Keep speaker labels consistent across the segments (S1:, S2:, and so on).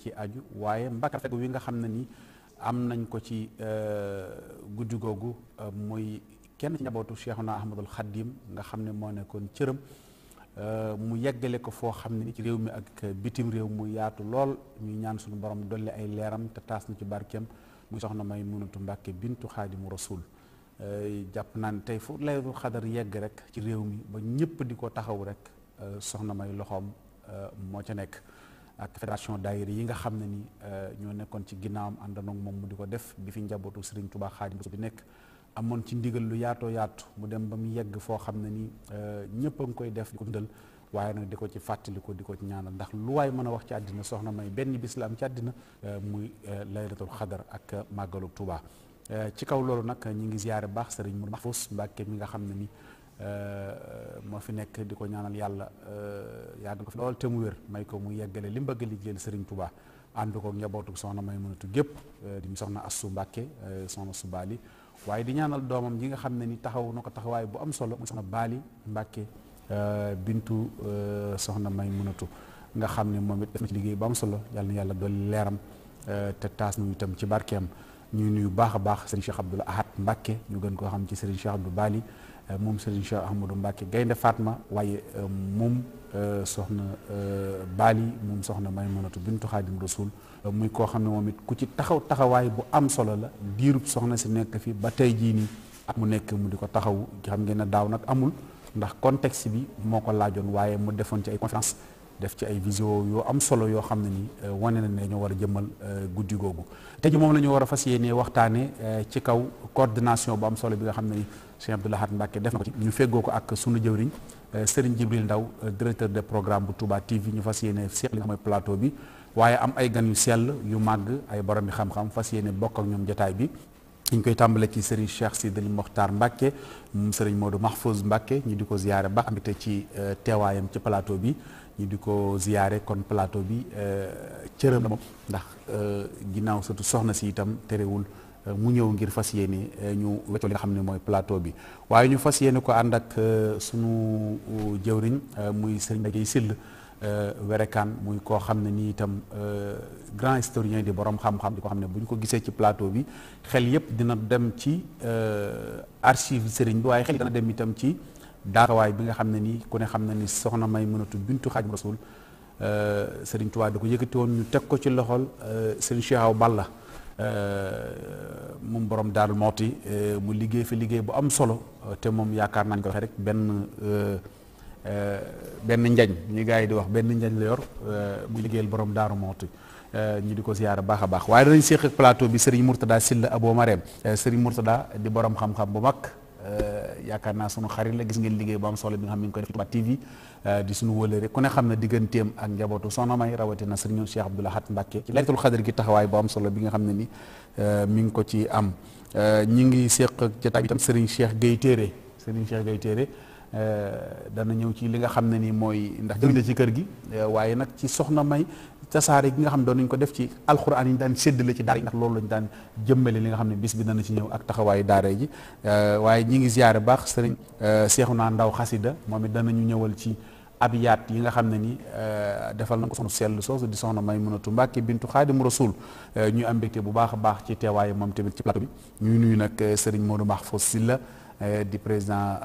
S1: ci aju waaye mbakar fekk wi nga xam na ni am nañ ko ci euh, guddi googu euh, muy kenn ci njabootu Cheikhuna Ahmadul Xaddim nga xam ne moo nekkoon cëram euh, mu yeggale ko foo xam ne ni ci réew mi ak bitim réew mu yaatu lool ñuy ñaan suñu borom dolli ay leeram te taas na ci barkem muy soxna may munatu Mbàkke bintu xaadimu rasul jàpp naa ne tey fu laylatul xadar yegg rek ci réew mi ba ñëpp di ko taxawu rek soxna may loxoom moo ca nekk ak fédération daayira yi nga xam ne ni euh, ñoo nekkoon ci ginnaawam àndandoo moom mu di ko def bi fi njabootu Serigne Touba Xaadim bi nekk amoon ci ndigal lu yaatoo yaatu mu dem ba mu yegg foo xam ne ni euh, ñëpp a ngi koy def di ko dundal waaye nag di ko ci fàttaliku di ko ñaanal ndax lu waay mën a wax ci àddina soxna may benn bis la am ci àddina euh, muy laylatul xadar ak màggalu Touba. ci kaw loolu nag ñu ngi ziyaare baax sëriñ Serigne Mourou Mahfous Mbacke mi nga xam ne ni. Euh, moo fi nekk di ko ñaanal yàlla euh, yàggal ko fi lool te mu wér may ko mu yeggale li mu bëgg liggéeyal Serigne Touba ànd ko njabootu soxna may mënatu gépp euh, di mu soxna Assu Mbàkke soxna su Baali waaye di ñaanal doomam yi nga xam ne ni taxaw na ko taxawaay bu am solo muy soxna Baali Mbàkke bintu soxna may mënatu nga xam ne moom it def na ci liggéey bu am solo yàlla na yàlla dolli leeram te taas nu itam ci barkeem ñuy nuyu baax a baax Serigne Cheikh Abdoul Ahad Mbàkke ñu gën koo xam ci Serigne Cheikh Abdou Baali Euh, moom Serigne Cheikh Ahmadou Mbacke Gaynde Fatma waaye euh, moom euh, soxna Bali moom soxna Maymunatu bintu Xaadim Rasul muy koo xam ne moom it ku ci taxaw taxawaay bu am solo la diirub soxna si nekk fi ba tey jii nii at mu nekk mu di ko taxaw xam ngeen ne daaw nag amul ndax contexte bi moo ko laajoon waaye mu defoon ci ay conférence def ci ay visio yoo am solo yoo xam ne ni wane na ne dañoo war a jëmmal guddi googu te ji moom la ñu war a fas yéenee waxtaane ci kaw coordination bu am solo bi nga xam ne ni Cheikh Abdou Lahad Mbacké def na ko ci ñu feggoo ko ak sunu jëwriñ euh, Serigne Jibril Ndaw euh, directeur de programme bu Touba TV ñu fas yéene seq nga mooy plateau bi waaye am ay gan yu sell yu màgg ay borom yi xam-xam fas yéene bokk ak ñoom jotaay bi ñu koy tàmbale ci Serigne Cheikh Sidil Mokhtar Mbacké Serigne Modou Mahfouz Mbacké ñu di ko ziyaare ba amite ci euh, teewaayam ci plateau bi ñu di ko ziyaare kon palato bi cëram la moom ndax ginnaaw surtout soxna si itam terewul mu ñëw ngir fas yéene eh, ñu wetu li nga xam ne mooy plateau bi waaye ñu fas yéene ko ànd ak eh, suñu eh, jëwriñ muy sëriñ Ndeye Syll werekaan muy koo xam ne nii itam grand historien di borom xam di ko xam ne bu ñu ko gisee ci plateau bi xel yépp dina dem ci archive sëriñ bi waaye xel dana dem itam ci daarawaay bi nga xam ne nii ku ne xam ne ni soxna may mënatu bintu Xaadimu Rasuul sëriñ Tuubaa da ko yëkkati woon ñu teg ko ci loxol sëriñ Cheikh Awa Balla Euh, moom borom daarul mooti euh, mu liggéey fi liggéey bu am solo te moom yaakaar nañ ko waxee rek benn euh, benn njañ ñu gaa yi di wax benn njañ la yor muy liggéeyal borom daaru mooti ñu di ko ziyaara baax a baax waaye danañ séq ak plateau bi Serigne Mourtada Silla Abo Marème Serigne Mourtada di borom xam-xam bu mag Euh, yaakaar naa sunu xarit la gis ngeen liggéey boo am solo bi nga xam ne mi ngi koy def Touba TV euh, di ne xam na digganteem ak njabootu soxna may rawatina sëriñ Cheikh Abdoul Ahad Mbacké ci laytul xadar gi taxawaay bu am solo bi nga xam ne ni euh, mi ngi ko ci am ñi ngi séq jotaay bi tam sëriñ Cheikh Gueye Téere sëriñ Cheikh Gueye Téere dana ñëw ci li nga xam ne ni mooy ndax jóge ci kër gi waaye nag ci soxna may tasaare ki nga xam ne doon nañ ko def ci alxuraan yi ñu daan séddale ci daara yi ndax loolu lañu daan jëmmale li nga xam ne bis bi dana ci ñëw ak taxawaayu daara ji euh, waaye ñi ngi ziyaare baax sëriñ seexu euh, naa ndaw xasida moom it danañu ñëwal ci abiyaat yi nga xam ne ni euh, defal na ko soxna sell di soxna Maymunatu Mbàkke bintu Xaadimu Rasuul ñu am mbégte bu baax a baax ci teewaayu moom tamit ci plateau bi ñuy nuyu nag sëriñ Modou Mahfous la di président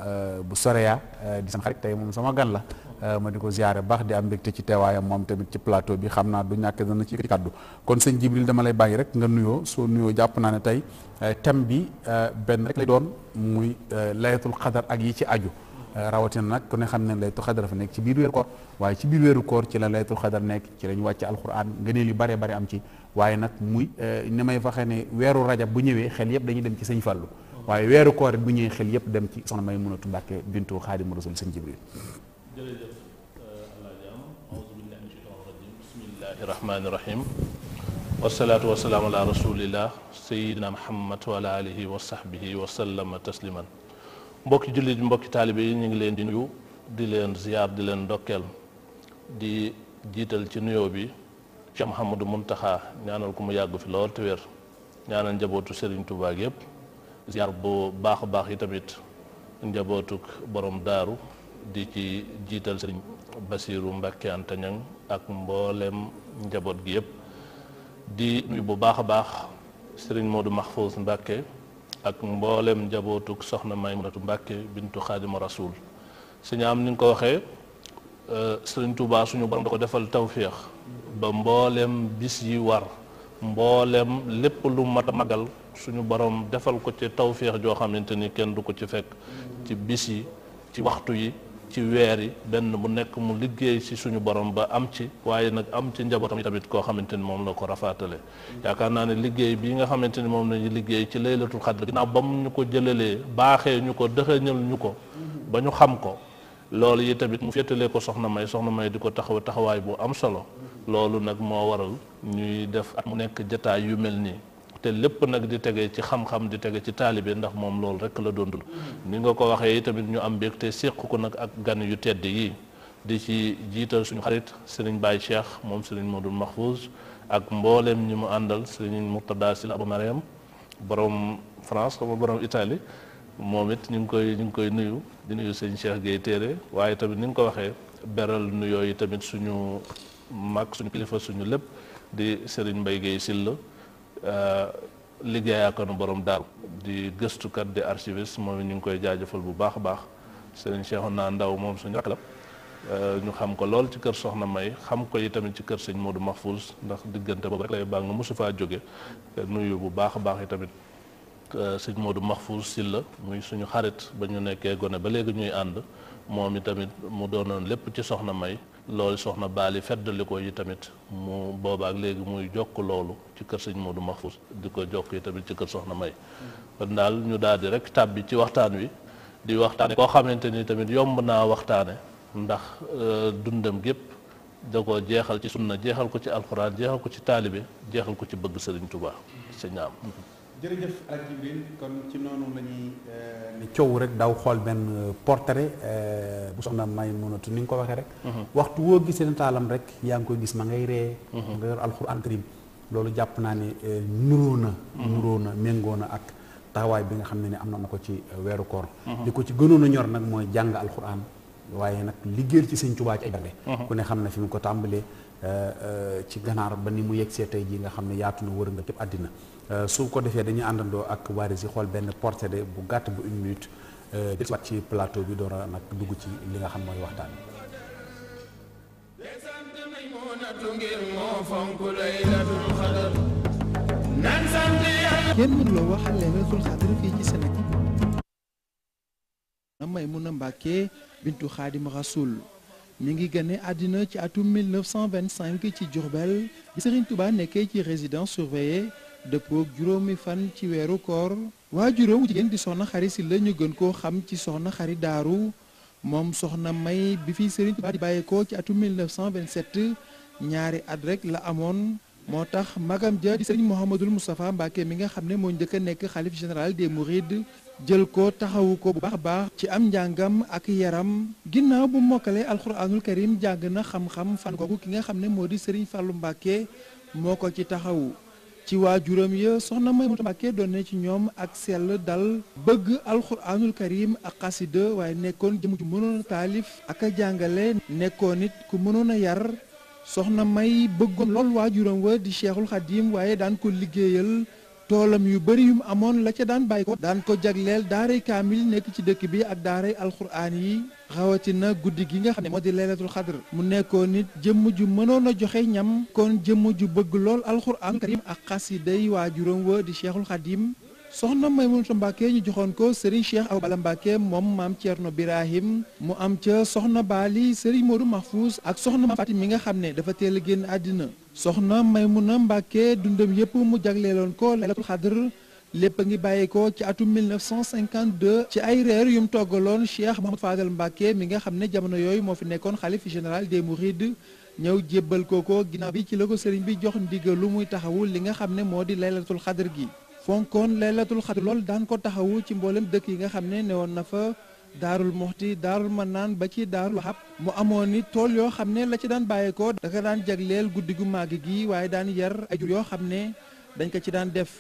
S1: bu Soreya di sama xarit tey moom sama gan la Euh, ma di ko ziare baax di am mbégte ci teewaayam moom tamit ci plateau bi xam naa du na dana ci kàddu kon sëñ Jibril dama lay bàyyi rek nga nuyoo soo nuyoo jàpp naa ne tey euh, tem bi euh, benn rek lay doon muy layatul xadar ak yi ci aju rawatina nag ku ne xam ne laytul xadar dafa nekk ci biir weeru koor waaye ci biir weeru koor ci la laytul xadar nekk ci la ñu wàcc alxuraan ngëneel yu baree bari am ci waaye nag muy ni may waxee ne weeru rajab bu ñëwee xel yëpp dañuy dem ci sëñ fàllu waaye weeru koor bu ñëwee xel yëpp dem ci soxna May Munatu Mbàkke bintu Xaadimu Rasul sëñ Jibril
S2: jërëjëf euh, Alaaji Am auzu billahi mina shaytaani rajim bismillahi rahmaani rahim wasalaatu wasalaamu ala rasulillah sayidina muhammad wa ala alihi wa sahbihi wa sallama tasliman mbokki jullit mbokki taalibe yi ñu ngi leen di nuyu di leen ziyaar di leen ndokkeel di jiital ci nuyoo bi Cheikh Mouhamadou Mountakha ñaanal ko mu yàgg fi lool te wér ñaanal njabootu Serigne Touba yëpp ziyaar bu baax a baax yi tamit njabootuk borom daaru di ci jiital sëriñ Basiiru Mbàkke Anta ak mboolem njaboot gi yëpp di bu baax a baax sëriñ Moodu Maxfuus mbakke ak mboolem njabootuk soxna Maymunatu Mbàkke bintu Xaadimu Rasuul sëñ am ni nga ko waxee euh, sëriñ Tuubaa suñu borom da ko defal tawféex ba mboolem bis yi war mboolem lépp lu mat a magal suñu borom defal ko ci tawféex joo xamante ni kenn du ko ci fekk ci bis yi ci waxtu yi ci weer yi benn bu nekk mu liggéey si suñu borom ba am ci waaye nag am ci njabootam tamit koo xamante ni moom la ko rafaatale yaakaar naa ne liggéey bii nga xamante ni moom lañu liggéey ci laylatul xadr ginnaaw ba mu ñu ko jëlalee baaxee ñu ko dëxëñal ñu ko ba ñu xam ko loolu yi tamit mu féetalee ko soxna may soxna may di ko taxaw taxawaay bu am solo loolu nag moo waral ñuy def at mu nekk jataay yu mel nii te lépp nag di tegee ci xam-xam di tege ci taalibe ndax moom loolu rek la dundul ni nga ko waxee tamit ñu am mbégte séq ko nag ak gan yu tedd yi di ci jiital suñu xarit Serigne Baye Cheikh moom Serigne max Mahfouz ak mbooleem ñi mu àndal Serigne Mourtada Sylla Abou Mariam borom France xama borom itali moom it ñu ngi koy ñu ngi koy nuyu di nuyu Serigne Cheikh Gueye téere waaye tamit ni nga ko waxee beral nuyoo yi tamit suñu mag suñu kilifa suñu lépp di Serigne Mbaye Gueye Sylla Euh, liggéey ak borom daal di gëstukat di archiviste moom ñu ngi koy jaajëfal bu baax a baax sëriñ naa Ndaw moom suñu rakk la euh, ñu xam ko lool ci kër Soxna May xam ko yi tamit ci kër sëñ Modou Mahfouz ndax diggante boobu rek lay baa nga mosu faa jóge nuyu bu baax a baax yi tamit euh, sëñ Modou Mahfouz Silla muy suñu xarit ba ñu nekkee gone ba léegi ñuy ànd moom i tamit mu doonoon lépp ci Soxna May loolu soxna Baali feddali ko yi tamit mu boobaak léegi muy jokk loolu ci kër sëñ Modou Mahfous di ko jokk tamit ci kër soxna May kon daal ñu daal di rek bi ci waxtaan wi di waxtaane koo xamante ni tamit yomb naa waxtaane ndax euh, dundam gépp da ko jeexal ci sunna jeexal ko ci alxuraan jeexal ko ci taalibe jeexal ko ci bëgg sëriñ Tuubaa sëñ am
S1: jërëjëf El kon ci noonu la euh, coow rek daw xool benn euh, portrait euh, bu soxna may mënatu ni nga ko waxee rek. Mhm. waxtu woo gisee ne taalam rek yaa ngi koy gis ma ngay ree. Mhm. nga yor alxuraan karim loolu jàpp naa ne nuroo na. Mhm. nuroo na méngoo na ak taxawaay bi nga xam ne am na ko ci weeru koor. li ko ci gënoon a ñor nag mooy jàng alxuraan waaye nag liggéeyal ci sëñ Tuubaa ci ay ku ne xam na fi mu ko tàmbalee ci ganaar ba ni mu yegg see tey jii nga xam ne yaatu wër nga képp àddina. Euh, su ko defee dañuy àndandoo ak waaris yi xool benn portée de bu gàtt bu une minute euh, di wat ci plateau bi door nag dugg ci li nga xam mooy waxtaan bi.
S3: ngeen mënuloo waxal laylatul xadr fii ci Sénégal. na Maymuna Mbàkke bintu Xaadim Rasul ñu ngi gane àddina ci atum 1925 ci Diourbel bi Serigne Touba nekkee ci résidence surveillée. dëppoog juróomi fan ci weeru koor waajuram wu jigéen di soxna xari si la ñu gën koo xam ci soxna xari daaru moom soxna may bi fi sëriñ Tuubaa di bàyyeekoo ci atum 1927 ñaari at rek la amoon moo tax magam ja di sëriñ Mouhamadul Moustapha Mbacke mi nga xam ne moo njëkk a nekk xalif général des mourides jël ko taxawu ko bu baax a baax ci am njàngam ak yaram ginnaaw bu mokkalee alxuraanul karim jàng na xam-xam fan kooku ki nga xam ne moo di sëriñ Fallou Mbacke moo ko ci taxawu ci waa waajuram ya soxna Maymuna Mbàkke doon na ci ñoom ak sell dal bëgg alxuraanul karim ak xasida waaye nekkoon jëm ju mënoon taalif ak a jàngale nekkoon it ku mënoon a yar soxna may bëggoon lool waajuram wa di cheikhul xadim waaye daan ko liggéeyal toolam yu bëri yum amoon la ca daan bàyyi ko daan ko jagleel daaray kaamil nekk ci dëkk bi ak daaray alxuraan yi xawatina guddi gi nga xam ne moo di leelatul xadr mu nekkoon nit jëmm ju mënoon a joxe ñam kon jëmm ju bëgg lool alxuraan karim ak day waajuram wa di cheikhul xadim soxna may Maymunatu Mbàkke ñu joxoon ko Serigne Cheikh Awa Balla Mbàkke moom maam Thierno Birahim mu am ca soxna Baali Serigne Modou Mahfouz ak soxna Maam Faati mi nga xam ne dafa teel a génn àddina soxna Maymuna Mbàkke dundam yépp mu jagleeloon ko laylatul xadr lépp a ngi bàyyi ko ci atum 1952 ci ay reer yu mu toggaloon Cheikh Mahamad Fadal Mbàkke mi nga xam ne jamono yooyu moo fi nekkoon xalif général des Mourides ñëw jébbal kooko ginnaaw bi ci la ko sëriñ bi jox ndigal lu muy taxawul li nga xam ne moo di laylatul xadr gi fonkoon laylatul xat lool daan ko taxawu ci mboolem dëkk yi nga xam ne woon na fa daarul moxti daarul ma naan ba ci daarul xab mu amoon ni tool yoo xam ne la ci daan bàyyeekoo danga daan jagleel guddi gu màgg gi waaye daan yar ay jur yoo xam ne dañ ko ci daan def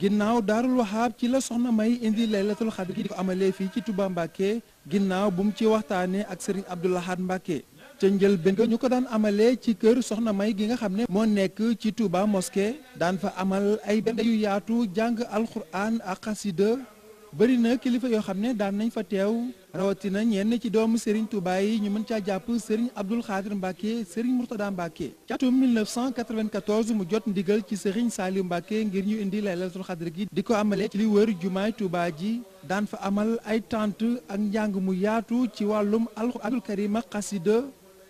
S3: ginnaaw daarul waxaab ci la soxna may indi laylatul xadr gi di ko amalee fii ci tubaa Mbacke ginnaaw bu mu ci waxtaanee ak Serigne Abdoul Ahad Mbacke ca njëlbéen ñu ko daan amalee ci kër soxna May gi nga xam ne moo nekk ci Touba mosquée daan fa amal ay benn yu yaatu jàng alxuraan ak xasida bëri na kilifa yoo xam ne daan nañ fa teew rawatina ñenn ci doomu Serigne Touba yi ñu mën caa jàpp Serigne Abdoul Khadir Mbacke Serigne Mourtada Mbacke. ci atum 1994 mu jot ndigal ci Serigne Saliou Mbacke ngir ñu indi laylatul xadr gi di ko amalee ci li wër jumaay Touba ji daan fa amal ay tànt ak njàng mu yaatu ci wàllum alxuraanul karima xasida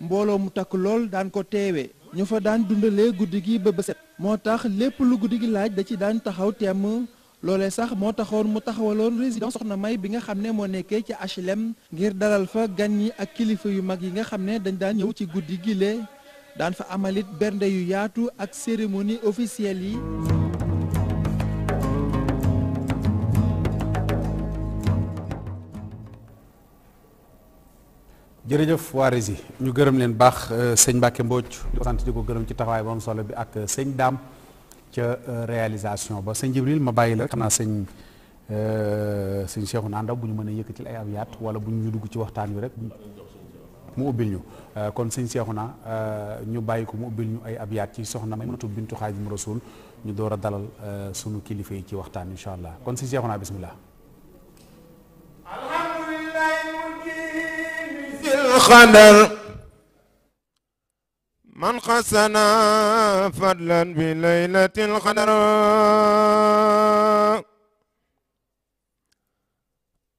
S3: mbooloo mu takk lool daan ko teewee ñu fa daan dundalee guddi gi ba bëset moo tax lépp lu guddi gi laaj da ci daan taxaw temm loole sax moo taxoon mu taxawaloon résidence soxna may bi nga xam ne moo nekkee ci HLM ngir dalal fa gan yi ak kilifa yu mag yi nga xam ne dañ daan ñëw ci guddi gile daan fa amalit bernde yu yaatu ak cérémonie officielle yi
S1: jërëjëf waa Rési ñu gërëm leen baax euh, sëñ Mbacke Mbodj di ko sant di gërëm ci taxawaay bu am solo bi ak euh, sëñ Daam ca euh, réalisation ba sëñ Jibril ma bàyyi la xanaa sëñ sëñ Cheikhu Nanda bu ñu mën a yëkkatil ay abyaat wala bu ñu dugg ci waxtaan wi rek mu ubbil ñu kon sëñ Cheikhu na ñu bàyyi ko mu ubbil ñu ay abyaat ci soxna Maymunatu bintu Xaadim Rasul ñu door a dalal sunu kilifa yi ci waxtaan incha allah kon sëñ Cheikhu naa bismillah
S4: في الخدر من خسنا فضلا بليلة القدر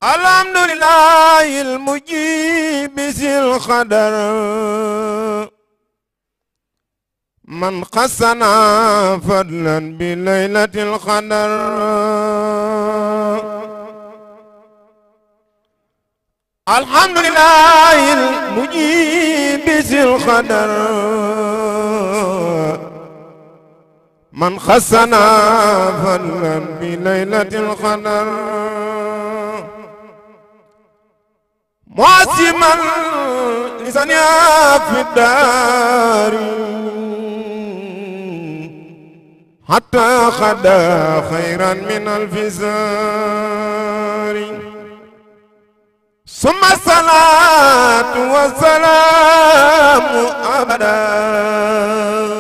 S4: الحمد لله المجيب ذي القدر من خسنا فضلا بليلة القدر alhamdulillahi almujibi zil qadar man xasana fadlan bi laylatil qadar مواسما لسانيا في الدار حتى خدا خيرا من الفزار suma salaatu wa salaamu abadan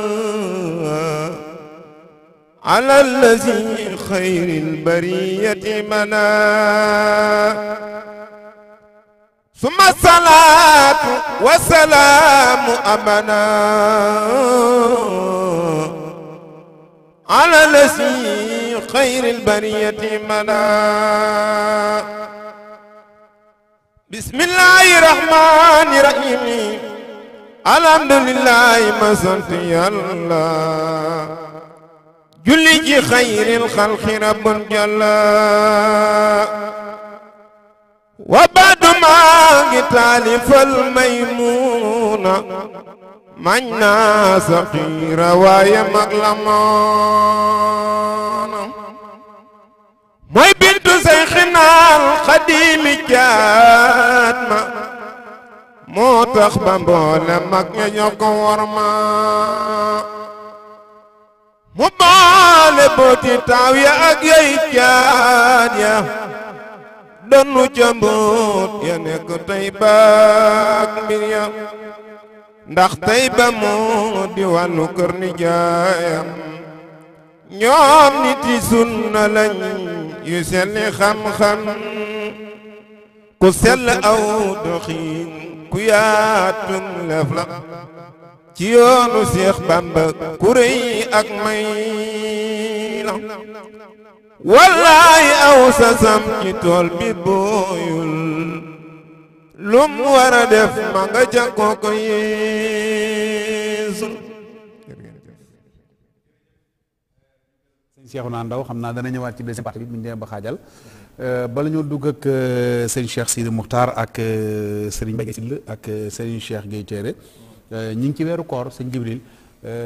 S4: ala allazi xayri lbariyati mana suma salaatu wa salaamu abadan ala allazi xayri lbariyati mana bismillaahi rahmaani rahiim alhamdulillaahi ma sant yàlla julli ji xayril xalqi rabbun jalla wa baadu maa ngi taalifal maymuuna mañ naa saqiira waaye mag la moona mooy bintu say xinaal xadimi jaat ma moo tax ba mboole mag ña war ma mu baale booti taaw ya ak yay jaat ya donnu jambut ya nekk tey ba ak ndax tey ba di wàllu kër nijaayam ñoom nit sunna lañ yu selli xam-xam ku sell aw doxiin ku yaatum lef la ci yoonu Seex Bàmba ku rëy ak may la wallaay aw sasam ci tool bi booyul lum war def ma nga jàkkoo ko
S1: naa Ndaw xam naa dana ñëwaat ci deuxième partie bi bu ñu demee ba xaajal euh, bala ñoo dugg ak euh, sëriñ Cheikh Sidi Moukhtar ak euh, sëriñ Mbaye Sylla ak sëriñ Cheikh Gueye ñu ngi ci weeru koor sëñ Jibril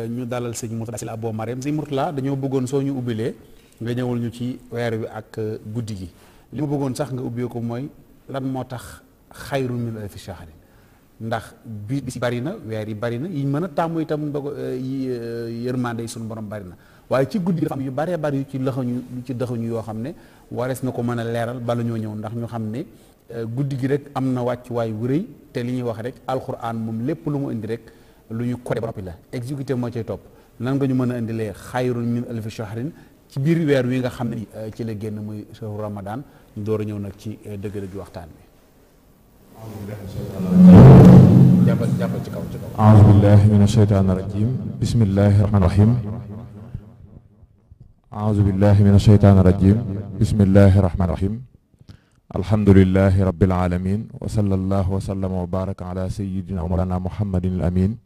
S1: ñu dalal sëñ Mourtada Sylla Abo Mariam sëñ Mourtada dañoo bëggoon soo ñu ubbilee nga ñëwal ñu ci weer wi ak guddi gi li ma bëggoon sax nga ubbee ko mooy lan moo tax xayrun min alfi shahrin ndax bi bi si bari na weer yi bari na yi mën a tàmmu itam ndogo yërmande yi suñu borom bari na waaye ci guddi dafa yu baree bari yu ci lëxañu yu ci dëxañu yoo xam ne warees na ko mën a leeral bala ñoo ñëw ndax ñu xam ne euh, guddi gi rek am na wàccuwaay wu rëy te li ñuy wax rek alxuraan moom lépp lu mu indi rek lu ñu codé ba noppi la exécuté moo cay topp nan nga ñu mën a indilee xayrun min alfi shahrin ci biir weer wi nga xam ne euh, ci la génn muy shahru ramadan ñu door a ñëw nag ci euh, dëgg-dëgg waxtaan bi jàppal jàppal ci kaw
S5: ci kaw aousubillah min asheytaan irajim bismillahi irahmani irahim alhamdulilahi rabilalamin wasala allahu wasallama wa baraka ala sayidina wa mawlana muhammadin al amin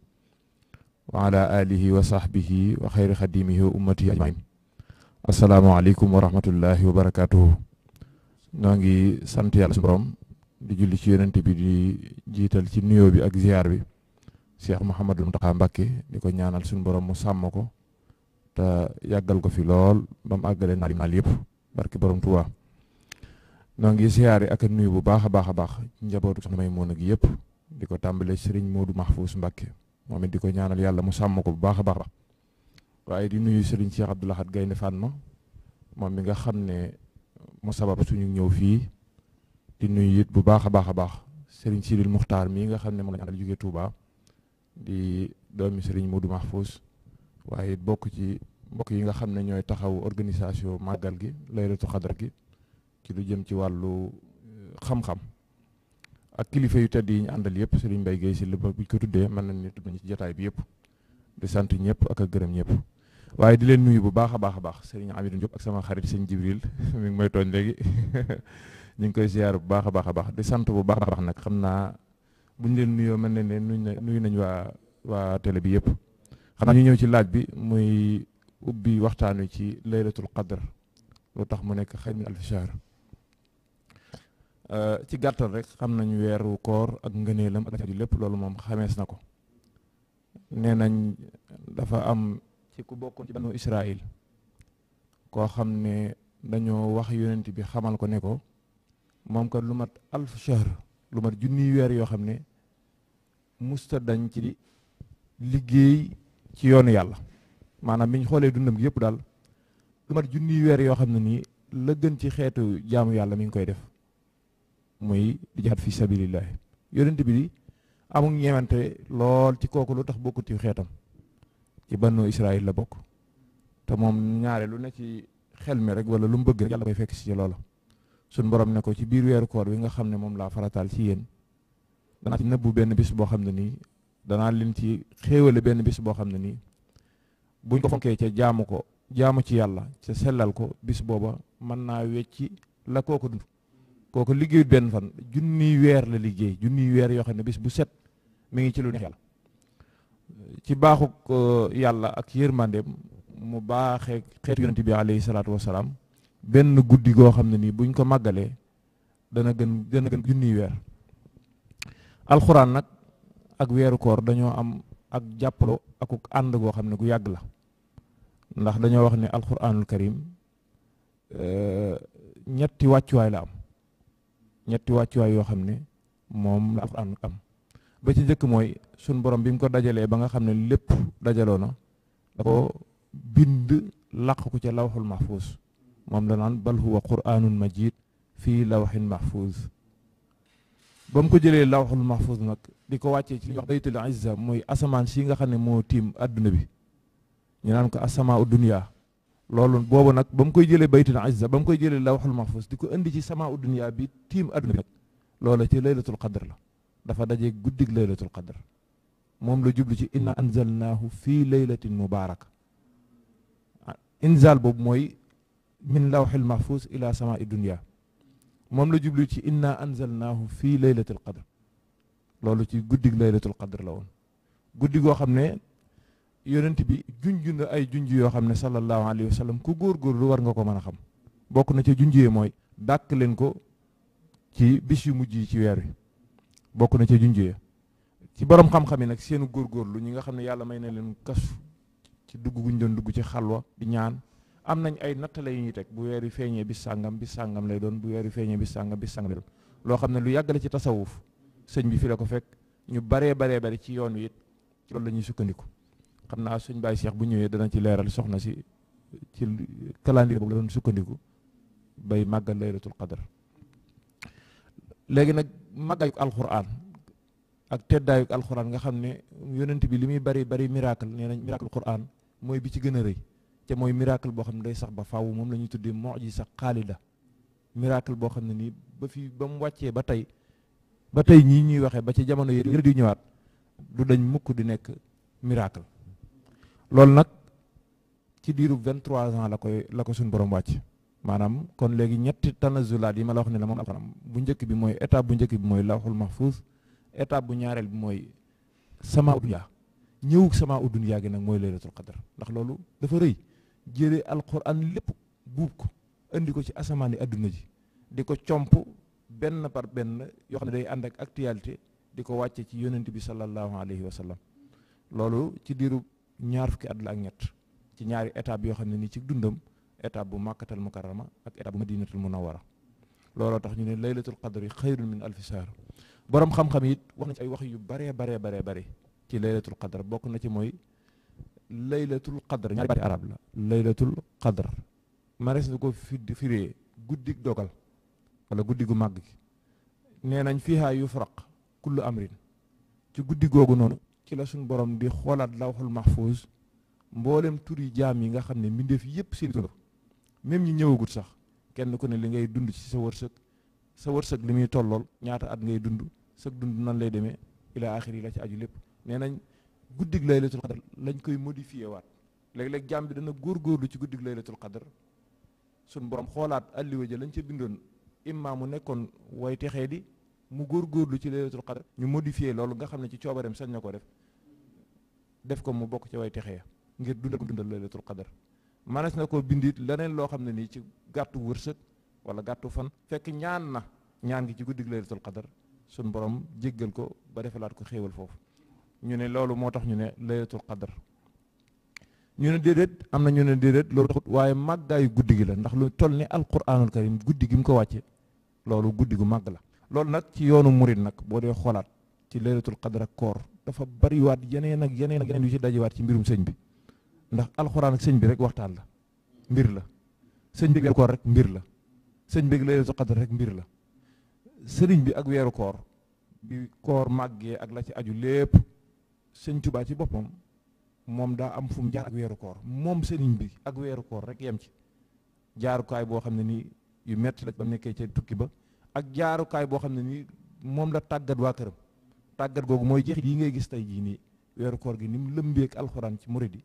S5: wa ala alihi wa sahbihi wa xayri xadimihi wa ummatihi ajmain asalaamualeykum wa rahmatullahi wa barakatuhu ñoo ngi sant yàlla suñu borom di julli ci yonent bi di jiital ci nuyoo bi ak ziar bi Cheikh Mouhamadul Mountakha Mbacké di ko ñaanal suñu borom mu sàmm ko te yàggal ko fi lool ba mu àggale naal yëpp barki borom Tuubaa noo ngi siyaare ak nuyu bu baax a baax a baax njabootu soxna Maymuna gi yëpp di ko tàmbale sëriñ Modou Mahfous Mbacke moom it di ko ñaanal yàlla mu sàmm ko bu baax a baax waaye di nuyu sëriñ Cheikh Abdou Lahad Gaynde Fatma moom mi nga xam ne mu sabab suñu ñëw fii di nuyu it bu baax a baax a baax sëriñ Sidil Muxtaar mii nga xam ne moom la ñu àndal jóge Touba di doomi sëriñ Modou Mahfous waaye it bokk ci mbokk yi nga xam ne ñooy taxaw organisation màggal gi laylatu xadar gi ci lu jëm ci wàllu euh, xam-xam ak kilifa yu tedd yi ñu àndal yëpp Serigne Mbaye Guèye si li buñ ko tuddee mën nañ ni tudd nañ jotaay bi yëpp di sant ñëpp ak a gërëm ñëpp waaye di leen nuyu bu baax a baax a baax Serigne Amidou Diop ak sama xarit sëñ Jibril mi ngi may tooñ ñu ngi koy ziar bu baax a a baax di sant bu baax baax nag xam naa buñ leen nuyoo mën nañ leen nuyu nañ waa waa télé bi yëpp ci laaj bi muy ubbi waxtaan wi ci laylatul qadr lu tax mu nekk xëy min alfi shahr euh, ci gàttal rek xam nañu weeru koor ak ngëneelam ak lépp loolu moom xamees na ko nee nañ dafa am ci ku bokkoon ci banu Israil koo xam ne dañoo wax yonent bi xamal ko ne ko moom kat lu mat alf lu mat junniy weer yoo xam ne musta dañ ci liggéey ci yoonu yàlla maanaam bi ñu xoolee dundam gi yëpp daal lu mat junniy weer yoo xam ne nii la gën ci xeetu jaamu yàlla mi ngi koy def muy di jaat fi sabilillahi yonent bi di amul ñeewante lool ci kooku lu tax bokkut ci xeetam ci bannu Israël la bokk te moom ñaare lu ne ci xel mi rek wala lu mu bëgg rek yàlla koy fekk si loola suñ borom ne ko ci biir weeru koor bi nga xam ne moom laa farataal ci yéen danaa ci nëbbu benn bis boo xam ne nii danaa leen ci xéewale benn bis boo xam ne nii buñ ko fonkee ca jaamu ko jaamu ci yàlla ca sellal ko bis booba mën naa wecci la kooku dund kooku liggéeyut benn fan junniy weer la liggéey junniy weer yoo xam ne bis bu set mu ngi ci lu neex yàlla ci baaxuk yàlla ak yërmandeem mu baaxee xeetu yonente bi alayhi salaatu wasalaam benn guddi goo xam ne nii buñ ko màggalee dana gën dana gën junniy alxuraan nag ak weeru koor dañoo am ak jàppaloo akuk ànd goo xam ne gu yàgg la ndax dañoo wax ne alquranul karim eh, ñetti wàccuwaay la am ñetti wàccuwaay yoo xam ne moom la alquran am ba ci njëkk mooy sun borom bi mu ko dajalee ba nga xam ne lépp dajaloo na da ko bind làq ko ca lawxul mahfuus moom la naan bal huwa quraanun majid fii lawxin mahfuus ba mu ko jëlee lawxul mahfuus nag di ko wàccee ci li ñuy wax baytul izza mooy asamaan si nga xam ne moo tiim adduna bi ñu naan ko asamaa u dunya loolu boobu nag ba koy jëlee baytul izza ba mu koy jëlee lawhul mahfuz di ko indi ci samaa u bi tiim adduna bi nag loola ci laylatul qadr la dafa daje guddig laylatul qadr moom la jublu ci inna anzalnaahu fii laylatin mubaaraka inzal boobu mooy min lawhil mahfuz ila samaa i dunya moom la jublu ci inna anzalnaahu fii laylatil qadr loolu ci guddig laylatul qadr la woon guddi goo xam ne yonent bi junj na ay junj yoo xam ne sallallahu alayhi wa sallam ku góorgóorlu war nga ko mën a xam bokk na ca junj yee mooy dàkk leen ko ci bis yu mujj yi ci weer wi bokk na ca junj ci borom xam yi nag seen góorgóorlu ñi nga xam ne yàlla may na leen kasu ci dugg guñ doon dugg ci xalwa di ñaan am nañ ay nattale yu ñuy teg bu weer yu feeñee bi sàngam bi sàngam lay doon bu weer yu feeñee bis sàngam bis sàngam loo xam ne lu yàggale ci tasawuf sëñ bi fi la ko fekk ñu baree baree bari ci yoon wi it ci loolu la sukkandiku xam naa suñ Baye Cheikh bu ñëwee dana ci leeral soxna si ci calendrier boobu la doon sukkandiku bay lay laylatul qadar léegi nag màggaayuk alxuraan ak teddaayuk alxuraan nga xam ne yonent bi li muy bari bari miracle nee nañ miracle quraan mooy bi ci gën a rëy te mooy miracle boo xam ne day sax ba faaw moom la ñuy tuddee mojji sax kaalida miracle boo xam ne nii ba fi ba mu wàccee ba tey ba tey ñii ñuy waxee ba ci jamono yi di ñëwaat du dañ mukk di nekk miracle loolu nag ci diiru 23 ans la koy la ko suñu borom wàcc maanaam kon léegi ñetti tanazulaat yi ma la wax ne la moom alxuraan bu njëkk bi mooy étape bu njëkk bi mooy lawxul mahfuus étape bu ñaareel bi mooy sama udunyaa ñëwug sama udunyaa gi nag mooy laylatul qadar ndax loolu dafa rëy jëlee alxuraan lépp buub ko indi ko ci asamaan yi adduna di ko comp benn par benn yoo xam ne day ànd ak actualité di ko wàcce ci yonent bi sallallahu alayhi wa sallam loolu ci diiru ñaar fukki at la ak ñett ci ñaari étape yoo xam ne nii ci dundam étape bu màkkatal mukarrama ak étape bu madinatul munawwara looloo tax ñu ne laylatul qadri xayrun min alfi shahr borom xam-xam it wax nañ ci ay wax yu baree baree baree bare ci laylatul qadr bokk na ci mooy laylatul qadr ñaari baati arab la laylatul qadr mares na ko fi firee guddik dogal wala guddi gu màgg gi nee nañ fiihaa yufraq kullu amrin ci guddi googu noonu ci la suñ borom di xoolaat lawxul mahfuus mboolem turi jaam yi nga xam ne mbindeef yëpp seen dund même ñi ñëwagut sax kenn ku ne li ngay dund ci sa wërsëg sa wërsëg li muy tollool ñaata at ngay dund sëg dund nan lay demee ila axir yi la ci aju lépp nee nañ guddig laylatul qadar lañ koy modifié waat léeg-léeg jaam bi dana góorgóorlu ci guddig laylatul qadar suñ borom xoolaat alliwa ja lañ ca bindoon imma mu nekkoon way texee di mu góorgóorlu ci laylatul qadr ñu modifier loolu nga xam ne ci coobareem sañ na ko def def ko mu bokk ci way texee ngir dundal ko dundal laylatul qadr manes na koo bindit leneen loo xam ne nii ci gàttu wërsëg wala gàttu fan fekk ñaan na ñaan gi ci guddig laylatul qadar suñ borom jéggal ko ba defalaat ko xéewal foofu ñu ne loolu moo tax ñu ne laylatul xadar ñu ne déedéet am na ñu ne déedéet loolu taxut waaye màggaayu guddi gi la ndax lu toll ni alquranul karim guddi gi ko wàcce loolu guddi gu màgg la loolu nag ci yoonu murit nag boo dee xoolaat ci leeratul xadar koor dafa bariwaat yeneen ak yeneen ak yeneen yu ci dajewaat ci mbirum sëñ bi ndax alxuraan ak sëñ bi rek waxtaan la mbir la sëñ bi koor rek mbir la sëñ bi leeratul rek mbir la sëriñ bi ak weeru koor bi koor màggee ak la ci aju lépp sëñ Tuubaa ci boppam moom daa am fu mu jaar ak weeru koor moom sëriñ bi ak weeru koor rek yem ci jaarukaay boo xam ne nii yu metti la ba nekkee ca tukki ba ak jaarukaay boo xam ne ni moom la tàggat waa këram tàggat googu mooy jeex yi ngay gis tey jii nii weeru koor gi ni mu lëmbeek alxuraan ci murid yi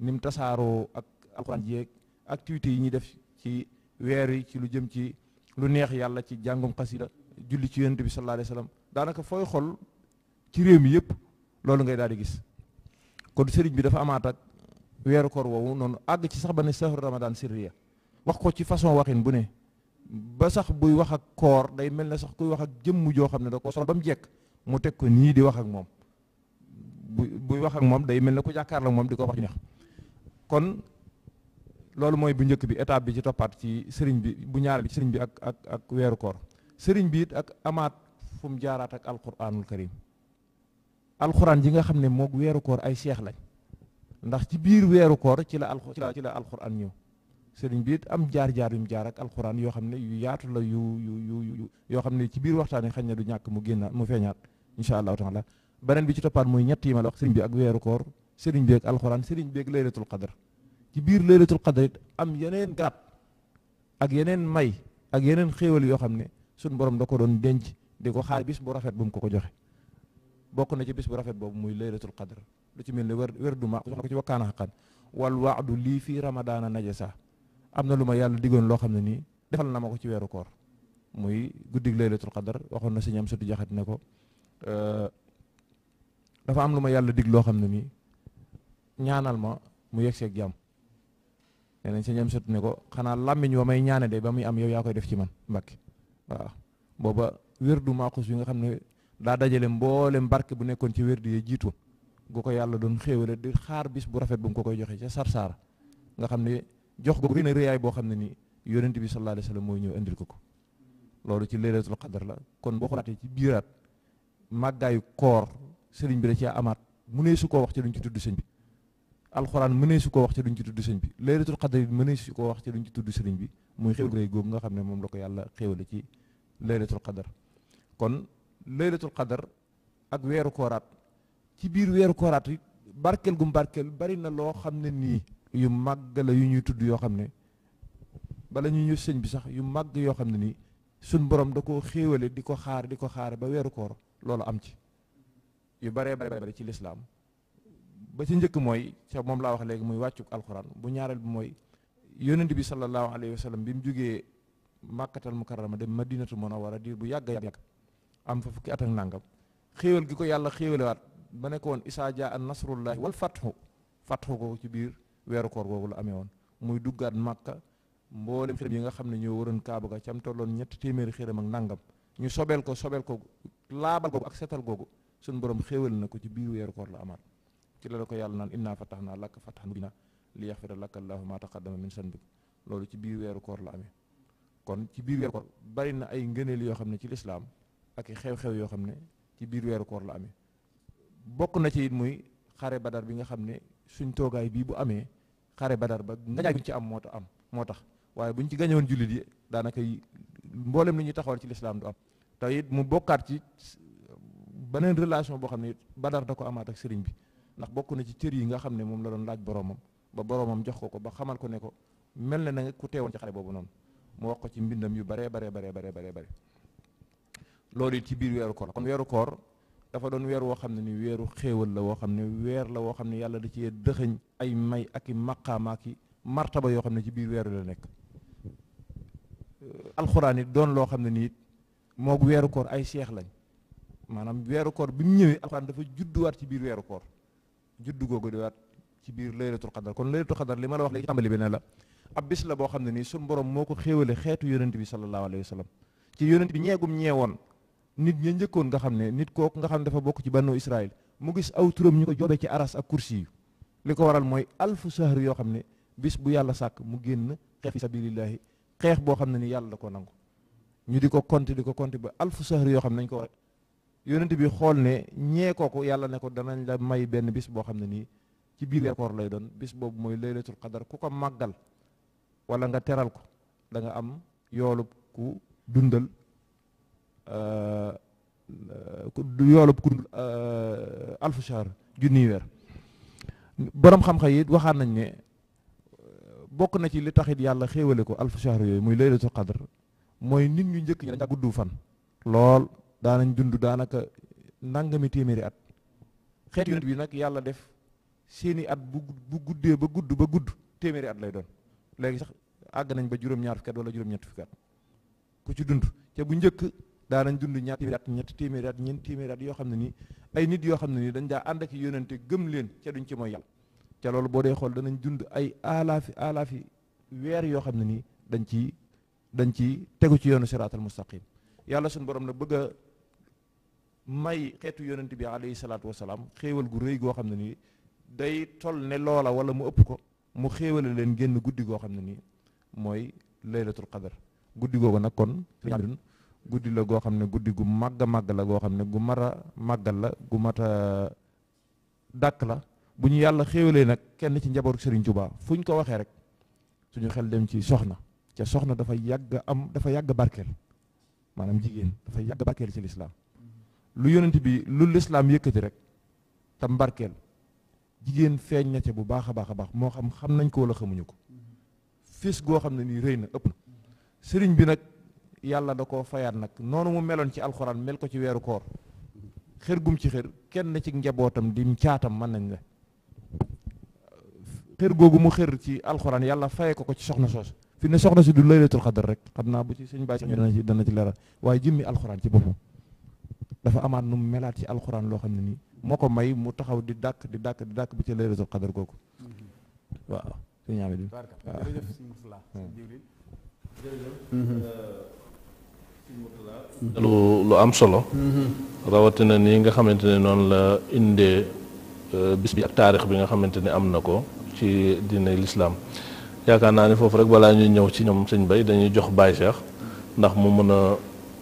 S5: ni mu tasaaroo ak alxuraan yeeg activités yi ñuy def ci weer yi ci lu jëm ci lu neex yàlla ci jàngum xasida julli ci yonent bi sallallahu alayhi daanaka fooy xol ci réew mi yëpp loolu ngay daal di gis kon sëriñ bi dafa amaat ak weeru koor woowu noonu àgg ci sax ba ne sahru ramadan sirriya wax ko ci façon waxin bu ne ba sax buy wax ak koor day mel ne sax kuy wax ak jëmm joo xam ne da ko sol ba mu jekk mu teg ko nii di wax ak moom bu buy wax ak moom day mel ne ku jàkkaarloo moom di ko wax ñu kon loolu mooy bu njëkk bi étape bi ci toppaat ci sëriñ bi bu ñaar bi ci sëriñ bi ak ak ak weeru koor sëriñ bi it ak amaat fu mu jaaraat ak alquranul karim alquran ji nga xam ne moog weeru koor ay seex lañ ndax ci biir weeru koor ci la al ci la alquran ñëw sëriñ bi it am jaar-jaar yu jaar ak alxuraan yoo xam ne yu yaatu la yu yu yu yoo xam ne ci biir waxtaan yi xañ na du ñàkk mu génnaat mu feeñaat incha allahu taala beneen bi ci toppaat mooy ñett yi ma la wax sëriñ bi ak weeru koor sëriñ bi ak alxuraan sëriñ bi ak laylatul qadar ci biir laylatul qadar it am yeneen garab ak yeneen may ak yeneen xéewal yoo xam ne suñ borom da ko doon denc di ko xaar bis bu rafet bu mu ko ko joxe bokk na ci bis bu rafet boobu muy laylatul qadar lu ci mel ni wer wer du ma ko ci wakkaana xaqan am na lu ma yàlla diggoon loo xam ne nii defal na ma ko ci weeru koor muy guddig laylatul qadar waxoon na sëñ am sëtu jaxat ne ko euh, dafa am lu ma yàlla dig loo xam ne nii ñaanal ma mu yegg seeg jàmm nee nañ sëñ am ne ko xanaa làmmiñ wa may ñaane de ba muy am yow yaa koy def ci man mbakki waaw booba wérdu maaxus bi nga xam ne daa dajale mboolem barke bu nekkoon ci wérdu yee jiitu gu ko yàlla doon xéewale di xaar bis bu rafet bu mu ko koy joxe ca sarsaara jox ko benn rëyaay boo xam ne ni yonent bi sallallahu alayhi wa sallam mooy ñëw indil ko ko loolu ci leelatul xadar la kon boo xalaatee ci biiraat màggaayu koor sëriñ bi da cee amaat mënee su koo wax ci duñ ci tudd sëñ bi alxuraan mënee su koo wax ci duñ ci tudd sëñ bi leelatul xadar yi mënee su ko wax ci duñ ci tudd sëriñ bi muy xew rëy googu nga xam ne moom la ko yàlla xéwale ci leelatul xadar kon leelatul xadar ak weeru kooraat ci biir weeru kooraat yi barkeel gum barkeel bari na loo xam ne nii yu màgg la yu ñuy tudd yoo xam ne bala ñu ñëw sëñ bi sax yu màgg yoo xam ne nii suñ borom da koo xéewale di ko xaar di ko xaar ba weeru koor loolu am ci yu baree bare bare ci lislaam ba ci njëkk mooy ca moom laa wax léegi muy wàccuk alxuraan bu ñaareel bi mooy yonent bi sallallahu alayhi wa sallam bi mu jógee màkkatal mukarrama dem madinatu munawwara diir bu yàgg yàgg am fa fukki at ak nàngam xéewal gi ko yàlla waat ba nekkoon isaa jaa an nasrullahi wal fatxu fatxu ko ci biir weeru koor googu la amee woon muy duggaat màkka mboole xiram yi nga xam ne ñoo waroon kaaba ga cam tolloon ñetti téeméeri xiram ak nàngam ñu sobeel ko sobeel ko laabal googu ak setal googu suñu borom xéewal na ko ci biir weeru koor la amaat ci la la ko yàlla naan innaa fatahnaa laka fathan mubiinaa li yaxfira laka llaahu maa taqaddama min sanbik loolu ci biir weeru koor la amee kon ci biir weeru koor na ay ngëneel yoo xam ne ci lislaam ak i xew-xew yoo xam ne ci biir weeru koor la amee bokk na ci it muy xare badar bi nga xam ne suñ toogaay bii bu amee xare badar ba ngañaay bu ñu ci am moo tax am moo tax waaye bu ñu ci gañoon jullit yi daanaka mboolem li ñuy taxawal ci lislaam du am te it mu bokkaat ci beneen relation boo xam ne badar da ko amaat ak sëriñ bi ndax bokk na ci cër yi nga xam ne moom la doon laaj boromam ba boromam jox ko ko ba xamal ko ne ko mel na ne ku teewoon ci xare boobu noonu mu wax ko ci mbindam yu baree baree baree baree baree loolu it ci biir weeru koor kon weeru koor dafa doon weer woo xam ne ni weeru xéewal la woo xam ne weer la woo xam ne yàlla ci cee dëxëñ ay may ak i maqaama ak i martaba yoo xam ne ci biir weeru la nekk euh, alxuraan it doon loo xam ne nii moog weeru koor ay seex lañ maanaam weeru koor bi mu ñëwee alxuraan dafa judduwaat ci biir weeru koor juddu googu di waat ci biir laylatul xadar kon laylatul xadar li ma la wax léegi tàmbali bi ne la ab bis la boo xam ne nii suñu borom moo ko xéewale xeetu bi sallallahu alayhi wa sallam ci yonent bi ñeegum ñeewoon nit ña njëkkoon nga xam ne nit kooku nga xam ne dafa bokk ci bannu Israël mu gis aw turam ñu ko jobe ci aras ak kursi yu li ko waral mooy alfu sahar yoo xam ne bis bu yàlla sàkk mu génn xeex fi sabilillahi xeex boo xam ne ni yàlla da ko nangu ñu di ko compter di ko compter ba alfu sahar yoo xam ne nañ ko war yonent bi xool ne ñee kooku yàlla ne ko danañ la may benn bis boo xam ne nii ci biir koor lay doon bis boobu mooy laylatul qadar ku ko màggal wala nga teral ko da am yoolub ku dundal Euh, euh, yoolub ku dul euh, alfu shahr junniy weer borom xam-xam yi waxaat nañ ne bokk na ci li taxit yàlla xéewale ko alfu yooyu muy laylatul qadr mooy nit ñu njëkk ñi dañ guddu fan lool daanañ dund daanaka nangami téeméeri at xeet yonent nag yàlla def seeni at bu bu guddee ba gudd ba gudd téeméeri at lay doon léegi sax àgg nañ ba juróom-ñaar fukki at juróom-ñett fukki ku ci dund te bu njëkk daanañ dund ñaar téeméeri at ñetti téeméeri at ñeent téeméeri yoo xam ne nii ay nit yoo xam ne nii dañ daa ànd ak yonente gëm leen ca duñ ci mooy yàlla ca loolu boo dee xool danañ dund ay alaafi alaafi weer yoo xam ne nii dañ ci dañ ci tegu ci yoonu siraatal mustaqim yàlla suñu borom nag bëgg a may xeetu yoonante bi alayhi salaatu wasalaam xéewal gu rëy goo xam ne nii day tol ne loola wala mu ëpp ko mu xéewale leen génn guddi goo xam ne nii mooy laylatul qadar guddi ko nag kon guddi la goo xam ne guddi gu màgg màgg la goo xam ne gu mat a màggal la gu mat a dàkk la bu ñu yàlla xéewalee nag kenn ci njabootu sëriñ Touba fu ñu ko waxee rek suñu xel dem ci soxna ca soxna dafa yàgg am dafa yàgg barkeel maanaam jigéen dafa yàgg barkeel ci lislaam lu yonent bi lu lislaam yëkkati rek tam barkeel jigéen feeñ na ca bu baax a baax a baax moo xam xam nañ ko wala xamuñu ko fis goo xam ne nii rëy na ëpp na sëriñ bi nag yàlla da koo fayaat nag noonu mu meloon ci alxuraan mel ko ci weeru koor xër gum ci xër kenn ci njabootam di caatam mën nañ la xër googu mu xër ci alxuraan yàlla faye ko ko ci soxna soos fi ne soxna si du laylatul xadar rek xam naa bu ci sëñ bàcc dana ci dana ci leeral waaye jimmi alxuraan ci boppam dafa amaat nu mu melaat ci alxuraan loo xam ne nii moo ko may mu taxaw di dàkk di dàkk di dàkk bu ci laylatul xadar googu
S2: lu lu am solo. rawatina nii nga xamante ne noonu la indee euh, bis bi ak taarix bi nga xamante ne am na ko ci diine lislaam yaakaar naa ne foofu rek balaa ñuy ñëw ci ñoom sëñ bay dañuy jox Baye Cheikh ndax mu mën a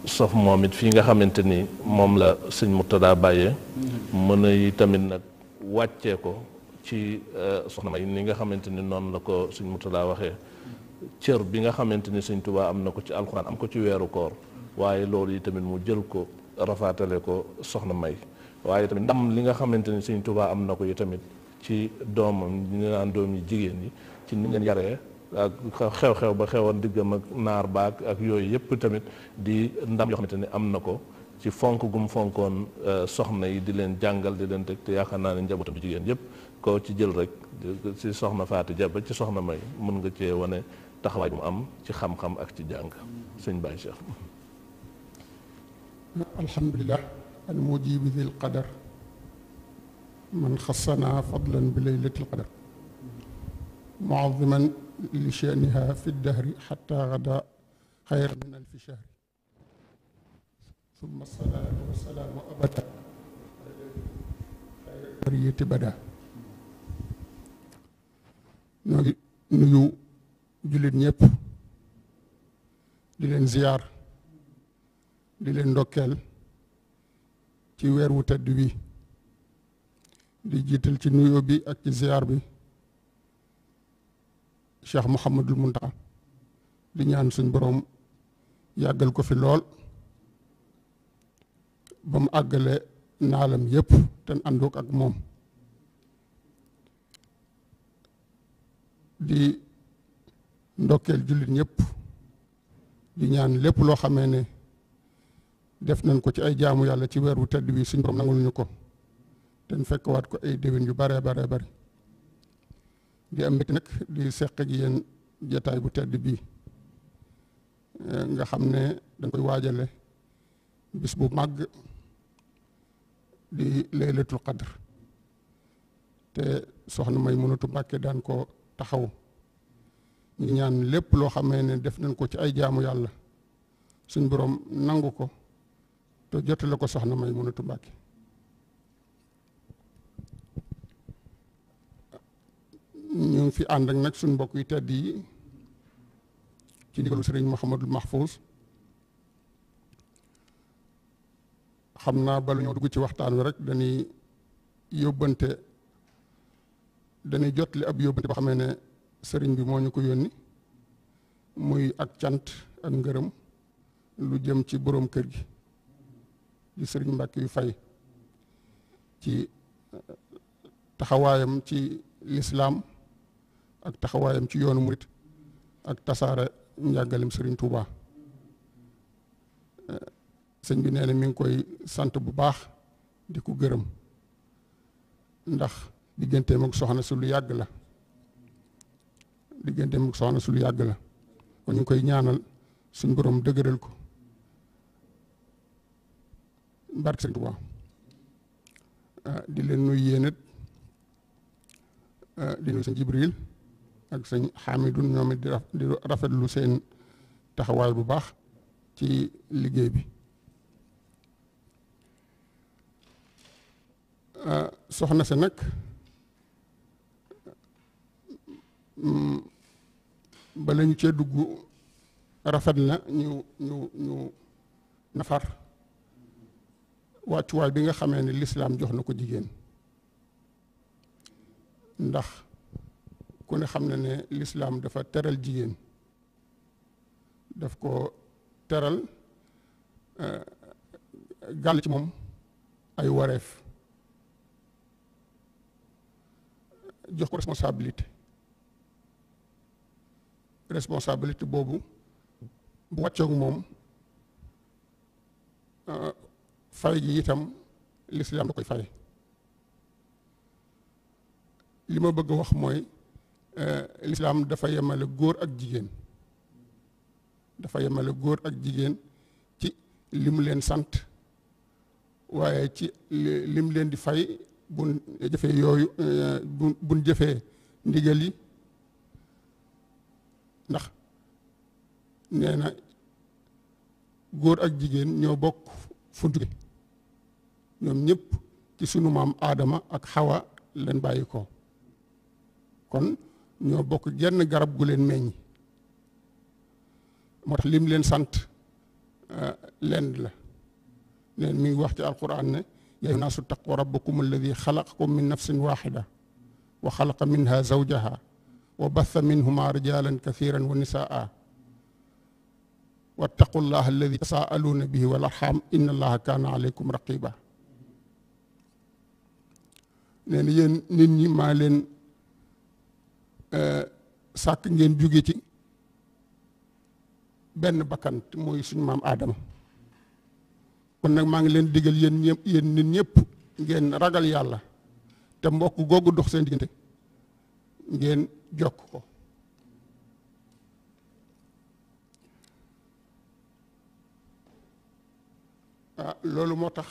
S2: sof moom it fii nga xamante ni moom la sëñ Murtada bàyyee mën a yi tamit nag wàccee ko ci euh, soxna May ni nga xamante ni noonu la ko sëñ Murtada waxee cër bi nga xamante ni sëñ Tuubaa am na ko ci alxuraan am ko ci weeru koor waaye loolu yi tamit mu jël ko rafaatale ko soxna may waaye tamit ndam li nga xamante ni sëñ Tuubaa am na ko yi tamit ci doomam ñu naan doom yi jigéen yi ci ni yaree ak xew ba xewoon diggam ak naar baak ak yooyu yëpp tamit di ndam yoo xamante ni am na ko ci fonk gum fonkoon euh, soxna yi di leen jàngal di leen teg te yaakaar naa ne njabootam jigéen yëpp koo ci jël rek ci soxna Faati Jaba ci soxna May mën nga cee wane taxawaay bu mu am ci xam-xam ak ci jàng sëñ Baye Cheikh
S6: alhamdulilah al mujibi dil qadar man xasanaa fadlan bi laylati l qadar muaziman li shaniha fi dahri xata gada xayra min alfi shahri summa salaatu wa salaamu abada bariyati bada ñoo ngi nuyu jullit ñëpp di leen ziyaar di leen ndokkeel ci weer wu tedd bi di jiital ci nuyoo bi ak ci ziar bi Cheikh Mouhamadul Muntaxa di ñaan suñ boroom yàggal ko fi lool ba mu àggale naalam yépp te àndoog ak moom di ndokkeel jullit ñëpp di ñaan lépp loo xamee ne def nañ ko ci ay jaamu yàlla ci weer wu tedd bii suñ borom nangul ñu ko te fekk waat ko ay déwén yu bare bare bari di am mbégte nag di seq ak yéen jataay bu tedd bii eh, nga xam ne dañ koy waajale bis bu màgg di laylatul qadr te soxna may mënatu mbàkke daan ko taxaw ñu ñaan lépp loo xamee ne def nañ ko ci ay jaamu yàlla suñ borom nangu ko te jotale ko soxna may mënatu Mbàkke ñu ngi fi ànd suñ mbokk yi tedd yi ci ndigalu sëriñ Mouhamadul Mahfouz xam naa balu ñoo ci waxtaan wi rek dañuy yóbbante dañuy jotli ab yóbbante boo xamee ne sëriñ bi moo ñu ko yónni muy ak cant ak ngërëm lu jëm ci boroom kër gi di sëriñ Mbàkke yu fay ci eh, taxawaayam ci lislaam ak taxawaayam ci yoonu murit ak tasaare njàngalem sëriñ Touba eh, sëñ bi nee na mi ngi koy sant bu baax di ko gërëm ndax digganteem ak soxna su lu yàgg la digganteem ak soxna su lu yàgg la kon ñu koy ñaanal suñ borom dëgëral ko barke sëñ Tuubaa ah, di leen nuyu yéen it ah, di nuyu sëñ Jibril ak sëñ Xaamidun ñoom it di rafetlu seen taxawaay bu baax ci liggéey bi ah, soxna si nag mm, bala ñu cee dugg rafet na ñu ñu ñu nafar wàccuwaay bi nga xamee ne lislaam jox na ko jigéen ndax ku ne xam na ne lislaam dafa teral jigéen daf ko teral euh, gàll ci moom ay wareef jox ko responsabilité responsabilité boobu bu moom euh, fay gi itam lislaam da koy fay li ma bëgg wax mooy euh, lislaam dafa yemale góor ak jigéen dafa yemale góor ak jigéen ci li leen sant waaye ci li leen di fay bun jëfee yooyu euh, bun jëfee ndigal yi ndax nee góor ak jigéen ñoo bokk fu ñoom ñëpp ci sunu maam aadama ak xawa leen bàyyi ko kon ñoo bokk genn garab gu leen meññ moo tax lim leen sant eh, lenn la neen mi ngi wax ci alquran ne yaa ayyuhan naasu taqu rabbakum alladi xalaqakum min nafsin waxida wa xalaqa minha zawjaha wa batha minhuma rijalan kathiran wa nisaa wattaqu llaha alladi tasaaluuna bihi wal arxam inna allaha kaana alaykum raqiba nee na yéen nit ñi maa leen e, sàkk ngeen jóge ci benn bakkant mooy suñu maam Aadama kon nag maa ngi leen digal yéen ñëpp yéen nit ñëpp ngeen ragal yàlla te mbokk googu dox seen diggante ngeen jokk ko ah, loolu moo tax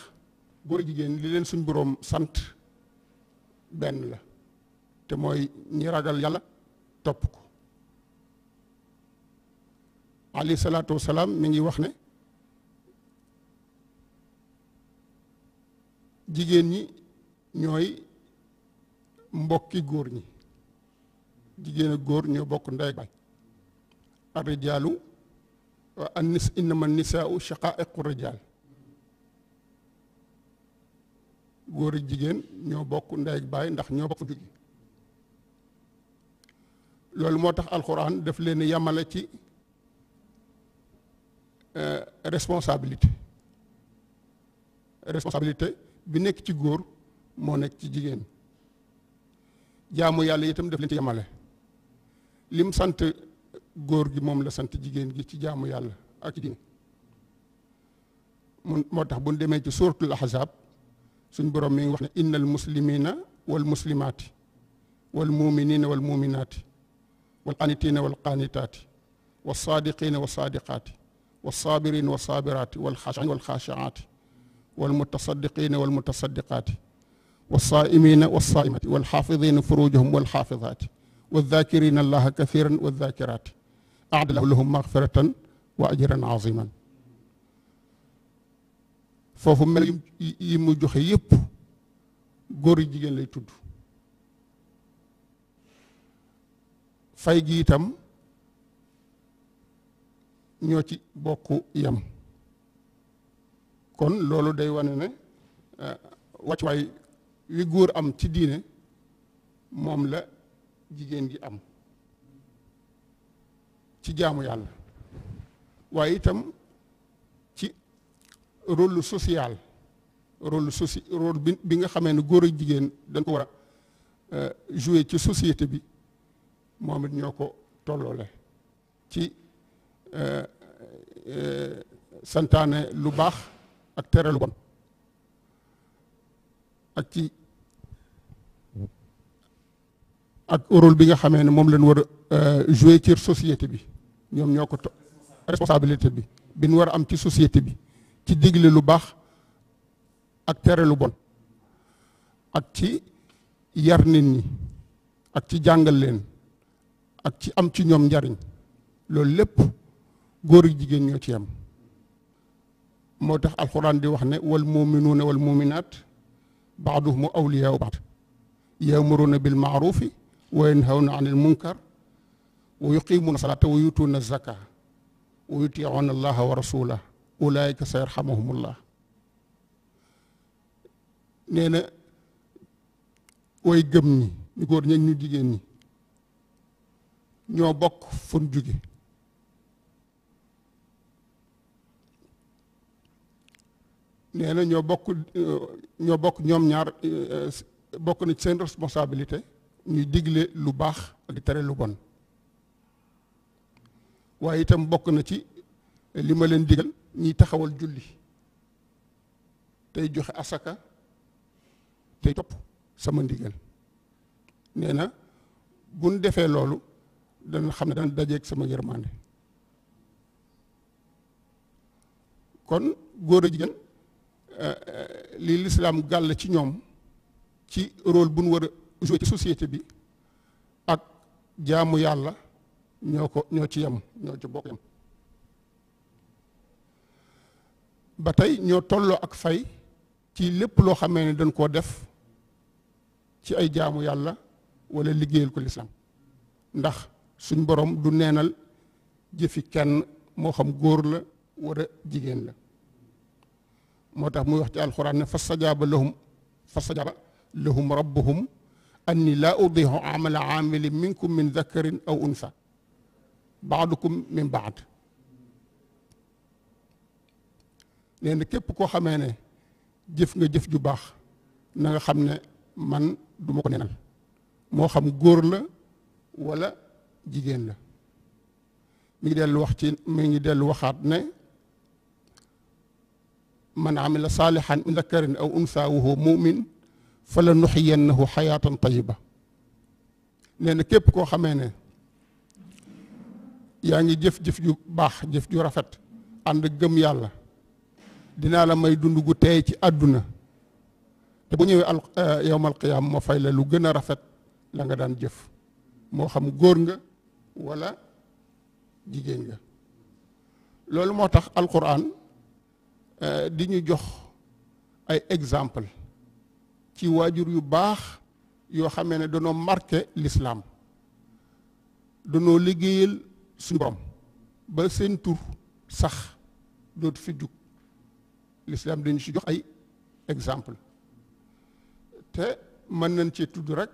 S6: góor jigéen li leen suñ boroom sant benn la te mooy ñi ragal yàlla topp ko alayhi salaatu wasalaam mi ngi wax ne jigéen ñi ñooy mbokki góor ñi jigéen ak góor ñoo bokk ndey ak baay ar rijaalu wa annis innama nisaau shaqaiqu rijaal góor ak jigéen ñoo bokk ndey ak baay ndax ñoo bokk jugi loolu moo tax alxuraan def leen yamale ci euh, responsabilité responsabilité bi nekk ci góor moo nekk ci jigéen jaamu yàlla itam def leen ci yamale lim sant góor gi moom la sant jigéen gi ci jaamu yàlla ak ci diine moo tax bu ñu demee ci suuratul ahzaab suñ borom mi ngi wax ne innal muslimina wal muslimaati wal muminina wal muminaati wal qanitina wal qanitaati wa saadiqina wa saadiqaati wa saabirina wa saabiraati wal xaashiina wal xaashiaati wal mutasaddiqina wal mutasaddiqaati wa saaimina wa saaimaati wal xaafidina furujahum wal xaafidaati wa zaakirina allaha kathiran wa zaakiraati aada lahu lahum magfiratan wa ajran aziman foofu mel yi mu joxe yépp góor yi jigéen lay tudd fay gi itam ñoo ci bokk yam kon loolu day wane ne eh, wàccuwaay wi góor am ci diine moom la jigéen gi am ci jaamu yàlla waaye itam rôle social rôle soci bi bi nga xamee ne góor ak jigéen dañ ko war a euh, jouer ci société bi moom it ñoo ko tolloole ci euh, euh, santaane lu baax ak tere lu bon ak ci ak rôle bi nga xamee ne moom lañ war a jouer ci société bi ñoom ñoo ko responsabilité bi bi ñu war a am ci société bi ci digle lu baax ak tere lu bon ak ci yar nit ñi ak ci jàngal leen ak ci am ci ñoom njariñ loolu lépp góor ak jigéen ñoo ci am moo tax alxuraan di wax ne wal muminuuna wal muminaat baaduhum awliyaau baad na bil maarufi wa yanhawna anil munkar wa yuqimuuna salaata wa yutuuna zaka wa yutiicuuna allaha wa rasulah ulaayika sayarhamuhumullah nee na way gëm ñi ñu góor ñeeg ñu jigéen ñi ñoo bokk fun jóge nee na ñoo bokk bokk ñoom ñaar bokk na ci seen responsabilité ñuy digle lu baax ak di tere lu bon waaye itam bokk na ci li ma leen digal ñii taxawal julli tey joxe asaka tey topp sama ndigal nee na bu defee loolu dana xam ne daan dajeeg sama yërmande kon góor a jigéen euh, euh, lii lislaam gàll ci ñoom ci rôle bu nu war a jouer ci société bi ak jaamu yàlla ñoo ko ñoo ci yem ñoo ci bokk yem ba tey ñoo tolloo ak fay ci lépp loo xamee ne dañ koo def ci ay jaamu yàlla wala liggéeyal ko lislaam ndax suñ borom du neenal jëfi kenn moo xam góor la wala jigéen la moo tax muy wax ci alxuraan ne fastajaaba lahum fastajaaba lahum rabbuhum anni laa udihu amala aamilin minkum min dakarin aw unsa baadukum min baad nee na képp koo xamee ne jëf nga jëf ju baax na nga xam ne man duma ma ko nenal moo xam góor la walla jigéen la mi ngi dellu wax ci mi ngi dellu waxaat ne man amila saalihan la dakarin aw unsa wa huwa mumin fa la nuxiyannahu xayaatan tayiba nee na képp koo xamee ne yaa ngi jëf-jëf ju baax jëf ju rafet ànd gëm yàlla dinaa la may dund gu tey ci àdduna te bu ñëwee al euh, yowmal qiyaam ma fay la lu gën a rafet la nga daan jëf moo xam góor nga wala jigéen nga loolu moo tax alquran euh, di ñu jox ay exemple ci waajur yu baax yoo xamee ne danoo marqué l'islam danoo liggéeyal suñu borom ba seen tur sax dootu fi jug l'islam dañu si jox ay exemple te mën nañ ci tudd rek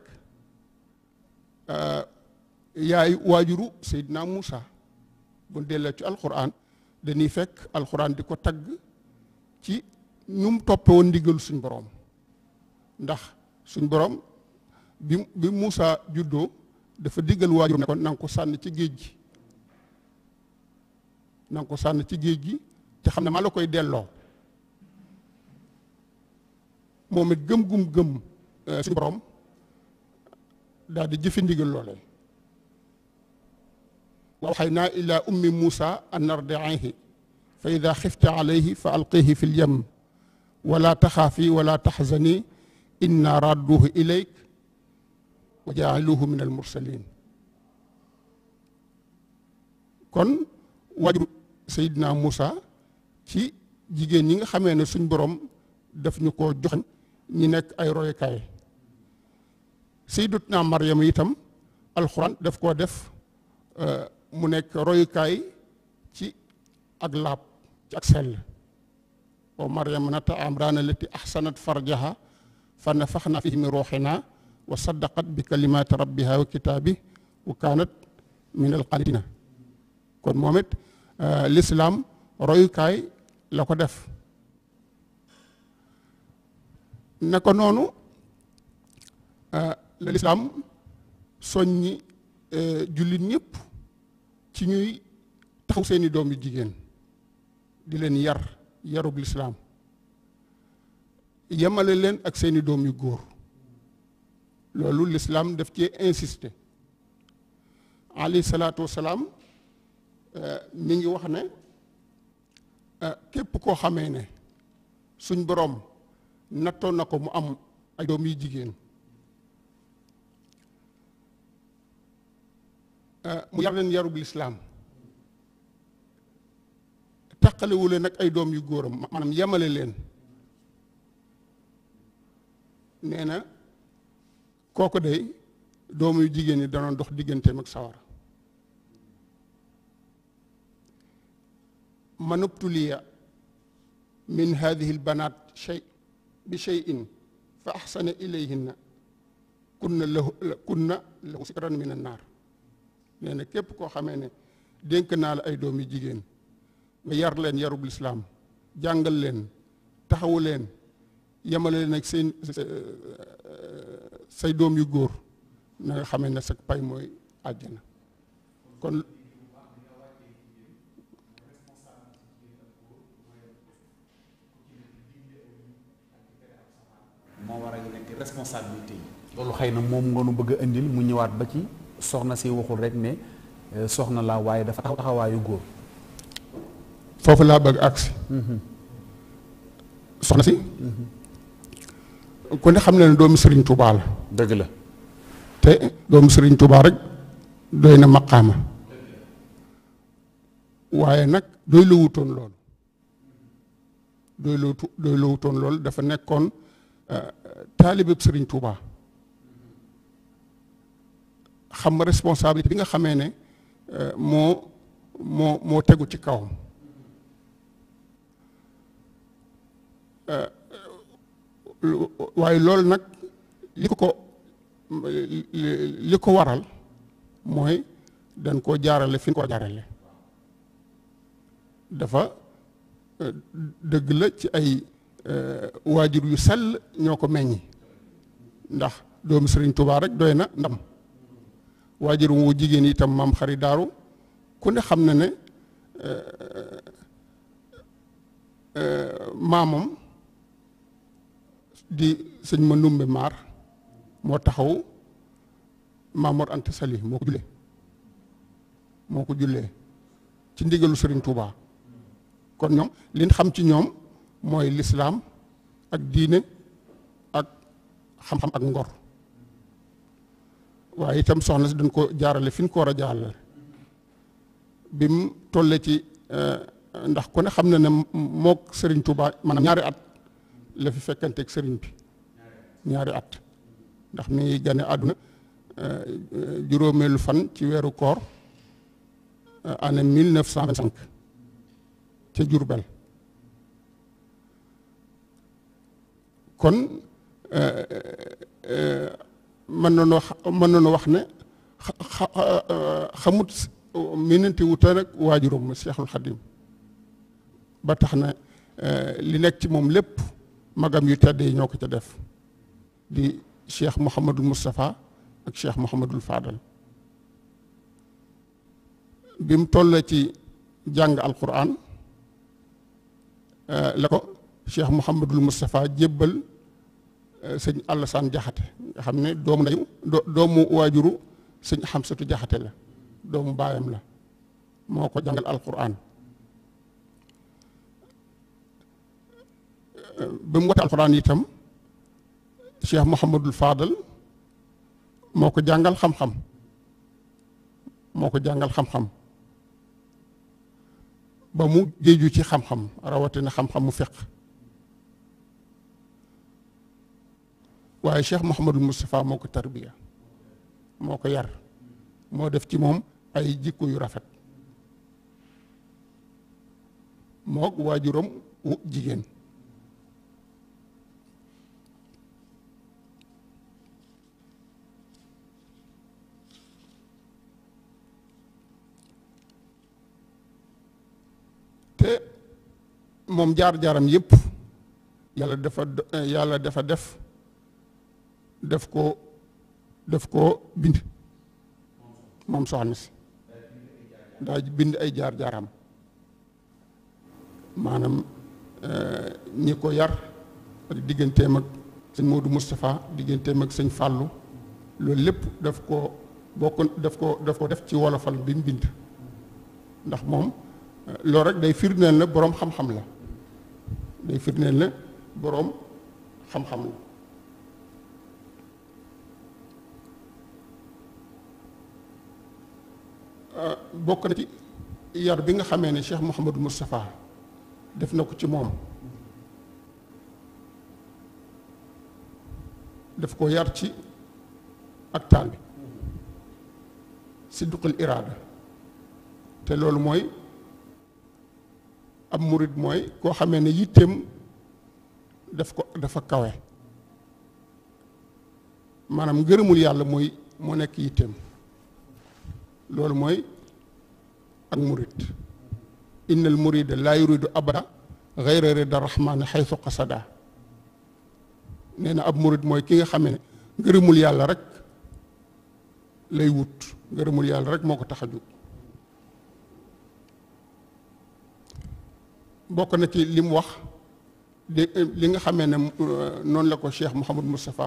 S6: euh, yaay waajuru Seydina Moussa bu delloo ci alxuraan dañuy fekk alxuraan di ko tagg ci ñu mu toppe woon ndigalu suñ boroom ndax suñ boroom bi bi Moussa juddoo dafa diggal waajur ne ko nanga ko sànn ci géej gi na ko sànn ci géej gi te xam ne ma la koy delloo moom it gëm gum gëm euh, suñu borom daal di jëfe ndigal loole wa awxaynaa ilaa ummi muusa an ardiihi fa ida xifti alayhi fa alqihi fi lyam wala taxaafi wala taxzani inna radduhu ilayk wa min almursalin kon waajur Seydina Muusa ci jigéen ñi nga xamee ne suñ borom daf ñu ko joxañ ñi nekk ay royukaay Sayyidatuna Maryam itam alxuraan def koo def euh, mu nekk royukaay ci ak laab ci ak sell wa Maryam nata amrana lati ahsanat farjaha fa nafaxna fihi min ruuxina wa saddaqat bi kalimaati rabbiha wa kitaabi wa kaanat min alqaanitina kon moom it euh, l'islam royukaay la ko def ne ko noonu euh, la lislaam soññi euh, jullit yépp ci ñuy taxaw seeni doom yu jigéen di leen yar yarub lislaam yemale leen ak seeni doom yu góor loolu lislaam def cee insisté alayhi salaatu wasalaam euh, mi ngi wax ne képp koo xamee ne suñ boroom nattoon na ko mu am ay doom yu jigéen ah, mu yar leen yarub lislaam taqalewule nag ay doom yu góoram maanaam yemale leen nee na kooku doom yu jigéen ñi danoon dox digganteem ak sawara manubtuliya min hadihi banaat shay bi shay'in fa ahsana ilayhinna na lahu na lahu sitran min an-naar nee na képp koo xamee ne dénk naa la ay doom yu jigéen nga yar leen yarub lislaam jàngal leen taxawu leen yemale leen ak seen say doom yu góor na nga xame ne sa pay mooy àjjana kon
S7: moo war a nekk
S1: responsabilité yi. loolu xëy na moom nga nu bëgg indil mu ñëwaat ba ci soxna si waxul rek ne euh, soxna laa waaye dafa taxaw taxawaayu góor.
S6: foofu laa bëgg agsi
S1: mhm. soxna si. Mhm.
S6: ku ne xam na ne doomu sëriñ Touba dëgg la. te doomu Serigne Touba rek doy na maqaama. waaye nag doy la wutoon lool. doy la lool dafa nekkoon. taalibeb sëriñ Touba xam responsabilité bi nga xamee ne euh, moo moo moo tegu ci kawam euh, waaye loolu nag li ko ko li ko waral mooy dañ koo jaarale fi ñu koo jaarale dafa euh, dëgg la ci ay Euh, waajur yu sell ñoo ko meññi ndax doomu sëriñ Tuubaa rek doy na ndam waajur wu jigéen itam maam xari daaru ku ne xam na ne euh, euh, maamam di sëñ ma numbe maar moo taxaw Maamoor ant Sali moo ko jullee moo ko jullee ci ndigalu sëriñ Tuubaa kon ñoom liñ xam ci ñoom mooy lislaam ak diine ak xam-xam ak ngor waaye itam soxna si dañ ko jaarale fi ñu ko war a jaarale bi mu tolle ci eh, ndax ku ne xam na ne mook sëriñ Touba maanaam ñaari at la fi fekkanteeg sëriñ bi ñaari at ndax mi ngi gane àdduna eh, juróomeelu fan ci weeru koor eh, année mille neuf cent vingt ca Jurbel kon euh, euh, mën nañoo wax wax ne euh, xamut minante wuute nag waajuram ma Seexul Xadim ba tax na li nekk ci moom lépp magam yu tedd yi ñoo ko ca def di cheikh Mouhamadul Moustapha ak cheikh Mouhamadul Fadal bi mu toll ci jàng Alquran la ko cheikh Mouhamadul Moustapha jébbal. sëñ Alassane Jaxate nga xam ne doomu nañu doomu waajuru sëñ xam Xamsatu Jaxate la doomu baayam la moo ko jàngal alquran ba mu wate alquran itam Cheikh Mouhamadul Fadal moo ko jàngal xam-xam moo ko jàngal xam-xam ba mu géeju ci xam-xam rawatina xam-xam mu fiq waaye Cheikh Mouhamadul Moustapha moo ko tarbiya moo ko yar moo def ci moom ay jikko yu rafet moog waajuram wu jigéen te moom jaar-jaaram yépp yàlla dafa yàlla dafa def daf ko daf ko bind moom soxna si daa bind ay jaar-jaaram maanaam eh, ñi ko yar digganteem ak sëñ Modou Moustapha digganteem ak sëñ Fallou loolu lépp daf ko bokk daf ko daf ko def ci wolofal bi mu bind ndax moom eh, loolu rek day firndeel na boroom xam-xam la day firndeel na boroom xam-xam la Euh, bokk na ci yar bi nga xamee ne Cheikh Mouhamadou Moustapha def na ko ci moom daf ko yar ci ak taal bi si duqul iraada te loolu mooy am murit mooy koo xamee ne yitteem daf ko dafa kawe maanaam ngërëmul yàlla mooy moo nekk yitteem loolu mooy ak murit inna al murida laa yuridu abada gayra rida rahmani xay qasada nee na ab murid mooy ki nga xam ne ngërëmul yàlla rek lay wut ngërëmul yàlla rek moo ko tax a jóg bokk na ci li wax li li nga xamee ne euh, noonu la ko Cheikh Mouhamadou Moustapha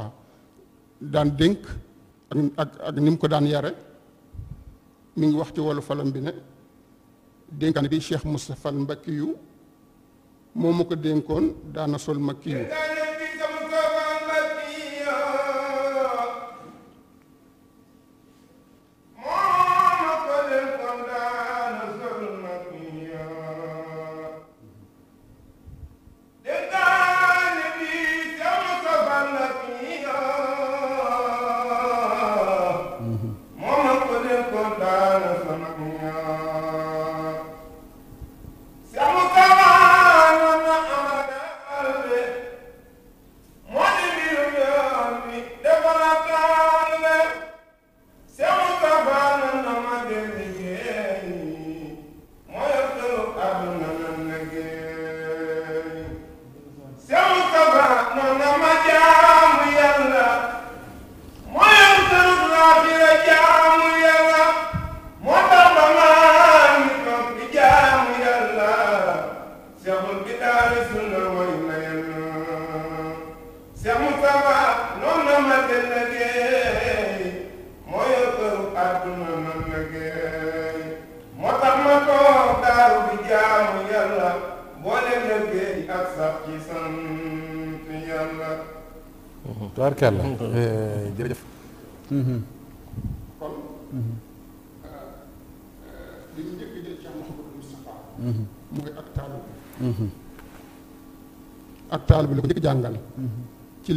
S6: daan dénk ak ak ak ko daan yare mi ngi wax ci wàllu falam bi ne dénkaan bi Cheikh Moustapha Mbackiyu moo ma ko dénkoon daana sol Mbackiyu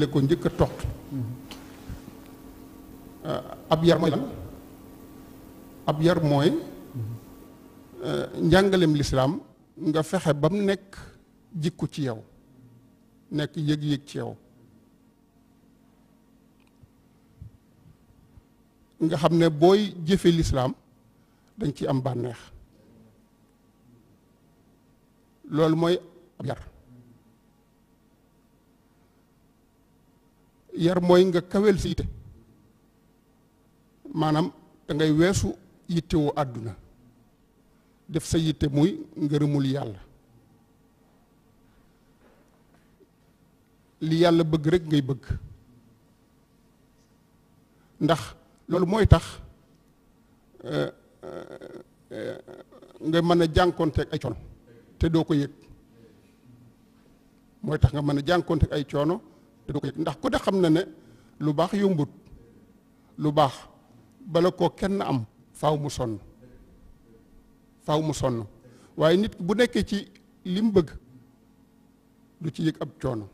S6: ko njëkk a tontu ah, ab yar mooy lan ab yar mooy eh, njàngaleem lislaam nga fexe ba mu nekk jikku ci yow nekk yëg-yëg ci yow nga xam ne booy jëfe lislaam dañ ci am bànneex loolu mooy ab yar yar mooy nga kawel sa yitte maanaam da ngay weesu yitte woo àdduna def sa yitte muy ngërëmul yàlla li yàlla bëgg rek ngay bëgg ndax loolu mooy tax euh, euh, nga mën a jànkoonteeg ay coono te doo ko yëg mooy tax nga mën a jànkoonteeg ay coono te ko ndax ku de xam na ne lu baax yombut lu baax bala ko kenn am faaw mu sonn faaw mu sonn waaye nit bu nekkee ci li bëgg du ci yëg ab coono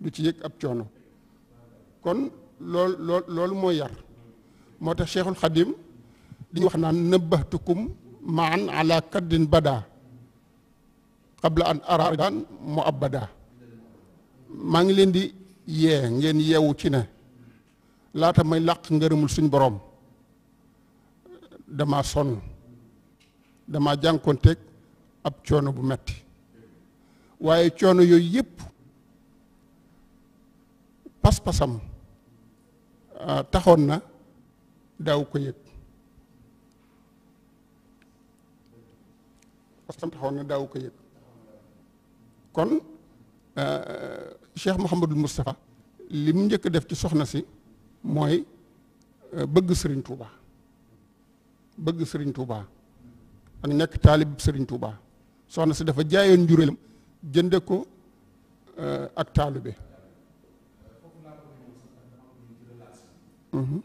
S6: du ci yëg ab coono kon lool lool loolu mooy yar moo tax Cheikhul Xadim di wax naan nëbbahtukum maan ala kaddin badaa qabla an aradan mu badaa maa ngi leen di yee ngeen yeewu ci ne laata may làq ngërëmul suñ borom dama sonn dama jànkonteeg ab coono bu metti waaye coono yooyu yëpp pas-pasam ah, taxoon na daaw ko yëg pas-pasam taxoon kon Euh, Cheikh Mouhamadul mustafa li mu njëkk def ci soxna si mooy euh, bëgg sëriñ Touba bëgg sëriñ Touba ak nekk taalib sëriñ Touba soxna si dafa jaayoon njuréelam jënde ko euh, ak taalibe
S4: mhm.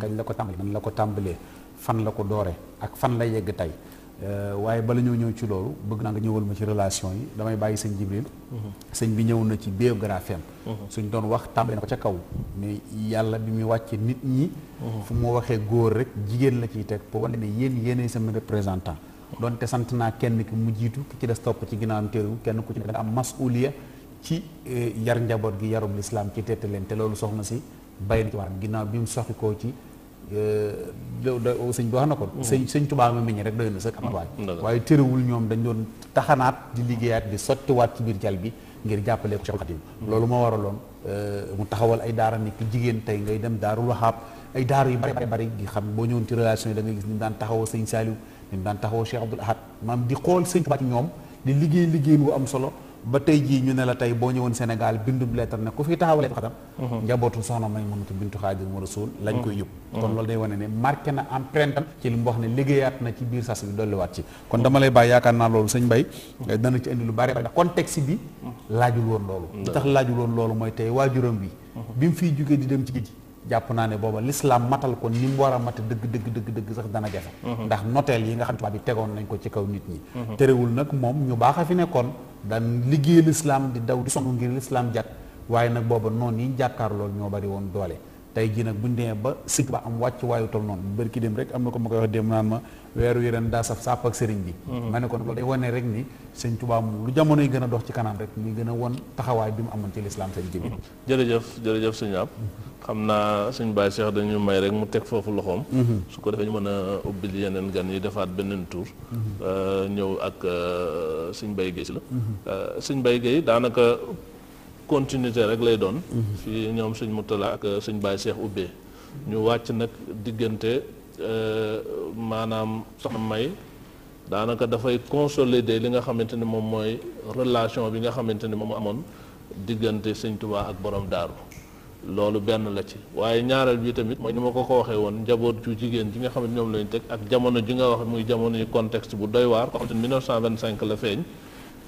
S1: kañ la ko tàmbalee nan la ko tàmbalee fan la ko doore ak fan la yegg tey Euh, waaye bala ñoo ñëw ci loolu bëgg naa nga ñëwal ma ci relation yi damay bàyyi sëñ Jibril mhm. sëñ bi ñëw na ci biographie am mhm. suñ doon wax tàmbali na ko ca kaw mais yàlla bi muy wàcce nit ñi mhm. fu mu waxee góor rek jigéen la ciy teg pour wane ne yéen yéenay sama représentant donte sant naa kenn ki mu jiitu ki ci des topp ci ginnaawam téeru kenn ku ci nga am masuliya ci eh, yar njaboot gi yarub lislaam ci teete leen te loolu soxna si bay na ci waaram ginnaaw bi Euh, sëñ bi wax na ko mm-hmm. sëñ sëñ Tuubaa ma meññ rek doy na sa kamataay waaye mm-hmm. tërëwul ñoom dañ doon taxanaat di liggéeyaat di sottiwaat ci biir jal bi ngir jàppale ko Cheikh Khadim mm-hmm. loolu moo waraloon euh, mu taxawal ay daara nekk jigéen tey ngay dem daarul waxaab ay daara yu bari bari gi xam boo ñëwoon ci relation yi da gis ni daan taxawoo sëñ Saliou daan taxawoo Cheikh Abdoul Ahad maam di xool sëñ Tuubaa ci ñoom di liggéey liggéey bu am solo ba tey jii ñu ne la tey boo ñëwoon Sénégal bindum lettre ne ku fi taxawalee xatam mhm. njabootu soxna may mënatu bintu Xaadimu Rasuul lañ mhm. koy yóbbu mhm. kon loolu day wane ne marqué na ci biir sas bi dolliwaat ci kon dama lay bàyyi yaakaar naa loolu sëñ Bay eh, dana ci indi lu bari ndax contexte bi laajul woon loolu li tax laajul woon loolu mooy tey waajuram bi bi mu fiy jógee di dem ci jàpp naa ne booba l'islam matal ko ni mu war a mate dëgg dëgg dëgg dëgg sax dana jafe ndax noteel yi nga xam tubaab bi tegoon nañ ko ci kaw nit
S6: ñi
S1: a daan liggéey lislaam di daw di sonn ngir lislaam jat waaye nag booba noon yi jàkkaar loolu ñoo bari woon doole tey jii nag buñ demee ba sikk ba am wàcc waayu tol noonu bari ki dem rek am na ko ma koy wax dem naan ma weer wi ren daa saf sàpp ak sëriñ bi mm-hmm. ma ne kon loolu day wane rek ni sëñ Tuubaa lu jamonoy gën a dox ci kanam rek muy gën a won taxawaay bi mu amoon ci lislaam sëñ Jibi
S2: mm-hmm. jërëjëf jërëjëf sëñ ab mm-hmm. xam naa sëñ Baye Cheikh dañu may rek mu teg foofu loxoom su ko defee ñu mën a ubbi yeneen gan yi defaat beneen tour euh, ñëw ak euh, sëñ Baye Guèye si la euh, sëñ Baye Guèye daanaka continuité rek lay doon. fii ñoom suñ Moutala ak euh, sëñ Baye Cheikh ubbee ñu wàcc nag diggante euh, maanaam sax May daanaka dafay consolider li nga xamante ni moom mooy relation bi nga xamante ni moom amoon diggante sëñ Touba ak borom daaru loolu benn la ci waaye ñaareel bi tamit mooy ñu ma ko ko waxee woon njaboot ju jigéen ji nga xam ne ñoom lañu teg ak jamono ji nga wax muy jamono yi contexte bu doy waar. xam ne 1925 la feeñ.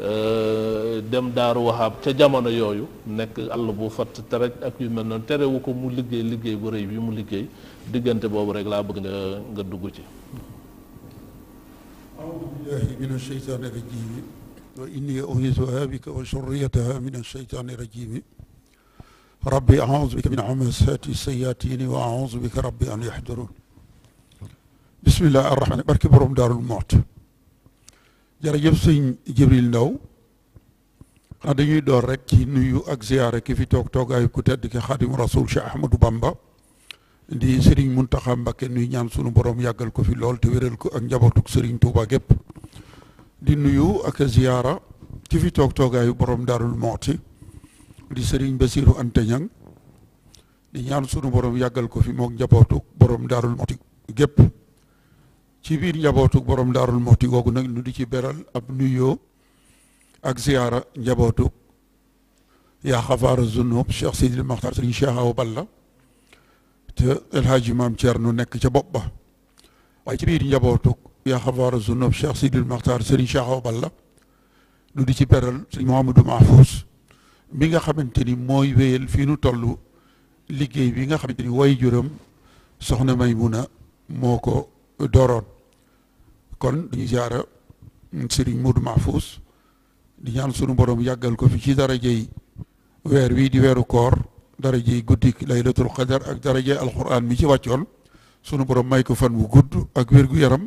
S2: Euh, dem daaru waxaab ca jamono yooyu nekk àll bu fatt te rek ak yu mel noonu terewu ko mu liggéey liggéey bu rëy bi mu liggéey diggante boobu rek laa bëgg nga nga dugg ci audu
S8: billahi min alsheytaani rajimi wa inni uhizuha bika wa surriyataha min alsheytaani rajimi rabbi audu bika min amasati sayatini wa audu bika rabbi an yaxduruun bismillahi arrahmaani barki borom daarul moot jërëjëf sëñ Jibril Ndaw xanaa dañuy door rek ci nuyu ak ziyaare ki fi toog toogaayu ku tedd ki xaadimu rasul si Ahmadou Bamba di Serigne Mountakha Mbacké nuy ñaan sunu borom yàggal ko fi lool te wéral ko ak njabootuk Serigne Touba gépp di nuyu ak ziyaara ki fi toog toogaayu borom Darou Mouhty di Serigne Bassirou Anta Niang di ñaan sunu borom yàggal ko fi mook njabootuk borom Darou Mouhty gépp ci biir njabootu borom daarul moxti googu nag nu di ci beral ab nuyoo ak ziyaara njabootu yaa xafaara zunub cheikh sidil maxtar sëriñ cheikh aw balla te El Hadji maam Thierno nekk ca bopp ba waaye ci biir njabootu yaa xafaara zunub cheikh sidil maxtar sëriñ cheikh balla nu di ci beral sëriñ Mouhamadou Mahfous mi nga xamante ni mooy wéyal fii nu toll liggéey bi nga xamante ni way juram soxna Maymuna moo ko kon di ziara Serigne Modou Mahfous di ñaan sunu borom yàggal ko fi ci darajey weer wi di weeru koor darajey guddik laylatul qadar ak darajey alquran mi ci wàccoon sunu borom may ko fan wu gudd ak wér yaram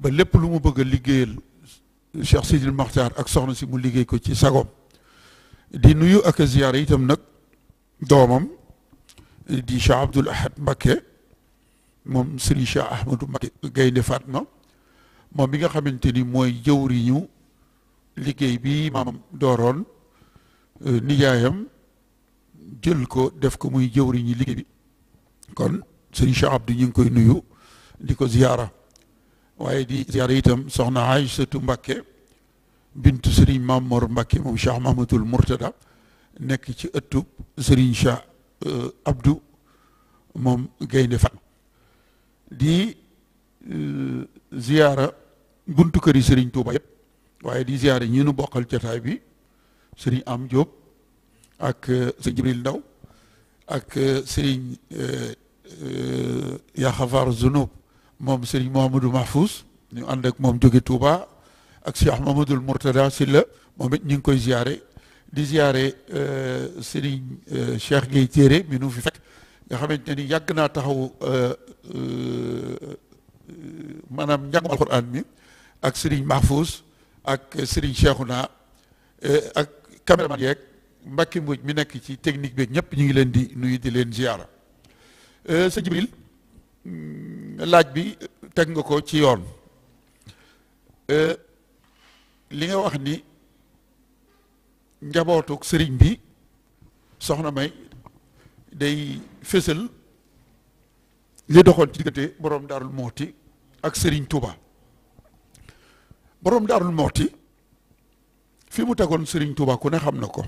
S8: ba lépp lu mu bëgg a liggéeyal Cheikh Sidil Maxtaar ak soxna si mu liggéey ko ci sagoom di nuyu ak a ziyaara itam nag doomam di Cheikh Abdoul Ahad Mbacké moom Serigne Cheikh Ahmadou Mbacké Gaynde Fatma moom bi nga xamante ni mooy jëwriñu liggéey bi mam dooroon euh, nijaayam jël ko def ko muy jëwriñu liggéey bi kon sëriñ Cheikh Abdou ñu ngi koy nuyu di ko ziyaara waaye di ziyaara itam soxna Aïssatou Mbacké bintu mam Mamour Mbacké moom Cheikh Mahmadul Mourtada nekk ci ëttub sëriñ Cheikh euh, abdu moom gaynde fan di euh, ziyaara buntu kër yi Serigne Touba yëpp waaye di ziare ñi nu bokkal jotaay bi Serigne Am Diop ak euh, Serigne Jibril Ndaw ak euh, Serigne euh, Yaxafar Zunub moom Serigne Mohamadou Mahfous ñu ànd ak moom jóge Touba ak Cheikh Mamadou Mourtada Silla moom it ñu ngi koy ziare di ziare Serigne Cheikh Gueye Thiéré mi nu fi fekk nga xamante ni yàgg naa taxaw maanaam njàngum alxuraan mi. ak Serigne Mahfouz ak Serigne Cheikhouna eh, ak caméraman yeeg Mbacke Mbodj mi nekk ci technique bi ñëpp ñu ngi leen di nuyu di leen ziara eh, sa Jibril mm, laaj bi teg nga ko ci yoon eh, li nga wax ni njabootuk sëriñ bi soxna May day fésal li doxoon ci diggante borom Daarul Mooti ak sëriñ Touba borom daarul mooti fi mu tegoon Serigne Touba ku ne xam na ko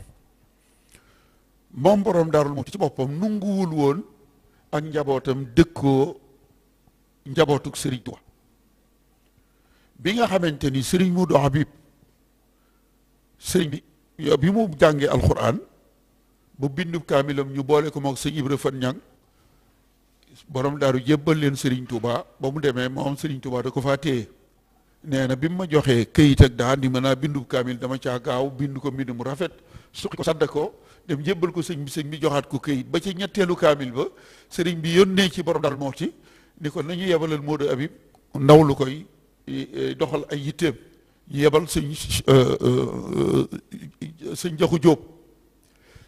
S8: moom borom daarul mooti ci boppam nunguwul woon ak njabootam dëkkoo njabootug Serigne Touba bi nga xamante ni Serigne Moudou Habib Serigne bi bi mu jàngee alxuraan bu bindub kaamilam ñu boole ko moog sëñ Ibra Fan Ñang borom daaru jébbal leen Serigne Touba ba mu demee moom Serigne Touba da ko faa téye. nee na bi mu ma joxee këyit ak daa ni ma naa bindu kaamil dama caa gaaw bind ko mbind mu rafet suqi ko sadda ko dem jébbal ko sëñ bi sëñ bi joxaat ko këyit ba ci ñetteelu kaamil ba sëriñ bi yónnee ci borom dal moo ci ni ko nañu yebalal Modou ndaw lu koy e, e, doxal ay yitteem yebal sëñ e, sëñ Jaxu Jóob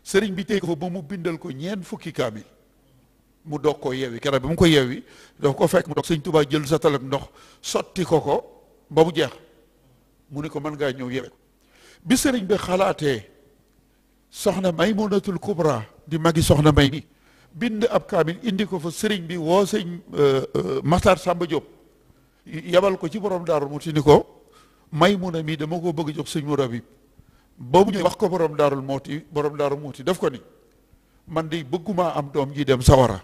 S8: sëriñ bi tey ko fa ba mu bindal ko ñeent fukki kaamil mu doog ko yeewi keroog bi mu ko yeewi doog ko fekk mu doog sëñ Tuubaa jël sa talab ndox sotti ko ko ba mu jeex mu ne ko mën ngaa ñëw yebe bi sëriñ bi xalaatee soxna Maymunatul Kubra di magi soxna may ni bind ab kaamil indi ko fa sëriñ bi woo sëñ euh, euh, Matar Samba Diop yabal ko ci borom daaru mu ti ni ko Maymuna mi dama ko bëgg jox sëñ mu rabib ba mu ñëw wax ko borom daarul mooti borom daarul mooti daf ko ni man de bëgguma am doom ji dem sawara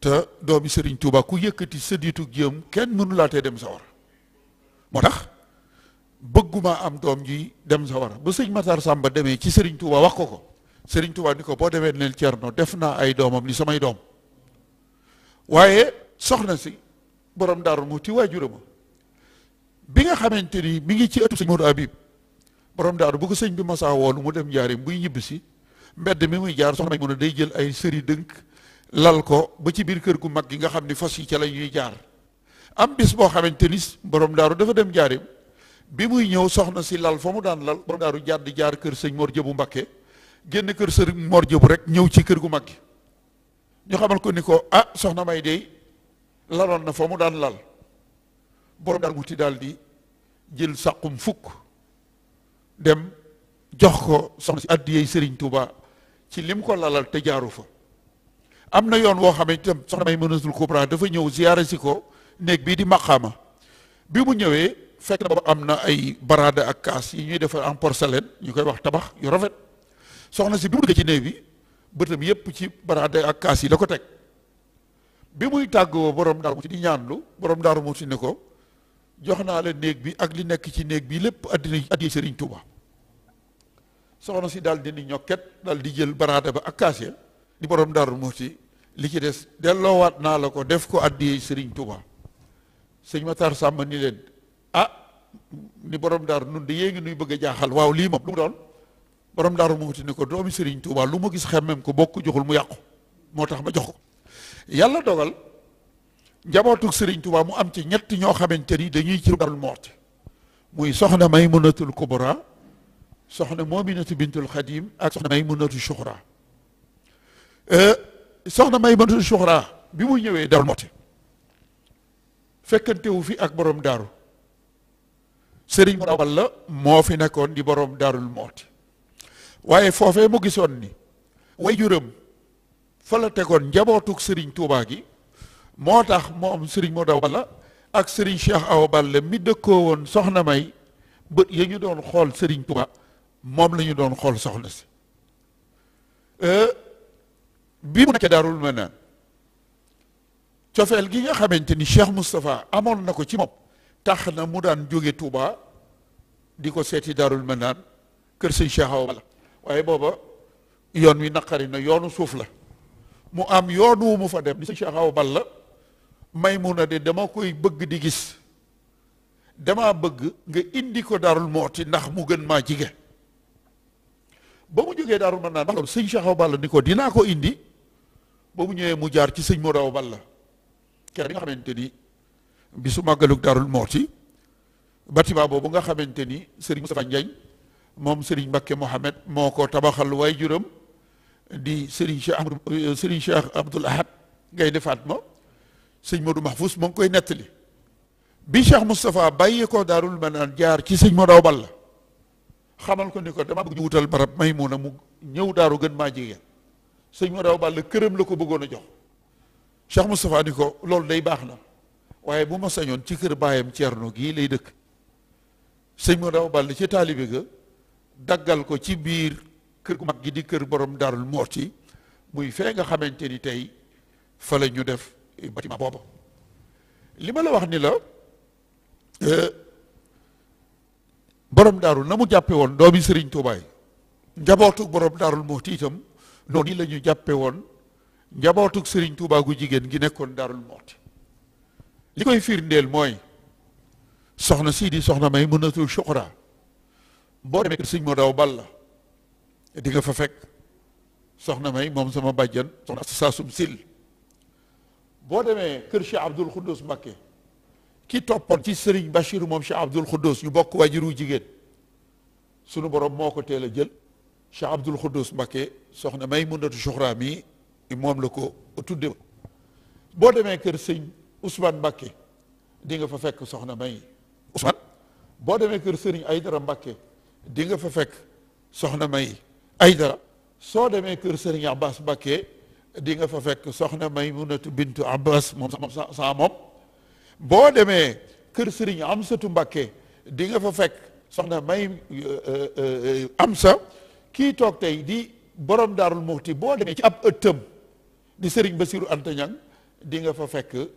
S8: te doomi sëriñ Touba ku yëkkati sëddiitu jëm kenn mënu laatee dem sawara moo tax bëgguma am doom ji dem sawara ba sëñ Matar Samba demee ci Serigne Touba wax ko ko Serigne Touba ni ko boo demee neel noo def naa ay doomam ni samay doom waaye soxna si borom Daaru Muxti waajurama bi nga xamante ni mi ngi ci ëttu sëñ Modou Habib borom daaru bu ko sëñ bi masaa lu mu dem njaar buy ñibbi si mbedd mi muy jaar soxna may mun a day jël ay sëri dënk lal ko ba ci biir kër gu mag gi nga xam ni fos yi ca la ñuy jaar am mbis boo xamante ni borom daaru dafa dem jaarim bi muy ñëw soxna si lal fa mu daan lal borom daaru jaar di jaar kër sëñ Mor bu Mbakke génn kër sëñ Mor Jëbu rek ñëw ci kër gu mag ñu xamal ko ni ko ah soxna may dey laloon na fa mu daan lal borom daaru wuti daal di jël sàqum fukk dem jox ko soxna si addiyey sëriñ Touba ci lim ko lalal te jaaru fa am na yoon woo xam ne itam soxna may mënatul kubra dafa ñëw ziyaare si ko néeg bii di maqaama bi mu ñëwee fekk na booba am na ay baraada ak kaas yi ñuy defar en porcelaine ñu koy wax tabax yu rafet soxna si bi mu duggee ci néeg bi bëtam yépp ci baraada ak kaas yi la ko teg bi muy tàggoo borom daaru mu ci di ñaanlu borom daaru mu ci ne ko jox naa la néeg bi ak li nekk ci néeg bi lépp addina addiye Sëriñ Tuuba soxna si daal di ni ñokket dal di jël baraada ba ak kaas ya di borom daaru mu ci li ci des delloowaat naa la ko def ko addiye Sëriñ Tuuba sëñ Matar Sàmba ni leen ah ni borom daaru nun de yée ngi nuy bëgg a jaaxal waaw lii moom lu mu doon borom daaru mu muti ni ko doomi sëriñ Tuubaa lu ma gis xemmem ko bokk joxul mu yàqu moo tax ma jox ko yàlla dogal njabootug sëriñ Tuubaa mu am ci ñett ñoo xamante ni dañuy ci Daaru Muxti muy soxna Maymunatul Kubra soxna Moominatu Bintul Xadim ak soxna Maymunatu Suxra eh, soxna Maymunatu Suxra bi mu ñëwee Daaru Muxti fekkante wu fi ak borom daaru sëriñ Bawal la moo fi nekkoon di borom daarul mooti waaye foofee mu gisoon ni waajuram fa la tegoon njabootug sëriñ tuubaa gi moo tax moom sëriñ Modu Balla ak sëriñ Cheikh Awa Balla mi dëkkoo woon soxna May bët ya ñu doon xool sëriñ Touba moom la doon xool soxna si euh, bii mu nekk daarul ma naan cofeel gi nga xamante ni Cheikh Moustapha amoon na ko ci moom tax na mu daan jóge tuuba di ko seeti Daarul Manaan kër sëñ Cheikh Awa Balla waaye booba yoon wi naqari na yoonu suuf la mu am yoon wu mu fa dem di sëñ Cheikh Awa Balla may mu na de dama koy bëgg di gis dama bëgg nga indi ko Daarul Mooti ndax mu gën maa jige ba mu jógee Daarul Manaan sëñ Cheikh Awa Balla ni ko dinaa ko indi ba mu ñëwee mu jaar ci sëñ mu raw bal la ker bi nga xamante ni bisu màggalug Daarul Mooti bâtiment boobu nga xamante ni Serigne Moustapha Ndiagne moom sëriñ mbakke Mohamed moo ko tabaxal waay juróom di Serigne Cheikh Amadou euh, Ahad ngay defaat ma sëñ Modou Mahfous moo ngi koy nettali bi Cheikh Moustapha bàyyi ko Daarul Manaan jaar ci sëñ Modou Balla xamal ko ni ko dama bëgg ñu wutal barab Maymuna mu ñëw daaru gën maa jege sëñ Modou Balla këram la ko bëggoon a jox Cheikh Moustapha ni ko loolu day baax na waaye bu ma sañoon ci kër ceer noo gii lay dëkk sëñ mu daw ball ci taalibe ga daggal ko ci biir kër gu mag gi di kër borom Daarul Muhti muy fee nga xamante ni tey fa la ñu def ma booba li ma la wax ni la euh, borom daarul na mu jàppe woon doomi sëriñ Tuubaay njabootu borom daarul Muhti itam noonu la ñu jàppe woon njabootug sëriñ Tuubaa jigéen gi nekkoon Daarul Muxti li koy firndeel mooy soxna sii di soxna may mënatul suqra boo demee kër sëñ moo daw bal la di fa fekk soxna may moom sama bàjjan sil boo demee kër Cheikh Abdoul Khoudous Mbacké ki toppoon ci sëriñ Bachir moom Cheikh Abdoul Khoudous ñu bokk waajuru jigéen sunu borom moo ko teel a jël Cheikh Abdoul Khoudous Mbacké soxna may mënatu suqra mi moom la ko tudde boo demee kër sëñ Ousmane Mbakke di nga fa fekk soxna May Ousmane boo demee kër ay Aydara Mbakke di nga fa fekk soxna May Aydara soo demee kër sëriñ Abbas Mbakke di nga fa fekk soxna May Munatu Bintu Abbas moom sa moom boo demee kër sëriñ Amsatu Mbakke di nga fa fekk soxna May euh, euh, euh, Amsa ki toog tey di borom daarul Muxti boo demee ci ab ëttam di sëriñ Basiru Anta Ñang di nga fa fekk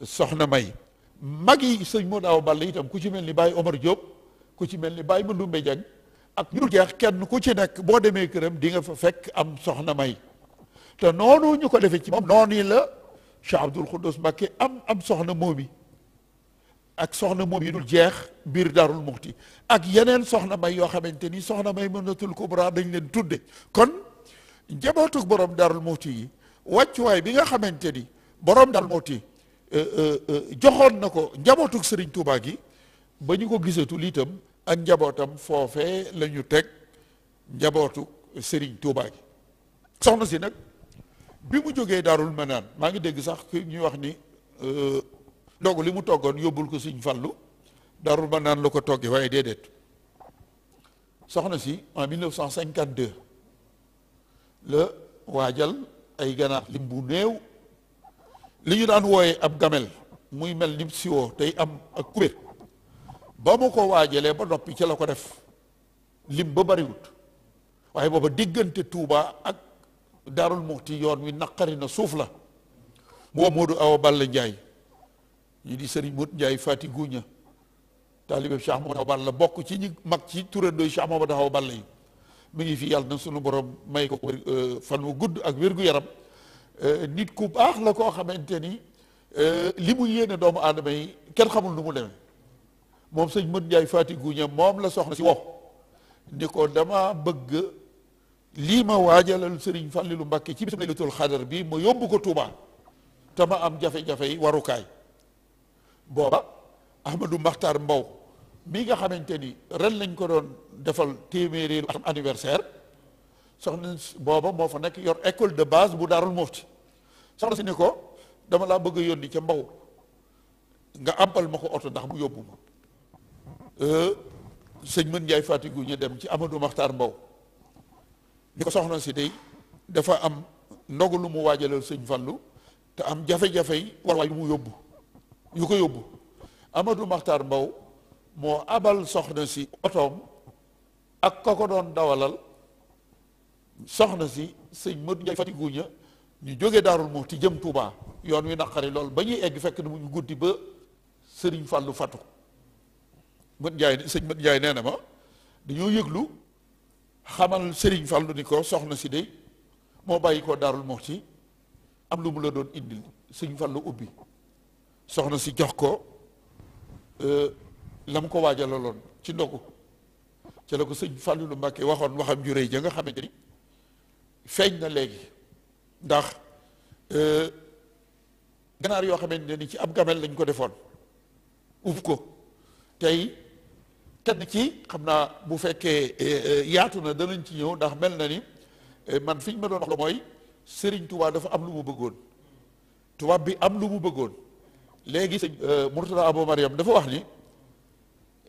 S8: soxna may mag yi sëñ moo daaw ball itam ku ci mel ni Baye Omar Diop ku ci mel ni Baye Mandumbe Diagne ak ñu jeex kenn ku ci nekk boo demee këram di nga fa fekk am soxna may te noonu ñu ko defee ci moom noonu la Cheikh Abdoul Khoudous Mbacké am am soxna moom yi ak soxna moom yi dul jeex biir Daarul Muxti ak yeneen soxna may yoo xamante ni soxna may mënatul kubra dañ leen tudde kon njabootug borom Daarul Muxti yi wàccuwaay bi nga xamante ni borom Darou Mouhty euh, euh, joxoon na ko njabootuk Serigne Touba gi ba ñu ko gisatul itam ak njabootam foofe la ñu teg njabootu Serigne Touba gi soxna si nag bi mu jógee Daarul Manaan maa ngi dégg sax ki ñuy wax ni euh, ndogu li mu toggoon yóbbul ko Serigne Fallou Daarul Manaan la ko toggee waaye déedéet soxna si en 1952 la waajal. ay ganaar lim bu néew li ñu daan wooye ab gamel muy mel nim siwo tey am ak kubéer ba mu ko waajalee ba noppi ci la ko def lim ba bariwut waaye booba diggante tuuba ak Daarul Muxti yoon wi naqari na suuf la moo Moodu Awa Balla Njaay ñi di Sëriñ Mut Njaay Fati Guña taalibe Cheikh Mamadou Awa Balla bokk ci ñi mag ci turandooy Cheikh Mamadou Awa Balla yi mi ngi fi yàlla na sunu borom may ko euh, fan wu gudd ak wér-gu-yaram euh, nit ku baax la koo xamante ni euh, li mu yéene doomu aadama yi kenn xamul nu mu demee moom sëñ Modou Ndiaye Fatigu ña moom la soxna si wow ni ko dama bëgg lii ma waajalal Serigne lu Mbacké ci bisum laylatul xadar bi ma yóbbu ko Touba te ma am jafe-jafe yi warukaay booba Ahmadou Makhtar Mbow bi nga xamante ni ren lañ ko doon defal téeméeri atam anniversaire soxna booba moo fa nekk yor école de base bu daarul mufti soxna si ni ko dama laa bëgg a yónni ca mbaw nga ampal ma ko oto ndax mu yóbbu ma euh, sëñ mën njaay ñu dem ci Amadou Maxtaar Mbow ni ko soxna si day dafa am ndogu lu mu waajalal sëñ Fallu te am jafe-jafe yi war waay mu yóbbu yu ko yóbbu Amadou Maxtaar Mbow moo abal soxna si otoom ak ka ko doon dawalal soxna si sëñ Modou Ndiaye fatiguña ñu jógee daarul Muxti jëm Touba yoon wi naqari lool ba ñuy egg fekk na mu ñu guddi ba sëriñ Fàllu fatu Modou Ndiaye sëñ Modou Ndiaye nee na ma dañoo yëglu xamal sëriñ Fàllu ni ko soxna si de moo bàyyi ko daarul Muxti am lu mu la doon indil sëñ Fàllu ubbi soxna si jox ko euh, lam ko ko waajalaloon ci ndogu ci la ko sëñ Fallou Mbacké waxoon waxam ju rëy ja nga xamante ni feeñ na léegi ndax euh, ganaar yoo xamante ni ci ab gamel lañ ko defoon ub ko tey kenn ci xam naa bu fekkee euh, yaatu na danañ ci ñëw ndax mel na ni euh, man fiñ ñu ma doon wax mooy Sëriñ Tuubaa dafa am lu mu bëggoon tubaab bi am lu mu bëggoon léegi sëñ Murtada Abo Mariam dafa wax ni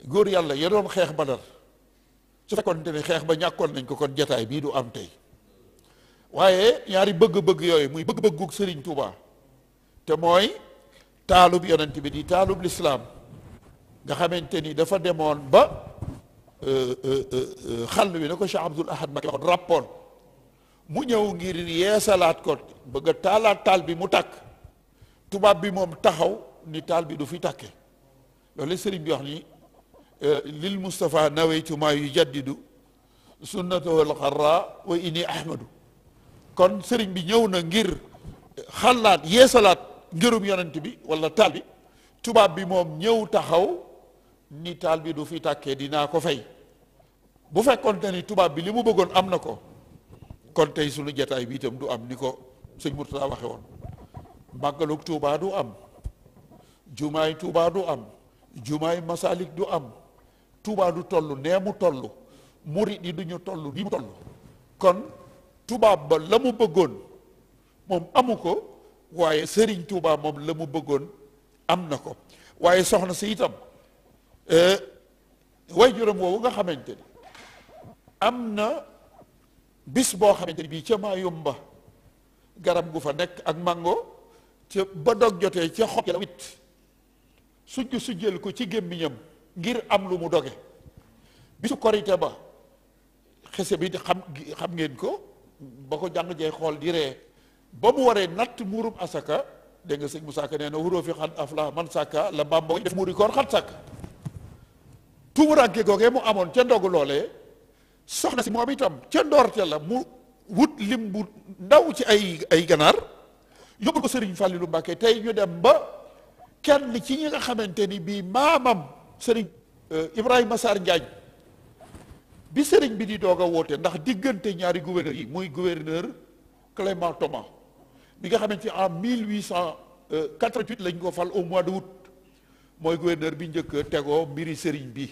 S8: góor yàlla ya doon xeex badar su fekkoonte ne xeex ba ñàkkoon nañ ko kon jataay bii du am tey waaye ñaari bëgg-bëgg yooyu muy bëgg-bëggug sëriñ Touba te mooy taalub yonent bi di taalub lislaam nga xamante ni dafa demoon ba euh, euh, euh, xàll bi na ko Cheikh Abdoul Ahad Mbacké waxoon rappoon mu ñëw ngir yeesalaat ko bëgg a taalaat taal bi mu takk tubaab bi moom taxaw ni taal bi du fi tàkke loolu Serigne bi wax ni Eh, lil Moustapha nawaytu maa yu jaddidu sunnatahu alxarra wa inni ahmadu kon sëriñ bi ñëw na ngir xalaat yeesalaat ngërum yonent bi wala taal bi tubaab bi moom ñëw taxaw ni taal bi du fi tàkkee dinaa ko fay bu fekkoon te ni tubaab bi li mu bëggoon am na ko kon tey sunu jataay bi du am ni ko sëñ Murtada waxe woon màggalug Tuubaa du am jumaay Tuubaa du am jumaay Masalik du am Touba du toll nee mu toll murit yi du tollu toll nii mu toll kon tubaab ba la mu bëggoon moom amu ko waaye sëriñ Touba moom la mu bëggoon am na ko waaye soxna si itam e, way juróom woowu nga xamante am na bis boo xamante ni bii ca Mayumba garab gu fa nekk ak mango ca ba dog jotee ca xob ya la sujj sujjal ko ci gémmiñam ngir am lu mu doge bisu korite ba xese bi xam xam ngeen ko ba ko jàng jee xool di ree ba mu waree natt muurum asaka dégg nga sëñ mu Ka nee na wuroo fi xan afla man sàkka la bàmbooy def muuri koor xat sàkk mu amoon ca ndoog loole soxna si moom itam ca ndoorte la mu wut lim bu ndaw ci ay ay ganaar yóbbul ko sëriñ Fàllilu Mbàkke tey ñu dem ba kenn ci ñi nga xamante ni bii maamam sëriñ euh, Ibrahima Sarr Njaañ bi sëriñ bi di doog a woote ndax diggante ñaari gouverneur yi muy gouverneur Clément Thomas mi nga xamante ni en 1888 lañ ko fal au mois de août mooy gouverneur bi njëkk tegoo mbiri sëriñ bi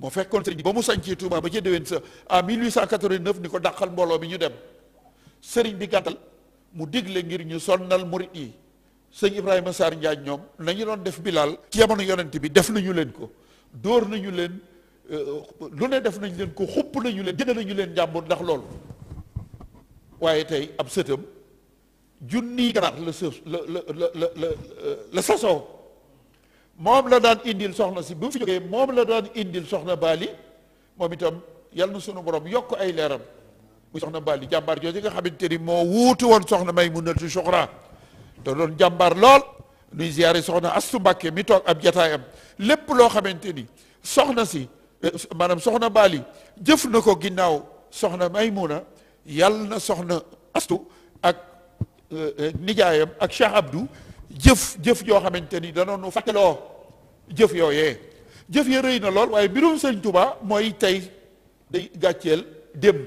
S8: moo fekkoon sëriñ bi ba mu sañcee Touba ba ci déwén sa en 1889 ni ko dàqal mbooloo bi ñu dem sëriñ bi gàttal mu digle ngir ñu sonnal murit yi sëñ Ibrahima saar Ndiagne ñoom nañu doon def Bilal ci jamono yonent bi def nañu leen ko dóor nañu leen euh, lu ne def nañu leen ko xupp nañu leen jënd nañu leen njàmbur ndax loolu waaye tey ab sëtam junni garaat la sa la la la la la sasoo moom la daan indil soxna si bu fi jógee moom la indil soxna Bali moom itam yal na sunu borom yokk ay leeram muy soxna Bali jàmbaar jooju nga xamante ni moo wuutu woon soxna Maymunatu Suxra te doon jàmbaar lool nuy ziyaare soxna Astu Mbàkke mi toog ab jataayam lépp loo xamante ni soxna si eh, maanaam soxna Baali jëf na ko ginnaaw soxna Maymuna yàlla na soxna Astu ak eh, eh, nijaayam ak Cheikh Abdou jëf jëf yoo xamante ni danoonu fàttaloo jëf yooyee jëf ya rëy na lool waaye mbirum sëñ Tuubaa mooy tey day gàcceel démb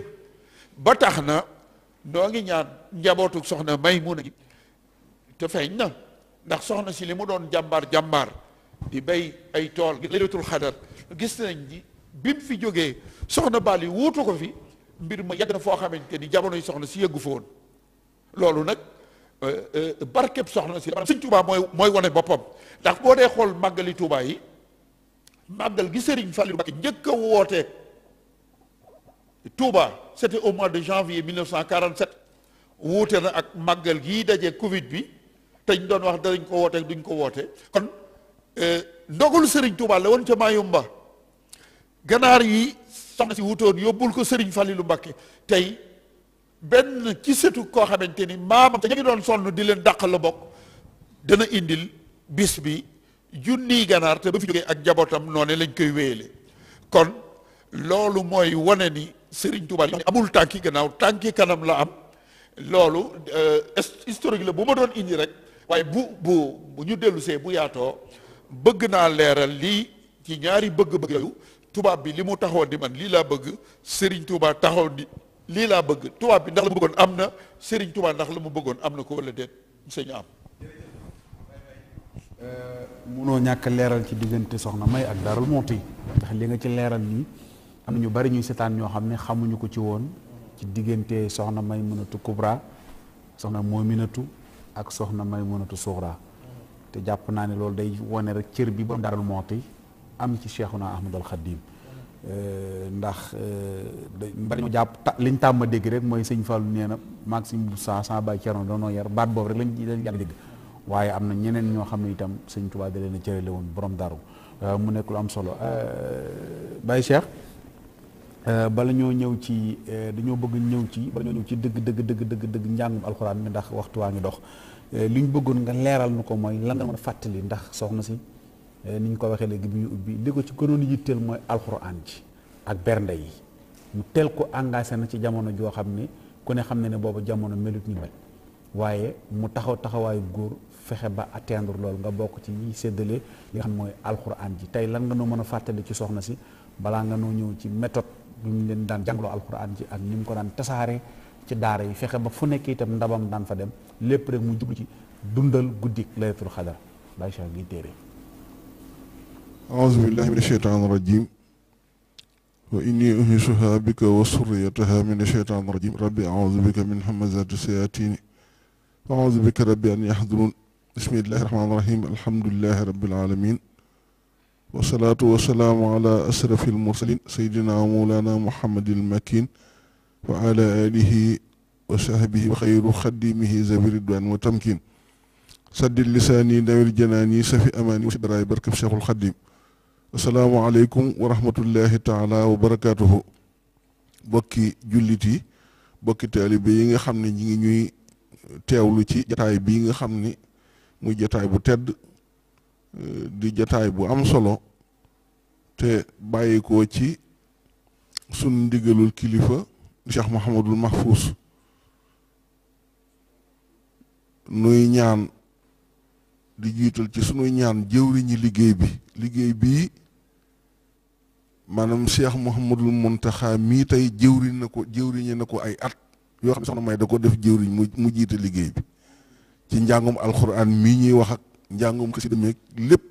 S8: ba tax na noo ngi ñaan njabootu soxna Maymuna te feeñ na ndax soxna si li mu doon jàmbaar jàmbaar di béy ay tool laylatul xadar gis nañ ni bi mu fi jógee soxna Bali wuutu ko fi mbir ma yàgg na foo xamante ni jamono yi soxna si yëggu fa loolu nag euh, euh, barkeb soxna si sëñ Touba mooy mooy wane boppam ndax boo dee xool màggali Touba yi màggal gi Serigne Fallou Mbacké njëkk a wootee Touba c'était au mois de janvier 1947 wuute na ak màggal gi daje Covid bi te ñu doon wax danañ ko woote duñ ko woote kon e, ndogalu Serigne Touba la woon ca Mayumba ganaar yi soxna si wutoon yóbbul ko Serigne Fallilou Mbacké tey benn ci setu koo xamante ni maamam te ñu ngi doon sonn di leen dàq la bokk dana indil bis bi junniy ganaar te ba fi jógee ak jabootam noone lañ koy wéyale kon loolu mooy wane ni Serigne Touba li amul tànki gannaaw tànki kanam la am loolu e, historique la bu ma doon indi rek. waaye bu bu bu ñu dellu see bu yaatoo bëgg naa leeral lii ci ñaari bëgg-bëgg yooyu tubaab bi li mu taxawoon di man lii laa bëgg sëriñ Touba taxaw di lii laa bëgg tubaab bi ndax la mu bëggoon am na sëriñ Touba ndax la mu bëggoon am na ko wala déet sëñ
S1: euh, ñàkk leeral ci diggante soxna May ak Darou li nga ci leeral nii am na ñu bari ñuy seetaan ñoo xam ne xamuñu ko ci woon ci diggante soxna May mënatu Kubra soxna Moominatu ak soxna Maymunatu Suxra te jàpp naa ne loolu day wone rek cër bi ba daral mooti am ci Cheikhuna Ahmadul Xadim euh, ndax euh, bari ma jàpp liñ tàmm dégg rek mooy sëñ Fallou nee na maag sëñ bu saa saa bàyyi Cerno doonoo yar baat boobu rek lañ lañ yàlla dégg waaye am na ñeneen ñoo xam ne itam sëñ Tuubaa leen a cërale woon borom daru euh, mu nekk lu am solo Baye Cheikh bala ñoo ñëw ci dañoo bëgg ñëw ci bala ñoo ñëw ci dëgg dëgg dëgg dëgg dëgg njàngum alxuraan mi ndax waxtu waa ngi dox Euh, li ñu bëggoon nga leeral nu ko mooy lan nga mën a fàttali ndax soxna si euh, ni ñu ko waxee léegi bi ñu ubbi li ko ci gënoon yitteel mooy alxuraan ji ak bernde yi mu teel ko engagé na ci jamono joo xam ne ku ne xam ne ne boobu jamono melut ni mel waaye mu taxaw taxawaayu góor fexe ba atteindre loolu nga bokk ci ñiy séddale li nga xam mooy alxuraan ji tey lan nga noo mën a fàttali ci soxna si balaa nga noo ñëw ci méthode bi ñu leen daan jàngaloo alxuraan ji ak ni mu ko daan tasaare ci daara yi fexe ba fu nekk itam ndabam daan fa dem lépp rek mu jublu ci dundal guddik laylatul xadar bàyyi cheikh ngi téere
S9: aouzu billahi mina sheytaan rajim wa inni unisuha bika wa surriyataha mina sheytaan rajim rabbi aouzu bika min hamazati sayatini wa aouzu bika rabbi an yahdurun bismillahi rahmaani rahim alhamdulillahi rabbil alamin wasalaatu wasalaamu ala asrafi almursalin sayyidina mawlana muhammadil makin wa ala alihi wa bi xayru xadimihi zabi ridwan wa tamkin saddid lisaani dawil janaani safi amaani wa sidaraay barkab cheikhul xadim asalaamu aleykum wa rahmatullahi taala wa barakaatuhu bokki jullit yi bokki taalibe yi nga xam ne ñi ngi ñuy teewlu ci jataay bii nga xam ni muy jataay bu tedd di jataay bu am solo te bàyyi ko ci sun ndigalul kilifa Cheikh Mouhamadul Mahfous nuy ñaan di jiital ci sunuy ñaan jëwriñi liggéey bi liggéey bii maanaam Cheikh Mouhamadul Mountakha mii tey jëwriñ na ko jëwriñe na ko ay at yoo xam ne soxna may da ko def jëwriñ mu mu jiite liggéey bi ci njàngum alxuraan mii ñuy wax ak njàngum xasida meek lépp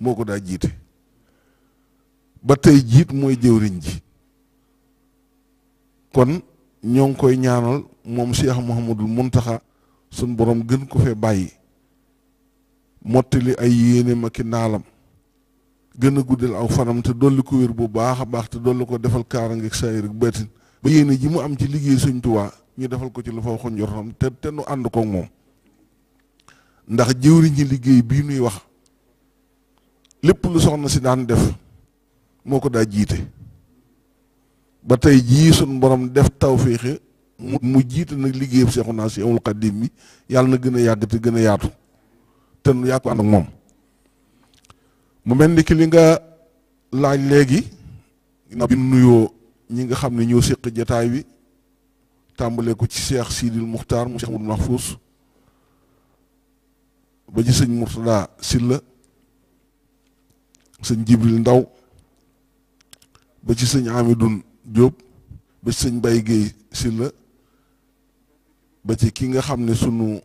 S9: moo ko daa jiite ba tey jiit mooy jëwriñ ji kon ñoo ngi koy ñaanal moom Cheikh Mouhamadul Mountakha sun borom gën ko fee bàyyi mottali ay yéene ma ki naalam gën a guddal aw fanam te dolli ko wér bu baax a baax te dolli ko defal ngi saayir ak baatin ba yéene ji mu am ci liggéey Sëñ Tuubaa ñu defal ko ci lu fa waxoon njortam te te nu ànd koog moom ndax jëwriñ ñi liggéey bii nuy wax lépp lu soxna si daan def moo ko daa jiite ba tey jii sun borom def tawféexe mu jiite nag liggéeyam naa Seexul Xadiim bi yàlla na gën a yàgg te gën a yaatu te nu yaa ko ànd moom mu mel ni ki li nga laaj léegi ginnaaw bi nuyoo ñi nga xam ni ñëw séq jataay bi tàmbalee ko ci Cheikh Sidil Muxtaar mu Cheikh Mouhamadou Mahfous ba ci sëñ Mourtada Silla sëñ Jibril Ndaw ba ci sëñ Amidoun Diop ba ci sëñ Baye Guèye Silla ba ci ki nga xam ne sunu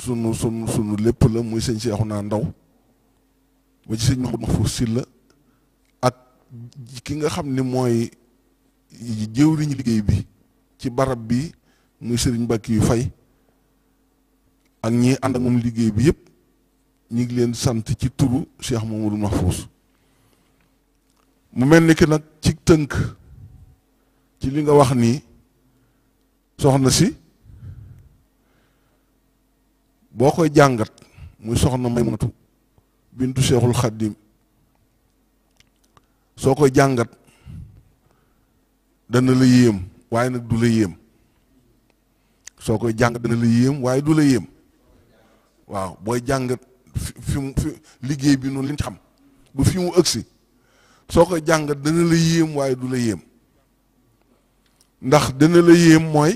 S9: sunu sunu sunu lépp la muy sëñ si Seexuna Ndaw ba ci sëñ Mahmoud Mahfouz Sylla ak ki nga xam ni mooy jëwriñu liggéey bi ci barab bi muy sëriñ Bakki yu fay ak ñi ànd ak moom liggéey bi yëpp ñu ngi leen sant ci turu Cheikh Mamadou Mahfouz mu mel ni ki nag ci tënk ci li nga wax nii soxna si boo koy jàngat muy soxna Maymatu bintu Seexul Xaddim soo koy jàngat dana la yéem waaye nag du la yéem soo koy jàngat dana la yéem waaye du la yéem waaw booy jàngat fi fi liggéey bi noonu lañ xam bu fi mu ëgsi soo koy jàngat dana la yéem waaye du la yéem ndax dana la yéem mooy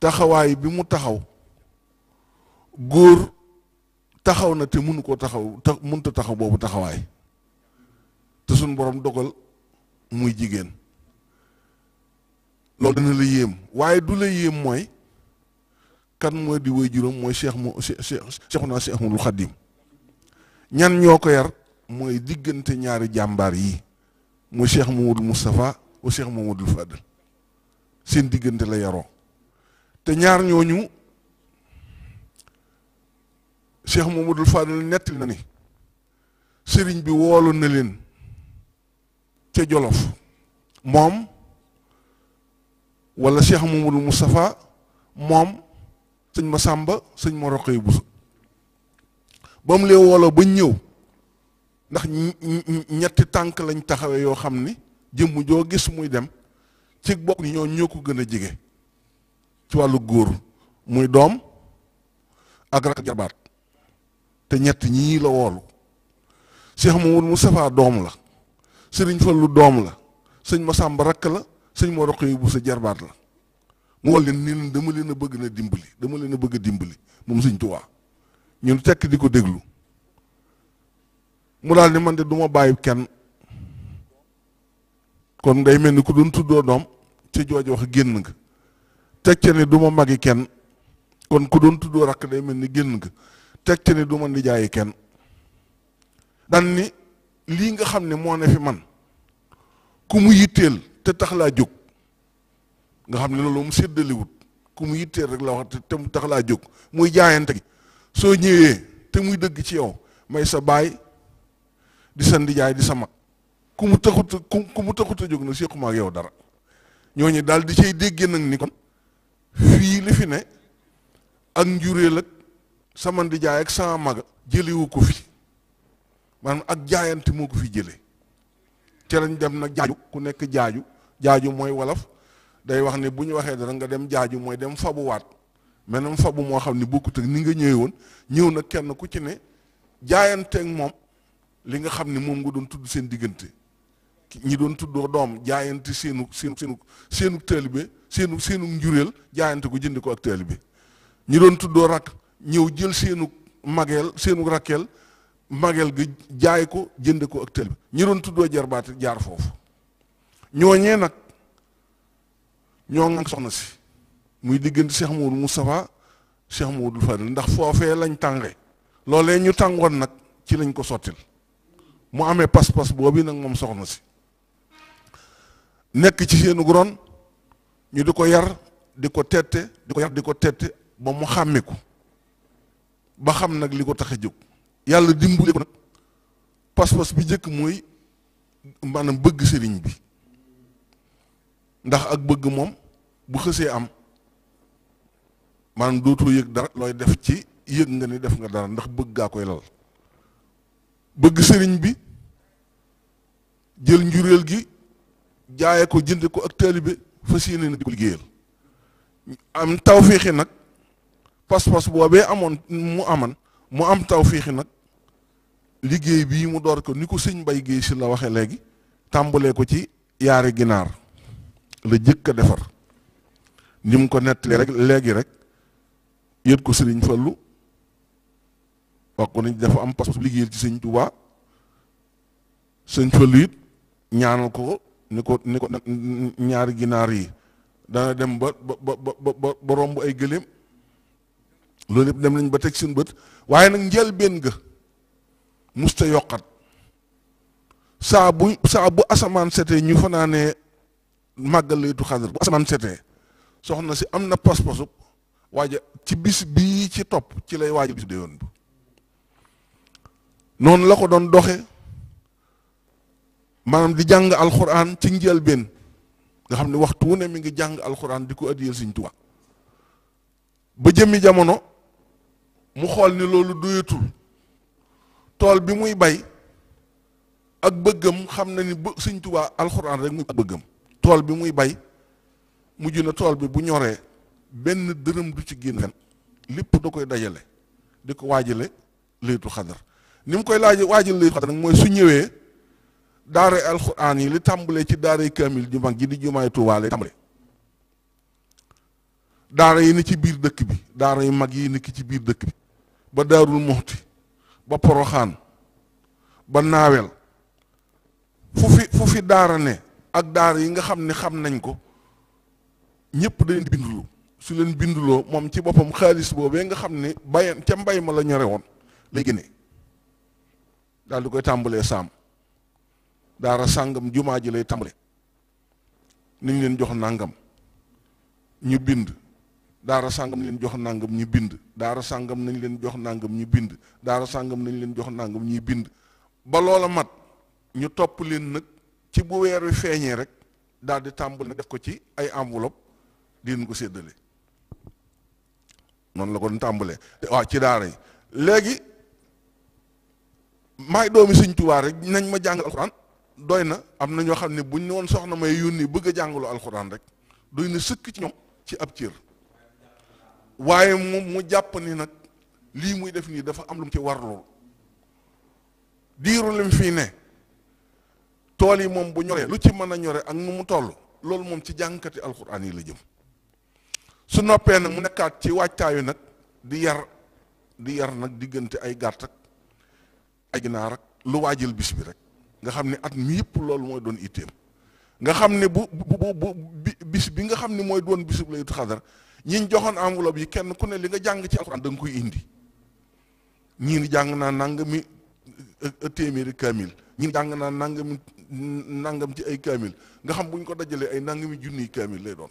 S9: taxawaay bi mu taxaw góor taxaw na te mënu ko taxaw ta mënta taxaw boobu taxawaay te suñ boroom dogal muy jigéen loolu dana la yéem waaye du la yéem mooy kan mooy di way juróom mooy cheikh mu cheikhuna cheikh Ahmadul Xadim ñan ñoo ko yar mooy diggante ñaari jàmbaar yi mooy cheikh Mamadou mustafa au Cheikh Mamadou Fadal seen diggante la yaroo te ñaar ñooñu Cheikh Mamadou Fadal netti na ni sëriñ bi woolu na leen ca Jolof moom wala Cheikh Mamadou Moustapha moom sëñ ma sàmba sëñ ma roqo yi busa ba mu lee wooloo ba ñëw ndax ñetti tànk lañ taxawee yoo xam ni jëmm joo gis muy dem ci bokk ni ñoo ñoo ko gën a jege ci wàllu góor muy doom ak rak jabaat te ñett ñii la woolu Cheikh Mamadou Moustapha doom la Sëriñ Fallu doom la sëñ Masamba rakk la sëñ moo roq yi bu sa jarbaat la mu wol leen nii dama leen a bëgg na dimbali dama leen a bëgg a dimbali moom sëñ Tuubaa ñun tekk di ko déglu mu daal ni man de du ma bàyyi kenn kon day mel ni ku doon tuddoo doom ci jooju wax génn nga teg ni du ma magi kenn kon ku doon tuddoo rakk day mel ni génn nga teg ni du ma nijaayi kenn dan ni lii nga xam ni moo ne fi man ku mu yitteel te tax laa jóg nga xam ne loolu mu séddaliwut ku mu yitteel rek la wax te mu tax laa jóg muy jaayante gi soo ñëwee te muy dëgg ci yow may sa baay di sa ndijaay di sa mag ku mu taxut a ku mu taxut a jóg nag séquma ak yow dara ñooñu daal di cay dégg nag ni kon fii li fi ne ak njureel ak sama ndijaay ak sama maga jëlewu ko fi maanaam ak jaayante moo ko fi jëlee ci lañ dem nag jaaju ku nekk jaaju jaaju mooy wolof day wax ne bu ñu waxee dara nga dem jaaju mooy dem fabuwaat menam fabu moo xam ne bokkut ak ni nga ñëwee woon ñëw na kenn ku ci ne jaayanteek moom li nga xam ne moom nga doon tudd seen diggante ñi doon tuddoo doom jaayante seenu seenu seenu seenu taalibe seenu seenu njureel jaayante ko jënd ko ak taalibe ñi doon tuddoo rak ñëw jël seenu mageel seenu rakkeel mageel gi jaay ko jënde ko ak taalibe ñi doon tuddoo jarbaate jaar foofu ñooñee nag ñoo ngang soxna si muy diggante Cheikh Mouhamadou Moustapha Cheikh Mouhamadou Fadil ndax foofee lañ tànge loolee ñu tàngoon nag ci lañ ko sottil mu amee pas-pas boobu nag moom soxna si nekk ci seenu ron ñu di ko yar di ko tette di ko yar di ko tette ba mu xàmmi ko ba xam nag li ko tax a jóg yàlla dimbali ko nag pas-pas bi njëkk mooy maanaam bëgg sëriñ bi ndax ak bëgg moom bu xësee am maanaam dootoo yëg dara looy def ci yëg nga ni def nga dara ndax bëgg gaa koy lal bëgg sëriñ bi jël njuréel gi jaaye ko jënde ko ak taalibe fas yéene na di ko liggéeyal am tawféexi nag pas-pas boobee amoon mu aman mu am tawféexi nag liggéey bii mu door ko ni ko sëñ Mbay Géey si la waxee léegi tàmbalee ko ci yaari ginaar la jëkk a defar ni ko nettali rek léegi rek yët ko sëriñ Fallu wax ko ni def am pas-pas liggéeyal ci sëñ Tuubaa sëñ Fallu it ñaanal ko ni ko ni ko ñaari ginaar yi dana dem ba ba ba ba ba romb ay gëléem loolu yëpp dem nañ ba teg seen bët waaye nag njëlbéen ga musta yokkat saa bu saa bu asamaan setee ñu fanaanee màggal laytu xadar bu asamaan setee soxna si am na pas-pasub waaja ci bis bii ci topp ci lay waaja bis de yoon bi noonu la ko doon doxe maanaam di jàng alxuraan ci njëlbéen nga xam ne waxtu wu ne mi ngi jàng alxuraan di ko addiyal Sëriñ Tuubaa ba jëmmi jamono mu xool ni loolu doyatul tool bi muy bay ak bëggam xam na ni bë Sëriñ Tuubaa alxuraan rek muy bëggam tool bi muy bay mujj na tool bi bu ñoree benn dërëm du ci génn fen lépp da koy dajale di ko waajale laytu xadar ni mu koy laaje waajal laytu xadar nag mooy su ñëwee daare alxuraan yi li tàmbalee ci daare kaamil ju mag ji di jumaay Tuubaa lay tàmbalee daara yi ni ci biir dëkk bi daara yu mag yi nekk ci biir dëkk bi ba daarul moxti ba poroxaan ba naawel fu fi fu fi daara ne ak daara yi nga xam ni xam nañ ko ñëpp dañ bindulu su leen binduloo moom ci boppam xaalis boobee nga xam ne bayan mbay ma la ñore woon lay ne daal di koy tàmbalee saam daara sàngam jumaa ji lay tàmbale nañ leen jox nàngam ñu bind daara sàngam nañ leen jox nàngam ñu bind daara sàngam nañ leen jox nàngam ñu bind daara sàngam nañ leen jox nàngam ñuy bind ba loola mat ñu topp leen nag ci bu weer feeñee rek daal di tàmbali nag def ko ci ay enveloppe di ko seddale noonu la kon tàmbalee waaw ci daara yi léegi maay doomi sëñ Tuubaa rek nañ ma jàngal alxuraan doy na am na ñoo xam ne buñ ne soxna may yónni bëgg a jàngalu alxuraan rek doy na sëkk ci ñoom ci ab cër waaye moom mu jàpp ni nag lii muy def nii dafa am lu mu ci war lool diiru lim fii ne tool yi moom bu ñoree lu ci mën a ñore ak mu toll loolu moom ci jàngkati alxuraan yi la jëm su noppee nag mu nekkaat ci waajtaayu nag di yar di yar nag diggante ay gàtt ak ay ginaar lu waajal bis bi rek nga xam ne at mi yëpp loolu mooy doon itteem nga xam ne bu bu bis bi nga xam ne mooy doon bisub laylatul xadar ñiñ joxoon enveloppe yi kenn ku ne li nga jàng ci alxuraan da nga koy indi ñii jàng naa nangami e, e, téeméeri kaamil ñii jàng naa nangami nangam ci ay kaamil nga xam buñ ko dajalee ay nangami junni kaamil lay doon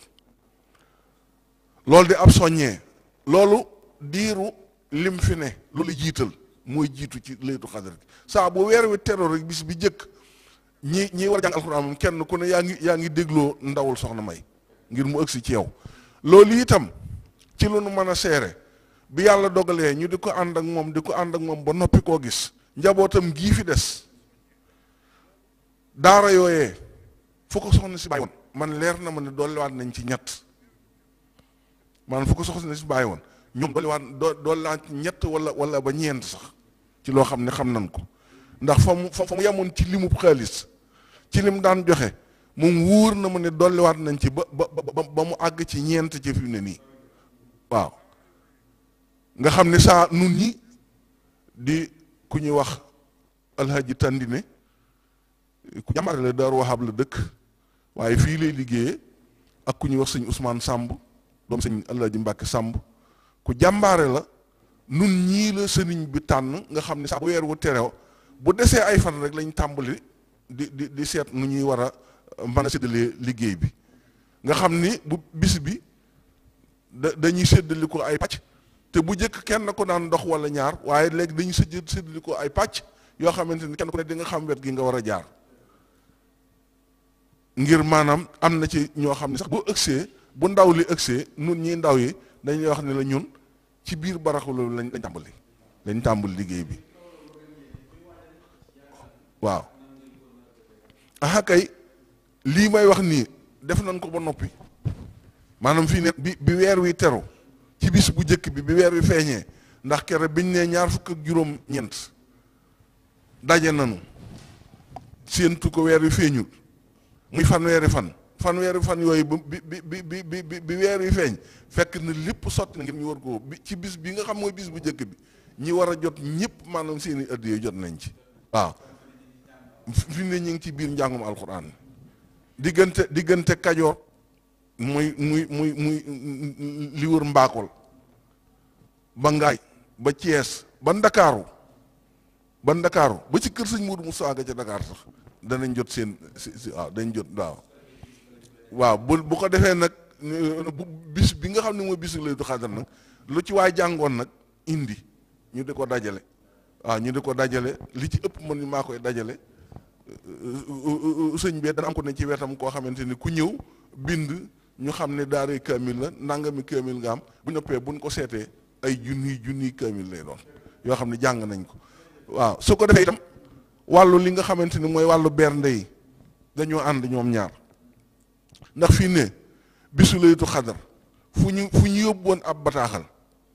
S9: loolu di ab soññee loolu diiru lim fi ne loolu jiital mooy jiitu ci laytu xadar gi saa bu weer wi teroo rek bis bi jëkk ñi ñi war a jàng alxuraan moom kenn ku ne yaa ngi yaa ngi dégloo ndawul soxna may ngir mu ëgsi ci yow loolu itam ci lu nu mën a seere bi yàlla dogalee ñu di ko ànd ak moom di ko ànd ak moom ba noppi koo gis njabootam gii fi des daara yooyee fu ko soxna si bàyyi woon man leer na ma ne dolliwaat nañ ci ñett maanaam fu ko soxna si bàyyi woon ñoom dolliwaat dolliwaat ñett wala wala ba ñeent sax ci loo xam ne xam nan ko ndax fa mu fa mu yemoon ci limub xaalis ci lim daan joxe moom wóor na ma ne dolliwaat nañ ci ba ba ba mu àgg ci ñeent ci fi ne nii waaw nga xam ne saa nun ñi di ku ñuy wax alhaji tàndine ku jàmbaare la daaru waxaab la dëkk waaye fii lay liggéeye ak ku ñuy wax sëñ Ousmane Samb doom sëñ alhaji Mbàkke Samb ku jàmbaare la nun ñii la sëriñ bi tànn nga xam ni sax bu weer wu terew bu desee ay fan rek lañu tàmbali di di di seet nu ñuy war a euh, mën a séddalee liggéey bi nga xam ni bu bis bi da dañuy séddali ko ay pàcc te bu njëkk kenn ko daan dox wala ñaar waaye léegi dañuy sëj séddali ko ay pàcc yoo xamante ni kenn ku ne di nga xam wet gi nga war a jaar ngir maanaam am na ci ñoo xam ne sax bu see bu ndaw li see nun ñi ndaw yi dañuy wax ne la ñun ci biir baraxlu lañ lañ tàmbali lañ tàmbul liggéey bi waaw aha kay lii may wax nii def nañ ko ba noppi maanaam fii ne bi bi weer wi teru ci bis bu njëkk bi bi weer wi feeñee ndax kere biñ ne ñaar fukk juróom ñeent daje nanu séentu ko weer wi feeñul muy fan weeri fan fanweeri fan yooyu ba bi bi bi bi bi weer wi feeñ fekk na lépp sotti na ngir ñu war koo ci bis bi nga xam mooy bis bu jëkk bi ñi war a jot ñëpp maanaam seen i addiya jot nañ ci waaw fi ne ñu ngi ci biir njàngum alxuraan diggante diggante kajoor muy muy muy muy li wër mbaakol ba ngaay ba Thiès ba ndakaaru ba ndakaaru ba ci kër sëñ Mourou Moussa ga ca Dakar sax danañ jot seen dañ jot waaw waaw bu bu ko defee nag euh, bis bi nga xam ne mooy bisu Laylatul Qadr nag lu ci waay jàngoon nag indi ñu di ko dajale waaw ñu di ko dajale li ci ëpp man maa koy dajale euh, euh, sëñ bee dana am ko ne ci wetam koo xamante ni ku ñëw bind ñu xam ne daaray kaamil la nangami kaamil nga am bu ñoppee buñ ko seetee ay junniy junniy kaamil lay doon yoo xam ne jàng nañ ko waaw su ko defee itam wàllu li nga xamante ni mooy wàllu beer yi dañoo ànd ñoom ñaar ndax fii ne bisu laytu xadar fu ñu fu ñu yóbbu ab bataaxal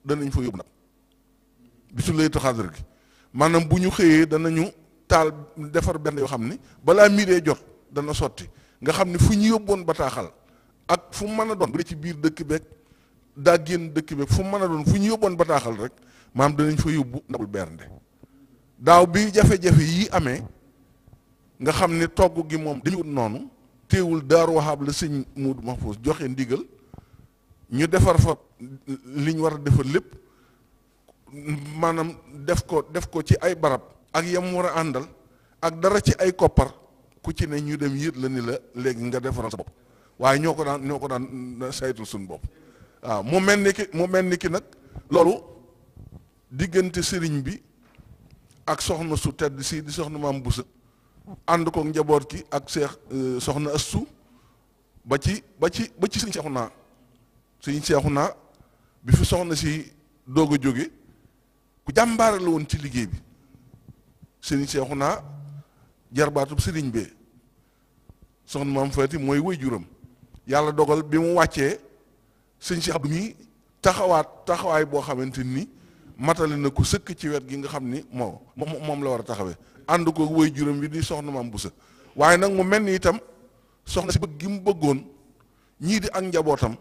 S9: danañ fa yóbbu nag bisu laytu xadar gi maanaam bu ñu xëyee danañu taal defar benn yoo xam ni balaa miiree jot dana sotti nga xam ne fu ñu yóbbu bataaxal ak fu mën a doon bu dee ci biir dëkk beeg daa génn dëkk beeg fu mën a doon fu ñu yóbboon bataaxal rek maam danañ fa yóbbu ndabul bernde daaw bi jafe-jafe yi amee nga xam ne togg gi moom dañu noonu teewul daaru waxaab la sëñ Muudu Mahfouz joxe ndigal ñu defar fa li war a defar lépp maanaam def ko def ko ci ay barab ak yam war a àndal ak dara ci ay koppar ku ci ne ñu dem yéet la ni la léegi nga defaral sa bopp waaye ñoo ko daan ñoo ko daan saytul suñ bopp waaw mu mel ni ki mu mel ni ki nag loolu diggante sëriñ bi ak soxna su tedd si di soxna maam Busa ànd koog njaboot ki ak Cheikh euh, soxna Astou ba ci ba ci ba ci sëñ naa sëñ Cheikhouna bi fi soxna si doog jóge ku jàmbaare woon ci liggéey bi sëñ naa jarbaatub sëriñ bee soxna maam Faati mooy waajuram yàlla dogal bi mu wàccee sëñ Cheikh Abdou taxawaat taxawaay boo xamante ni matali na ko sëkk ci wet gi nga xam ni moo moom la war a taxawe ànd ko woy juróom bi di soxna maam Boussa waaye nag mu mel ni itam soxna si bëgg gi mu bëggoon ñii di ak njabootam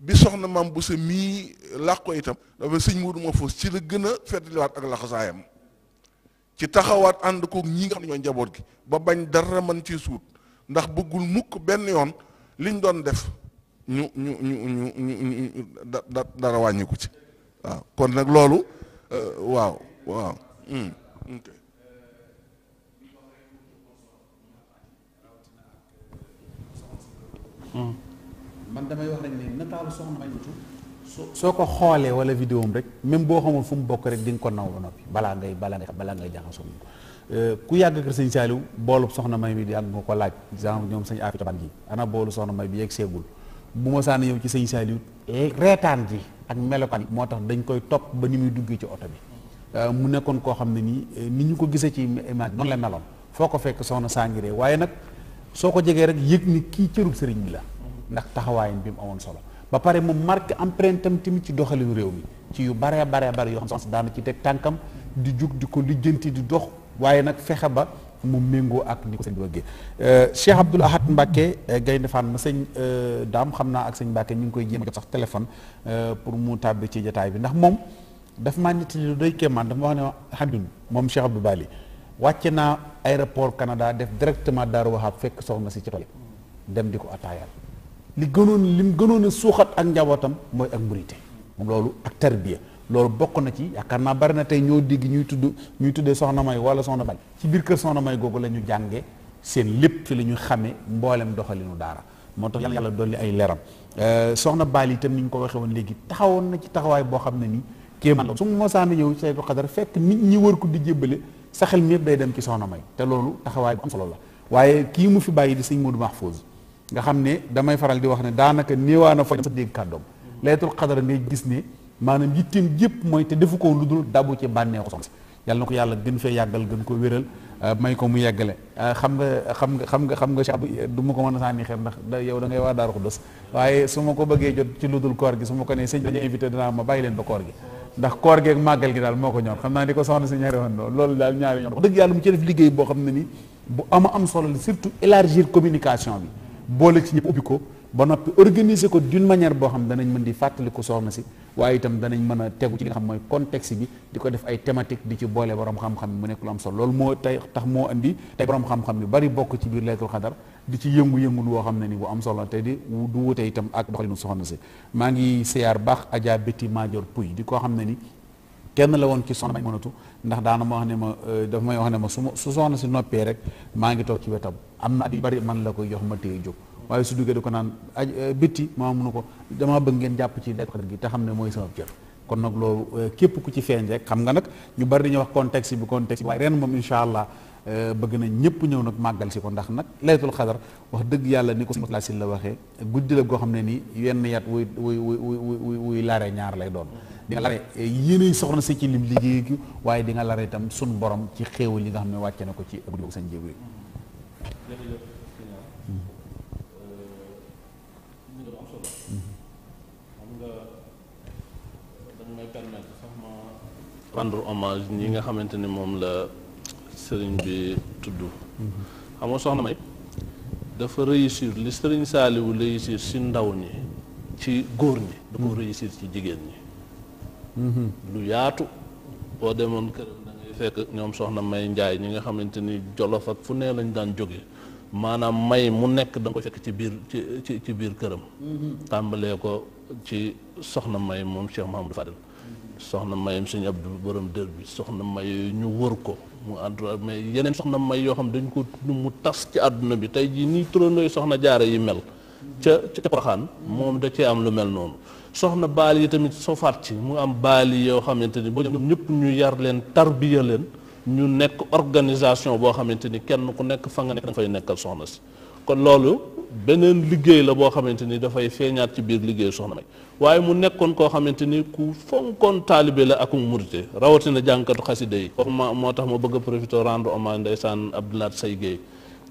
S9: bi soxna maam Boussa mii làqoo itam dafa sëñ Moodu ma foos ci la gën a fettaliwaat ak laxasaayam ci taxawaat ànd koog ñii nga xam ne ñoo njaboot gi ba bañ dara man ci suut ndax bëggul mukk benn yoon liñ doon def ñu ñu ñu ñu ñu da dara wàññiku ci waaw kon nag loolu euh, waaw waaw. Hmm,
S1: man damay wax rek ne nataalu soxna Aïtou soo soo ko xoolee wala vidéo rek même boo xamul fu mu bokk rek di nga ko naw ba noppi balaa ngay balaa ngay balaa ngay jaxasoo euh, ku yàgg kër sëñ Saaliw boolub soxna may bi yàgg nga ko laaj genre ñoom sëñ Afita Ban gi boolu soxna may bi yegg seegul bu ma saan yow ci sañ Saaliw eh, reetaan bi ak melokaan moo tax dañ koy topp ba ni muy duggee ci oto bi euh, mu nekkoon koo xam ne nii euh, ni ñu ko gisee ci image noonu la meloon foo ko fekk soxna saa ngi ree waaye nag soo ko jegee rek yëg ni kii cërub sëriñ bi la ndax taxawaayam bi mu amoon solo ba pare mu marqué empreinte am tamit ci doxalinu réew mi ci yu baree baree bare yoo xam ne daana ci teg tànkam di jug di ko lijjanti di dox waaye nag fexe ba mu méngoo ak ni ko sëñ bi bëggee euh, Cheikh Abdoul Ahad Mbacke euh, Gaynde Faan sëñ euh, daam xam naa ak sëñ Mbacke ñu ngi koy jéem a jot sax téléphone pour mu tàbbi ci jataay bi ndax moom daf maa nit lu doy kéemaan dafa wax ne xam moom Cheikh Abdou Bali wàcc naa aéroport Canada def directement Daaru Wahab fekk soxna si ci tool dem di ko attaayaal li gënoon lim gënoon a suuxat ak njabootam mooy ak murite loolu ak tarbiya loolu bokk na ci yaakaar naa bari na tey ñoo digg ñuy tudd ñuy tuddee soxna may wala soxna may ci biir kër soxna may googu la ñu jànge seen lépp fi la ñu xamee mboolem doxalinu daara moo tax yàlla dolli ay leram euh, soxna baal itam ni ñu ko waxee léegi taxawoon na ci taxawaay xam ne nii kéem su ma mosaan ñëw saytu xadar fekk nit ñi wër ko di jébbale sa xel mi yëpp day dem ci soxna may te loolu taxawaay bu am solo la waaye kii mu fi bàyyi di sëñ Modou Mahfouz nga xam ne damay faral di wax ne daanaka néewaana fo sa dégg kàddoom laylatul xadar ngay gis ne maanaam yitteem yëpp mooy te defu ko lu dul dabu ci bànneexu soxna si yàlla na ko yàlla gën fee yàggal gën ko wéral euh, may ko mu yeggale euh, xam nga xam nga xam nga xam nga Cheikh euh, du ma ko mën a sànni xeer ndax yow da ngay waa daaru ko dos waaye su ma ko bëggee jot ci lu dul su ko ne sëñ dañu invité ma bàyyi leen ba koor ndax koor geeg màggal gi daal moo ko ñor xam naa ni ko soxna si ñaari woon loolu daal ñaari ñor wax dëgg yàlla mu ci def liggéey boo xam ne ni bu ama am solo la surtout élargir communication bi boole ci ñëpp ubbi ko ba noppi organiser ko d'une manière boo xam danañ mën di fàttaliku soxna si waaye itam danañ mën a tegu ci li xam mooy contexte bi di ko def ay thématique di ci boole borom xam-xam mu nekk lu am solo loolu moo tey tax moo indi tey borom xam-xam bari bokk ci biir laylatul xadar di ci yëngu-yëngul woo xam ne ni bu am solo te di du wute itam ak doxalinu soxna si maa ngi siyaar baax Adja Betty Madior Pouy di koo xam ne ni kenn la woon ci soxna may mënatu ndax daana ma wax ne ma euh, dafa may wax ne ma su ma su si noppee rek maa ngi toog ci wetam am na at yu bari man la koy jox ma téye jóg waaye su duggee di ko naan aj euh, bitti maa mun ko damaa bëgg ngeen jàpp ci lekk gi te xam ne mooy sama cër kon nag loolu euh, képp ku ci feeñ rek xam nga nag ñu bari dañuy wax contexte bi contexte bi waaye ren moom incha allah Euh, bëgg nañ ñëpp ñëw nag màggal si ko ndax nag laytul xadar wax dëgg yàlla ni ko si la waxee guddi la goo xam ne nii yenn yat wuy wuy wuy ñaar lay doon di nga eh, si ci lim waaye di nga lare itam sun borom ci xéewal yi nga xam ne na ko ci guddi sañ
S2: jéego xamante ni moom la sëriñ bi tudd mhm. nga soxna may dafa réussir li sëriñ Saaliwu réussir si ndaw ñi ci góor ñi da ko mhm. réussir jigéen ñi mhm. lu yaatu boo demoon këram fekk ñoom soxna may njaay ñi nga xamante ni jolof fu nee lañ daan jóge maanaam may mu nekk da nga ci biir ci ci biir këram tàmbalee ko ci soxna may moom Cheikh Mahamadou Fadel soxna mayam sëñ Abdou dër bi soxna may ñu wër ko mu entouré mais yeneen soxna may yoo xam dañu ko mu tas ci àdduna bi tey jii nii turandooy soxna jaara yi mel. ca ca Porokhane moom da cee am lu mel noonu. soxna baal yi tamit sofaat ci mu am baali yoo xamante ni ba ñëpp ñu yar leen tarbiya leen ñu nekk organisation boo xamante ni kenn ku nekk fa nga nekk danga fay nekkal soxna si. kon loolu beneen liggéey la boo xamante ni dafay feeñaat ci biir liggéey soxna May waaye mu nekkoon koo xamante ni ku fonkoon taalibe la ak murite rawatina jànkatu xaside yi wax moo tax ma bëgg a profité rendre hommage saan Abdoulaat Say Guèye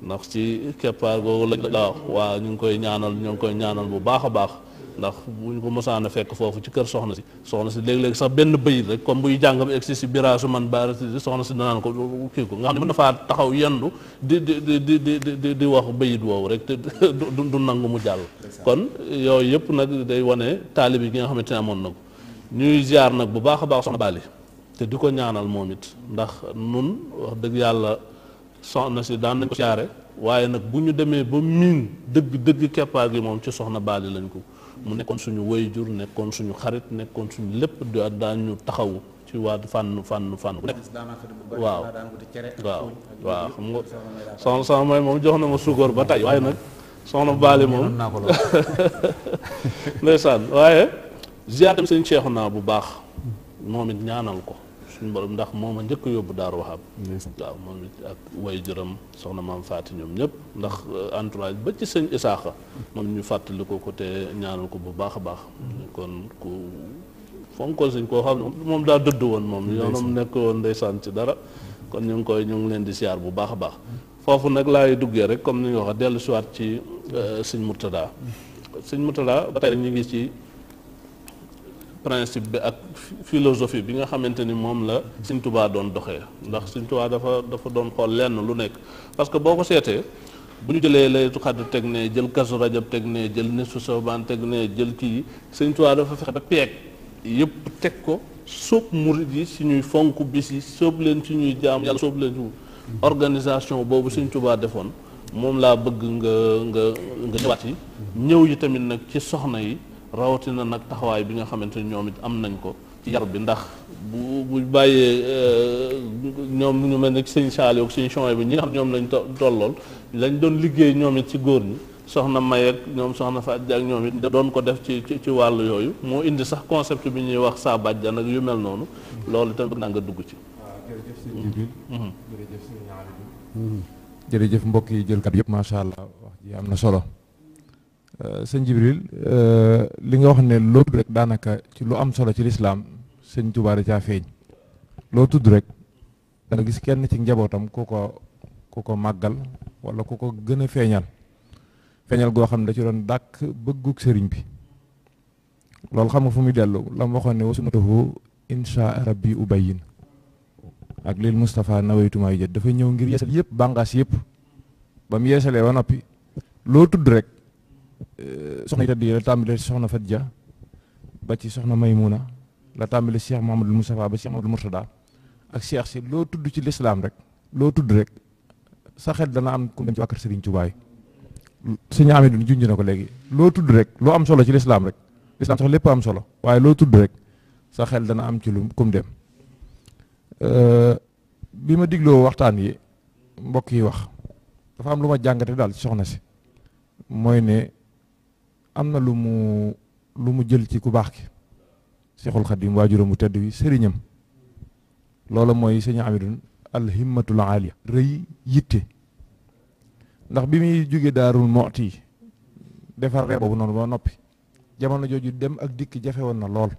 S2: ndax si keppaar googu la waa ñu ngi koy ñaanal ñu ngi koy ñaanal bu baax a baax ndax bu ñu ko mosaan fekk foofu ci kër soxna si soxna si léeg-léeg sax benn bayit rek comme buy jàngam egsi si biraasu man baarasi soxna si danaan ko kii ko nga xam ne taxaw yendu di di wax bayit woowu rek te du nangu mu jàll kon yooyu yëpp nag day wane taalib yi gi nga xamante ne amoon na ko ñuy ziar nag bu baax a baax soxna Bali te di ko ñaanal moom it ndax nun dëgg yàlla soxna si daan nañ ko siyaare waaye nag bu ñu demee ba miin dëgg dëgg keppaar gi moom ci soxna Bali lañ ko mu nekkoon suñu wayjur nekkoon suñu xarit nekkoon suñu lépp daañu taxawu ci waa fànn fànn fànn bu nekk waaw waaw waaw xam nga soxna soxna may moom jox na ma suukar ba tey waaye nag soxna baali moom ndeysaan waaye ziar tamit sëñ naa bu baax moom it ñaanal ko suñu borom ndax moom a njëkk yóbbu daaru waxaab waaw moom it ak way jëram soxna maam faati ñoom ñëpp ndax euh, entourage ba ci sëñ isaaxa moom ñu fàttali ko ko te ñaanal ko bu baax a baax kon ku fonkoon sëñ koo xam moom daa dudd woon moom mu nekk woon saan ci dara kon ñu ngi koy ñu ngi leen di siyaar bu baax a baax foofu nag laay duggee rek comme ni nga wax dellu siwaat ci euh, sëñ murtada sëñ murtada ba tey ñu ngi ci principe bi ak philosophie bi nga xamante ni moom la Sëñ Tuubaa doon doxee ndax Sëñ Tuubaa dafa dafa doon xool lenn lu nekk parce que boo ko seetee bu ñu jëlee laytu xaddu teg ne jël kasu rajab teg ne jël nisu sawbaan teg ne jël kii Sëñ Tuubaa dafa fexe ba peeg yëpp teg ko sóob murit yi suñuy fonk bi si sob leen si ñuy jaam yàlla sóob leen organisation boobu Sëñ Tuubaa defoon moom laa bëgg nga nga nga ñëwaat yi ñëw yi tamit nag ci soxna yi rawatina nag taxawaay bi nga xamante ni ñoom it am nañ ko ci yar bi ndax bu bu bàyyee euh, ñoom ñu mel ne sëñ Saliou ak sëñ bi ñi nga xam ñoom lañ tollool lañ doon liggéey ñoom it ci góor ñi soxna May ñoom soxna Fatou Dia ak ñoom it doon ko def ci ci wàllu yooyu moo indi sax concept bi ñuy wax saa bàjjan ak yu mel noonu loolu tamit na nga dugg ci.
S5: Mm-hmm. Mm-hmm. jërëjëf mbokk yi jël kat yëpp macha allah wax ji am na solo. Euh, sëñ Jibril euh, li nga wax ne loo tudd rek daanaka ci lu am solo ci lislaam sëñ Tuubaa da caa feeñ loo tudd rek danga gis kenn ci njabootam ku ko ku ko màggal wala ku ko gën a feeñal feeñal goo xam ne da ci doon dàkk bëggug sëriñ bi loolu xam nga fu muy dellu la mu waxoon ne wasunatahu insha rabbi ubayyin ak lil Moustapha nawaytumaa yu jët dafa ñëw ngir yeesal yëpp bàngaas yëpp ba yeesalee ba noppi loo tudd rek Euh, soxna yi tedd yi la tàmbale soxna Fat Dia ba ci soxna Maymuna la tàmbale Cheikh mu Moustapha ba Cheikh Mouhamadul Mourtada ak Cheikh si loo tudd ci lislaam rek loo tudd rek sa dana am ku dem ci wàkkar Serigne junj na ko léegi loo tudd rek loo am solo ci lislaam rek lislaam sax lépp am solo waaye loo tudd rek sa xel dana am ci lu kum dem euh, bi ma digloo waxtaan yi mbokk yi wax dafa am lu ma jàngate daal ci soxna si mooy ne am na lu mu lu mu jël ci ku baax ki Seexul Xadiim waajuram mu tedd wi sëriñam loola mooy sëñ Amidun alhimmatul aaliya rëy yitte ndax bi muy jóge daarul mooti defar rek boobu noonu ba noppi jamono jooju dem ak dikk jafe woon na lool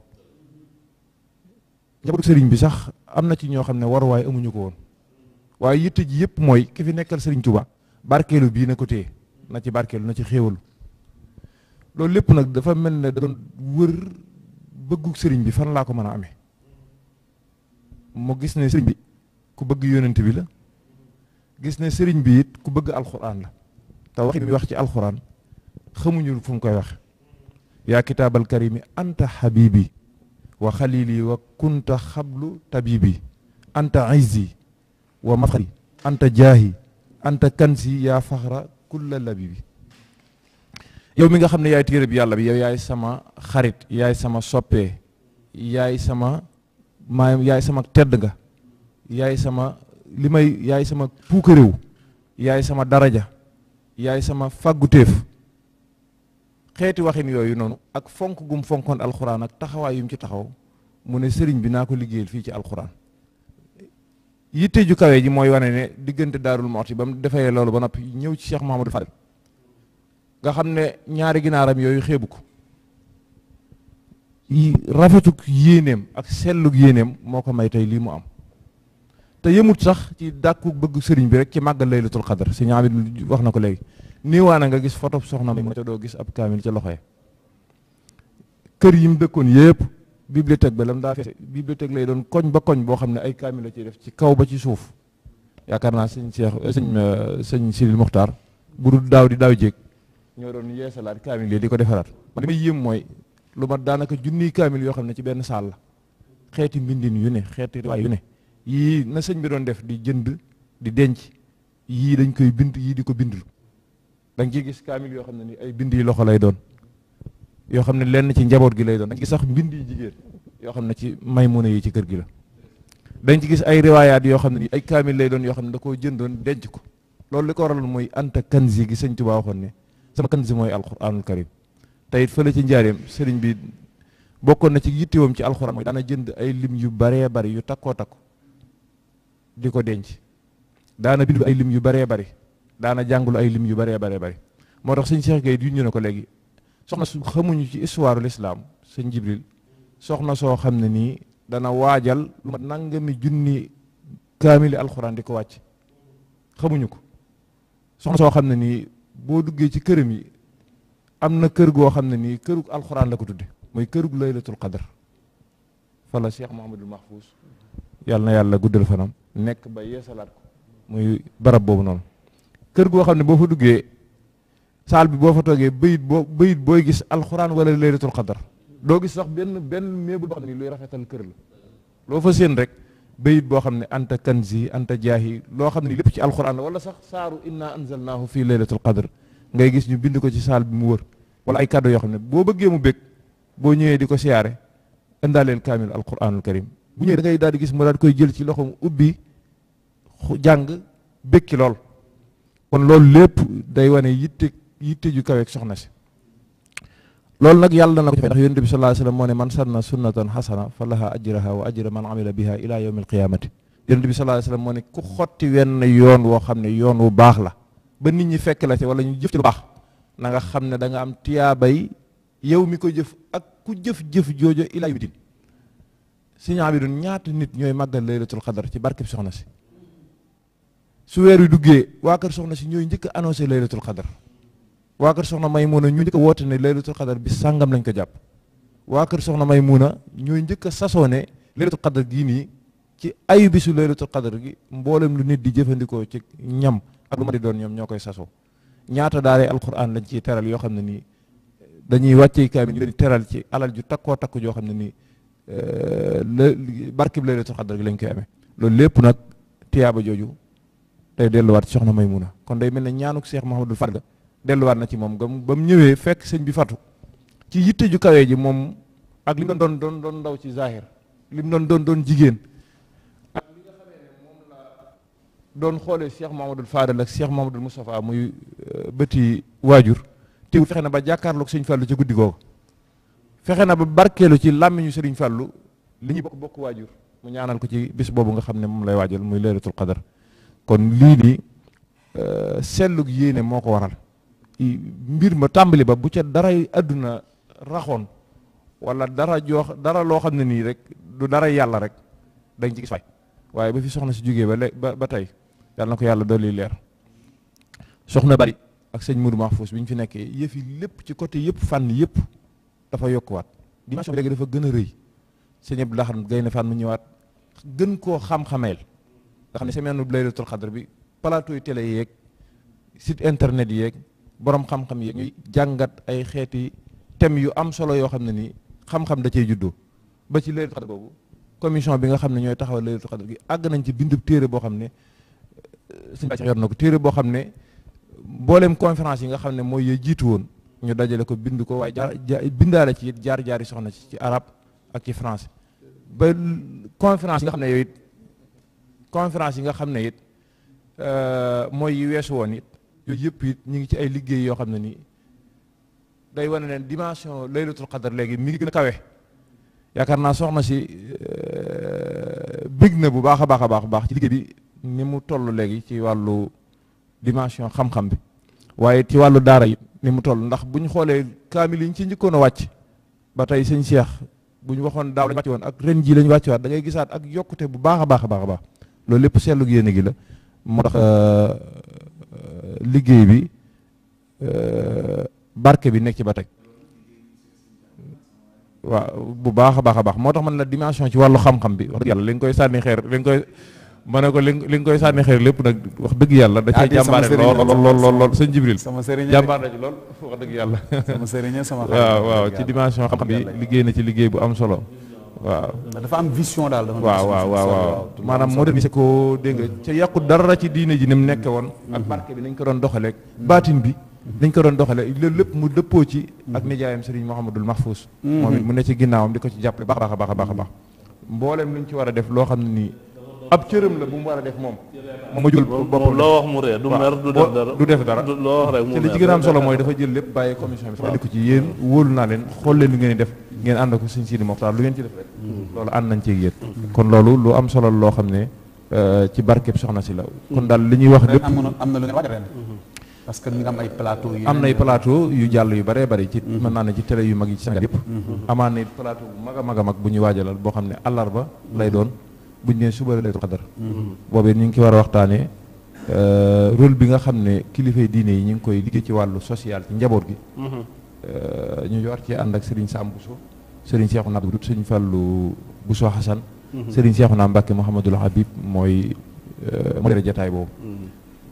S5: njabootu sëriñ bi sax am na ci ñoo xam ne waruwaay amuñu ko woon waaye yitte ji yëpp mooy ki fi nekkal sëriñ Tuuba barkeelu bii ne ko téye na ci barkeelu na ci xéewalu loolu lépp nag dafa mel ne doon wër bëggu sëriñ bi fan laa ko mën a amee mu gis ne sëriñ bi ku bëgg yónent bi la gis ne sëriñ bi it ku bëgg alxuraan la te wax mi wax ci alxuraan xamuñu fu koy wax yaa kitaabal karimi anta habibi wa xalili wa kunta xablu tabibi anta izzi wa mafxari anta jaahi anta kansi yaa faxra kulla labibi yow mi nga xam ne yaay téere bi yàlla bi yow yaay sama xarit yaay sama soppee yaay sama maa yaay sama tedd nga yaay sama li may yaay sama puukaréew yaay sama daraja yaay sama fàggutéef xeeti waxin yooyu noonu ak fonk gum fonkoon alxuraan ak taxawaay yu ci taxaw mu ne sëriñ bi naa ko liggéeyal fii ci alxuraan yitte ju kawe ji mooy wane ne diggante daarul moxti ba mu defee loolu ba noppi ñëw ci Cheikh Mahamadou Fadel nga xam ne ñaari ginaaram yooyu xeebu ko rafetuk yéeneem ak selluk yéeneem moo ko may tey lii mu am te yëmut sax ci dàkku bëgg sëriñ bi rek ci màgg la laylatul xadar si ñaar wax na ko léegi niiwaana nga gis fotob soxna mu te doo gis ab kaamil ca loxo ya kër yi mu dëkkoon yëpp bibliothèque ba lam daa fees bibliothèque lay doon koñ ba koñ boo xam ne ay kaamil la ciy def ci kaw ba ci suuf yaakaar naa sëñ seex sëñ sëñ Sidil Muxtaar bu dul daaw di daaw jéeg ñoo doon yeesalaat kaamil yi di ko defaraat man li may yéem mooy lu mat daanaka junniy kaamil yoo xam ne ci benn saal la xeeti mbindin yu ne xeeti riwaay yu ne yii na sëñ bi doon def di jënd di denc yii dañ koy bind yii di ko bindul da ciy gis kaamil yoo xam ne ni ay bind yi loxo lay doon yoo xam ne lenn ci njaboot gi lay doon da gis sax mbind yi jigéen yoo xam ne ci maymuna yi ci kër gi la dañ ci gis ay riwaayaat yoo xam ne ay kaamil lay doon yoo xam ne da koo jëndoon denc ko loolu li ko waral mooy anta kanzi gi sëñ Tuubaa waxoon sama kan si mooy alquranul karim te it fële ci njaareem sëriñ bi bokkoon na ci yittiwam ci alquran mooy daana jënd ay lim yu baree bari yu takkoo takku di ko denc daana bind ay lim yu baree bari daana jàngulu ay lim yu baree baree bari moo tax suñ Cheikh Gueye yu ñu ne ko léegi soxna su xamuñu ci histoire l'islam sëñ Jibril soxna soo xam ne nii dana waajal lu mat nangami junni kaamili alxuraan di ko wàcc xamuñu ko soxna soo xam ne nii boo duggee ci këram yi am na kër goo xam ne nii kërug alxuraan la ko tuddi mooy kërug laylatul qadar fala cheikh Mouhamadul Mahfous yàlla na yàlla guddal fanam nekk ba yeesalaat ko muy barab boobu noonu kër goo xam ne boo fa duggee saal bi boo fa toogee bayit boo bayit booy gis alxuraan wala laylatul qadar doo gis sax benn benn meebul boo xam ne luy rafetal kër la loo fa séen rek bayit boo xam ne anta kanzi anta jaahi loo xam ne lépp ci alxuraan la wala sax saaru inna anzalnaahu fii laylatul qadr ngay gis ñu bind ko ci saal bi mu wër wala ay kàddu yoo xam ne boo bëggee mu bëgg boo ñëwee di ko siyaare indaaleel kaamil alxuraanul karim bu ñëwee da ngay daal di gis mu koy jël ci loxo loxoom ubbi jàng bég ki lool kon loolu lépp day wane yitte yitte ju kaweeg soxna si loolu nag yàlla na ko ci fay ndax bi sallallahu alayhi moo ne man sanna sunnatan hasana fa laha ajraha wa ajra man amila biha ila yawmil qiyamati yonent bi sallallahu alayhi wasallam moo ne ku xotti wenn yoon woo xam ne yoon wu baax la ba nit ñi fekk la ci wala ñu jëf ci lu baax na nga xam ne da nga am tiyaabay yow mi ko jëf ak ku jëf-jëf joojo ila bitin siñaa bi dun ñaata nit ñooy màggal laylatul xadar ci barkeb soxna si su weer duggee waa kër soxna si ñooy njëkk annoncé laylatul xadar waa kër soxna Maymuna ñu njëkk a woote ne laylatul xadar bi sàngam lañ ko jàpp waa kër soxna may Maymuna ñooy njëkk a sasoo ne laylatul xadar gi nii ci ay ayu bisu laylatul xadar gi mboolem lu nit di jëfandikoo ci ñam ak lu ma di doon ñoom ñoo koy sasoo ñaata daare alquran lañ ciy teral yoo xam ne nii dañuy wàccee kaamil ñu leen teral ci alal ju takkoo takku joo xam ne nii euh, la barkib laylatul xadar gi lañ koy amee loolu lépp nag tiyaaba jooju tey delluwaat soxna Maymuna kon day mel ne ñaanuk Seex Mahamadul Fadl delluwaat na ci moom gam ba mu ñëwee fekk sëñ bi fatu ci yitte ju kawee ji moom ak li mu doon doon doon ndaw ci zahir li mu doon doon doon jigéen ak li nga moom la doon xoolee Cheikh Mamadou Fadal ak Cheikh Mamadou Moustapha muy euh, bëti waajur te fexe na ba jàkkaarloog sëñ Fallou ci guddi googu fexe na ba barkeelu ci làmmiñu sëriñ Fallou li ñuy bokk bokk waajur mu ñaanal ko ci bis boobu nga xam ne moom lay waajal muy leeratul qadar kon lii nii euh, sellug yéene moo ko waral mbir ma tàmbali ba bu ca daray àdduna raxoon wala dara joo dara loo xam ne nii rek du dara yàlla rek dañ ci gis fay waaye ba fi soxna si jógee ba ba ba tey yàlla na ko yàlla dolli leer soxna bari ak sëñ Mourou foos bi ñu fi nekkee yëf lépp ci côté yëpp fànn yëpp dafa yokkuwaat dimension bi léegi dafa gën a rëy sëñ Abdou Lahad Gaynde Fatma mu ñëwaat gën koo xam-xameel nga xam ne semaine bu Laylatul Qadr bi plateau télé yeeg site internet yeeg borom xam-xam yi jàngat ay xeeti thèmes yu am solo yoo xam ne nii xam-xam da cee juddu ba ci laylatul qadr boobu commission bi nga xam ne ñooy taxaw taxawal laylatul qadr gi àgg nañ ci bindub téere boo xam ne euh, suñu yor na ko téere boo xam ne mbooleem conférence yi nga xam ne mooy jiitu woon ñu dajale ko bind ko waaye bindaale ci it jaar-jaari soxna ci ci arab ak ci français ba yi nga xam ne yooyu conférence yi nga xam ne it euh, mooy weesu woon it yooyu yëpp it ñu ngi ci ay liggéey yoo xam ne nii day wane ne dimension laylatul qadar léegi mi ngi gën a kawe yaakaar naa soxna si euh, bég na bu baax a baax a baax baax ci liggéey bi ni mu toll léegi ci wàllu dimension xam-xam bi waaye ci wàllu daara yi ni mu toll ndax bu ñu xoolee kaamil yi ñu ci njëkkoon a wàcc ba tey sëñ Cheikh bu ñu waxoon daaw lañ wàcc woon ak ren jii lañu wàcc waat da ngay gisaat ak yokkute bu baax a baax a baax a baax loolu lépp seetlu yéene gi la liggéey bi euh, barke bi nekk ci ba teg waaw bu baax a baax a baax moo tax man la dimension ci wàllu xam-xam bi wax dëgg yàlla li nga koy xeer li koy ma ne ko li li nga koy sànni xeer lépp nag wax dëgg yàlla da cee ah, jàmbaare lool lool lool lool sëñ Jibril jàmbaar
S1: na ci lool wax dëgg yàlla waaw waaw ci
S5: dimension xam-xam bi liggéey na ci liggéey bu am solo waaw dafa am vision daal dafa waaw waaw waaw maanaam moo tax gise ko dégg nga ca yàqu dara ci diine ji ni mu nekke woon ak mm-hmm. barke bi nañ ko doon doxale baatim bi dañ mm-hmm. ko doon doxale loolu lépp mu dëppoo ci ak mm-hmm. nijaayam Serigne max Mahfous moom it mu ne ci ginnaawam di ko ci jàppale baax a baax a baax a baax mbooleem lu ci war a def loo xam ne nii ab cëram la bu mu war a def moom. ma jul boppam loo wax mu ree du mer def dara du def dara loo wax rek am solo mooy dafa jël lépp bàyyi commission bi. waaw ko ci yéen mm-hmm. wóolu naa leen xool leen lu ngeen di def. ngeen ànd ko Sëñ Sidi Moxtaar lu ngeen ci def mm-hmm. loolu ànd nañ ci yéen. kon loolu lu am solo loo xam ne euh, ci barkeb soxna si la. Mm-hmm. kon daal li ñuy wax lépp
S1: am na lu ngeen waaj ren parce que am ay plateau yu am nay
S5: plateau yu jàll yu bëree bëri ci mën naa ne ci télé yu mag yi ci Sénégal yëpp amaan na plateau bu mag a mag a mag bu ñu waajalal boo xam ne ba lay doon buñ nee suba la laylatul qadar mm-hmm. boobee ñu ngi ki war a waxtaanee euh, rôle bi nga xam ne kilifay diine yi ñu ngi koy liggéey ci wàllu social ci njaboot gi mm-hmm. euh, ñu war cee ànd ak Serigne Sam Bousso Serigne Cheikhouna Abdou Serigne Fallou Bousso Hassan mm-hmm. Serigne Cheikhouna Mbacke Mouhamadoul Habib mooy euh, moo tere jataay boobu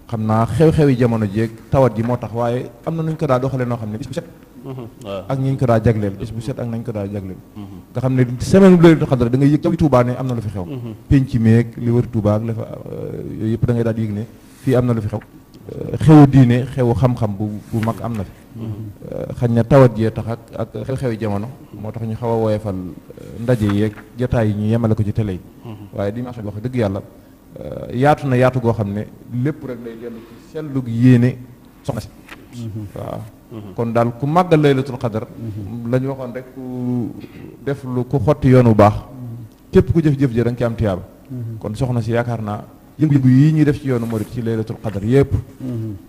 S5: xam naa xew-xewi jamono jeeg tawat ji moo tax waaye am na nuñ ko daa doxalee noo xam ne bis bu set Mm-hmm. ak ñi ñu ko daa jagleel bis bu set ak nañ ko daa jagleel mm-hmm. nga xam ne semaine bu Laylatul Qadr da ngay yëg ci Touba ne am na lu fi xew mm-hmm. penc meeg li wër Touba ak la fa euh, yooyu daal di yëg ne fii am na lu fi xew euh, xewu diine xewu xam-xam bu bu mag am na fi euh, xañ na tawat jee tax ak ak xew-xewi jamono moo tax ñu xaw a woyefal ndaje yeeg jotaay yi ñu yemale ko ci télé yi waaye dimanche bi wax dëgg yàlla yaatu na yaatu goo xam ne
S10: lépp rek lay dellu ci
S5: sellug yéene soxna kon daal ku màggal laylatul xadar la ñu waxoon rek ku def lu ku xotti yoon bu baax képp ku jëf-jëf ji da nga ci am tiyaaba kon soxna si yaakaar naa yëngu yi ñuy def ci yoonu murit ci laylatul qadar yëpp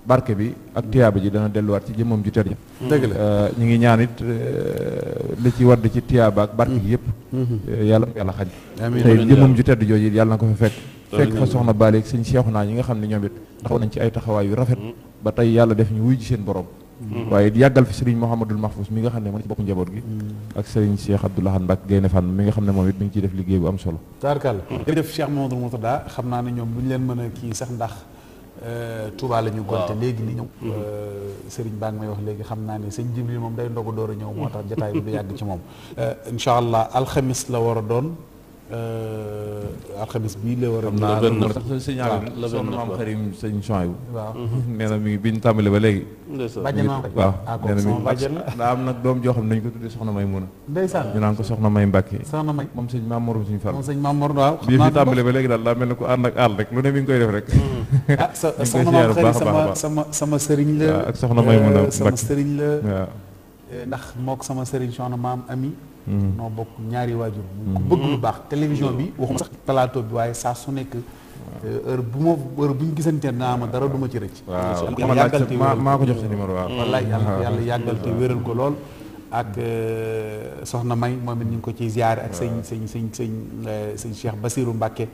S5: barke bi ak tiyaaba ji dana delluwaat ci jëmmam ju tedd ja dëgg la euh, ñu ngi ñaan it euh, li ci wadd ci tiyaaba ak barke gi yëpp euh, yàlla yàlla xaj tey ju tedd yàlla na ko fa fekk fekk fa soxna baaleeg sëñ seexu naa ñi nga xam ne ñoom it taxaw nañ ci ay taxawaay yu rafet mm-hmm. ba tey yàlla def ñu wuy ji seen borom Mm-hmm. waaye yàggal fi Serigne Mouhamadul Mahfous mi nga xam ne moo ci bokk njaboot gi mm-hmm. ak Serigne Cheikh Abdoulahan Mbacke Gaynde Fan mi nga xam ne moom it mi ngi ciy def liggéey bu am solo
S1: taarkal mm-hmm. jërëjëf Cheikh Mouhamadul Mourtada xam naa ne ñoom duñu leen mën a kii sax ndax euh, Touba la ñu gonte léegi ni ñëw euh, Serigne baa ngi may wax léegi xam naa ne sëñ Jibril moom day ndogu door a ñëw moo tax jataay bi du yàgg ci moom euh, incha allah alxamis la war a doon Euh, alxamis bii la war a. am naa la benn sax sëñ Aliou sonn
S5: maam Karim sëñ Chouaïbou. waaw nee na mi ngi bi ñu tàmbali ba léegi. ndeysaan bàjjen naa ko waaw ah, nee na mi ngi bàjjen daa am nag doom joo xam ne dañu ko tuddee Soxna May Muna. ndeysaan ñu naan ko Soxna May Mbàkke. Soxna May moom sëñ Maam Mor sëñ Fall. moom sëñ Maam Mor waaw. bii fi tàmbali ba léegi daal daa mel ni ku ànd ak àll rek lu ne mi ngi koy def rek. Mm. ah soxna maam Karim sama
S1: sama sama sëriñ la. ak Soxna May Muna eh, sama sëriñ la. Eh, ndax mook sama sëriñ soxna maam ami Mm-hmm. noo bokk ñaari waajur mm-hmm. ku bëgg lu baax télévision bi mm-hmm. waxuma sax plateau bi waaye saa su nekk euh, heure bu ma heure bu ñu gisantee naa ma dara du ma ci rëcc yàggal te maa ko jox sa numéro waaw wallaay yàlla yàggal te wéral ko lool ak euh, soxna may moom it ñu ngi ko ci ziyaare ak sëñ sëñ sëñ sëñ euh, sëñ Cheikh Basirou Mbacke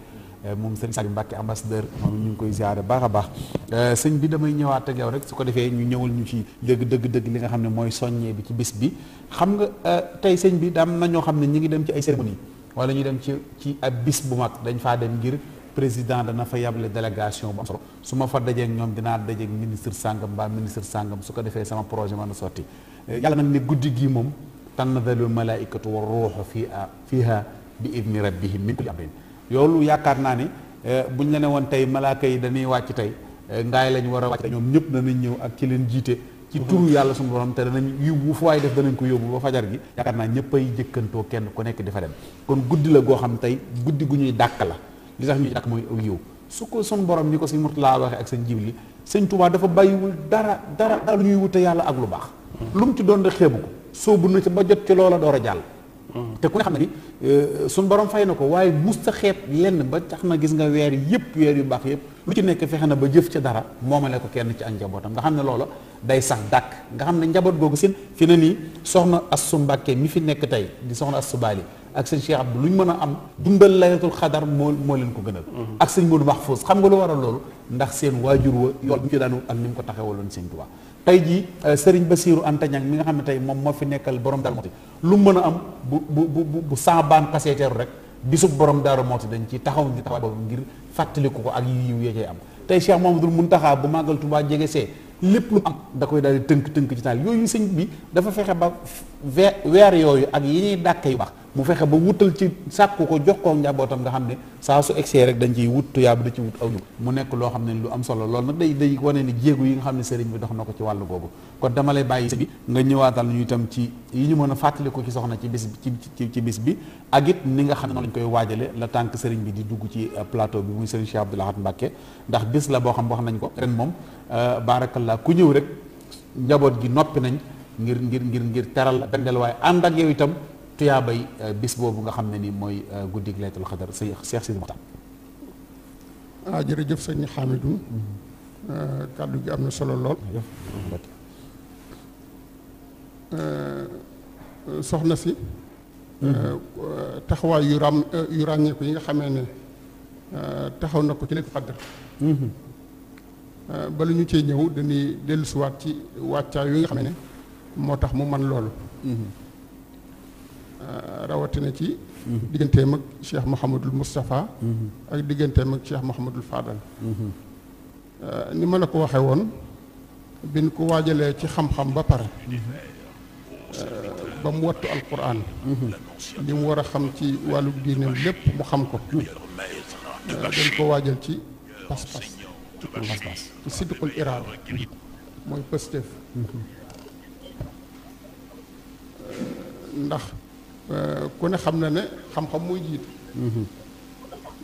S1: Euh, moom sëñ Saliou Mbacke ambassadeur moom ñu ngi koy ziare baax a baax euh, sëñ bi damay ñëwaat ak yow rek su ko defee ñu ñëwal ñu ci dëgg dëgg dëgg li nga xam ne mooy soññee bi ci bis bi xam nga euh, tey sëñ bi dam na ñoo xam ne ñu ngi dem ci ay cérémonie wala ñu dem ci ci ab bis bu mag dañ faa dem ngir président dana fa yable délégation bu am solo su ma fa dajeeg ñoom dinaa dajeeg ministre sàngam mbaa ministre sàngam su ko defee sama projet man a sotti yàlla nag ne guddi gii moom tanazzalu malaikatu wa ruuxu fiiha fiiha bi idni rabbihim min kulli amrin yow lu yaakaar naa ni eh, buñ la ne woon tey malaaka yi dañuy wàcc tey eh, ngaay lañ war a wàcc ñoom ñëpp danañ ñëw ak ki leen jiite ci mhm. turu yàlla suñu borom te danañ yiw wu fu waay def danañ ko yóbbu ba fajar gi yaakaar naa ñëpp ay jëkkantoo kenn ku nekk di fa dem kon guddi la goo xam tey guddi gu ñuy dàq la li tax ñuy ak mooy aw yiw su ko sun borom ñi ko sëñ Murtala waxee ak sëñ Jibli sëñ Tuubaa dafa bàyyiwul dara dara dara lu ñuy wute yàlla ak lu baax mhm. lu mu ci doon de xeebu ko soobu na ci ba jot ci loola door a jàll te ku ne xam ne ni euh, suñ borom fay na ko waaye musta xeeb lenn ba tax na gis nga weer yëpp weer yu baax yëpp lu ci nekk fexe na ba jëf ca dara moomale ko kenn ci ak njabootam xam ne loola day sax dàkk nga xam ne njaboot googu seen fi nii soxna Astou Mbacké mi fi nekk tey di soxna Astou Bali ak sëñ Cheikh Abdou lu ñu mën a am dundal layatul xadar moo moo leen ko gënal mhm. ak sëñ Modou Mahfouz xam nga lu waral loolu ndax seen waajur wa yool bi ci daan am ni mu ko taxawaloon seen Tuubaa tey jii euh, Serigne Bassirou Anta Niang mi nga xam ne tey moom moo fi nekkal borom Darou Mouhty lu mën a am bu bu bu bu sans baan xasee rek bisub borom moo Mouhty dañ ci taxaw ngir taxaw boobu ngir fàttaliku ko ak yiw yee cay am tey moom Cheikh Mamadou Mountakha bu màggal Touba jege see lépp lu am da koy daal tënk tënk ci taal yooyu sëñ bi dafa fexe ba weer yooyu ak yi ñuy dàkkee yu baax mu fexe ba wutal ci sàkku ko jox ko njabootam nga xam ne saa su egsee rek dañ ciy wut tuyaab da ci wut aw mu nekk loo xam ne lu am solo loolu nag day day wane ni jéego yi nga xam ne sëriñ bi dox na ko ci wàllu googu kon dama lay bàyyi bi nga ñëwaatal ñu itam ci yi ñu mën a fàttali ko ci soxna ci bis ci ci ci bis bi ak it ni nga xam ne lañ koy waajale la tànk sëriñ bi di dugg ci euh, plateau bi muy sëriñ Cheikh Abdou Lahad Mbacké ndax bis la boo xam wax nañ ko ren moom euh, baarakallah ku ñëw rek njaboot gi noppi nañ ngir ngir ngir ngir teral benn waaye ànd ak itam tuyaabay euh, bis boobu nga xam ne ni mooy euh, guddig laytul xadar sa Cheikh Sidi Moxtar
S6: ah jërëjëf sëñ Xamidou mm-hmm. euh, kàddu gi am na solo lool soxna si mm-hmm. taxawaay yu ram yi nga xamee ne taxaw na ko ci laytul xadar mm-hmm. bala ñu ci ñëw dañuy dellusiwaat ci wàccaay yi nga xamee ne moo tax mu man loolu Euh, rawatina ci. digganteem ak Cheikh Mouhamadul Moustapha. ak digganteem ak Cheikh Mouhamadul Fadal. Euh, ni ma la ko waxee woon bin ko waajalee ci xam-xam ba pare. Euh, ba mu wattu alquran. li mu war a xam ci wàllu diineem lépp mu xam ko. dañ ko waajal ci pas-pas. ci pas-pas ci sidqul iraada ndax. Euh, ku ne xam na ne xam-xam mooy jiit mhm.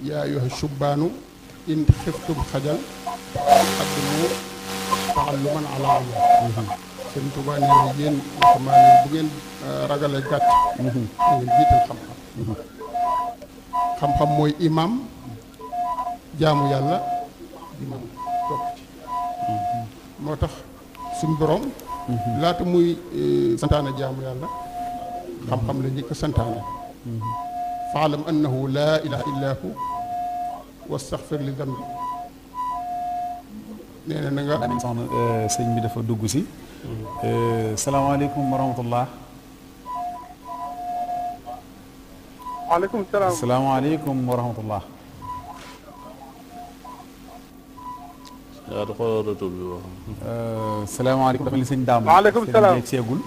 S6: yaa yoxe subbaanu in xiftum xajal ak mu faxal lu mën ala allah mhm. seen ngeen euh, ragale gàtt mhm. da ngeen xam-xam mooy imam jaamu yàlla moo tax suñ borom laata muy euh, santaane jaamu yàlla xam-xam la jëkk santaane faalam annahu laa ilaha illa hu wastaxfir li dambi nee na na nga
S1: soxna euh, sëñ bi dafa dugg si euh, salaamaaleykum wa rahmatullah waaleykum salaam salaamaaleykum wa rahmatullah
S2: yaa du xoolal retour bi wax
S1: euh, salaamaaleykum dafa li sëñ daam waaleykum salaam seegul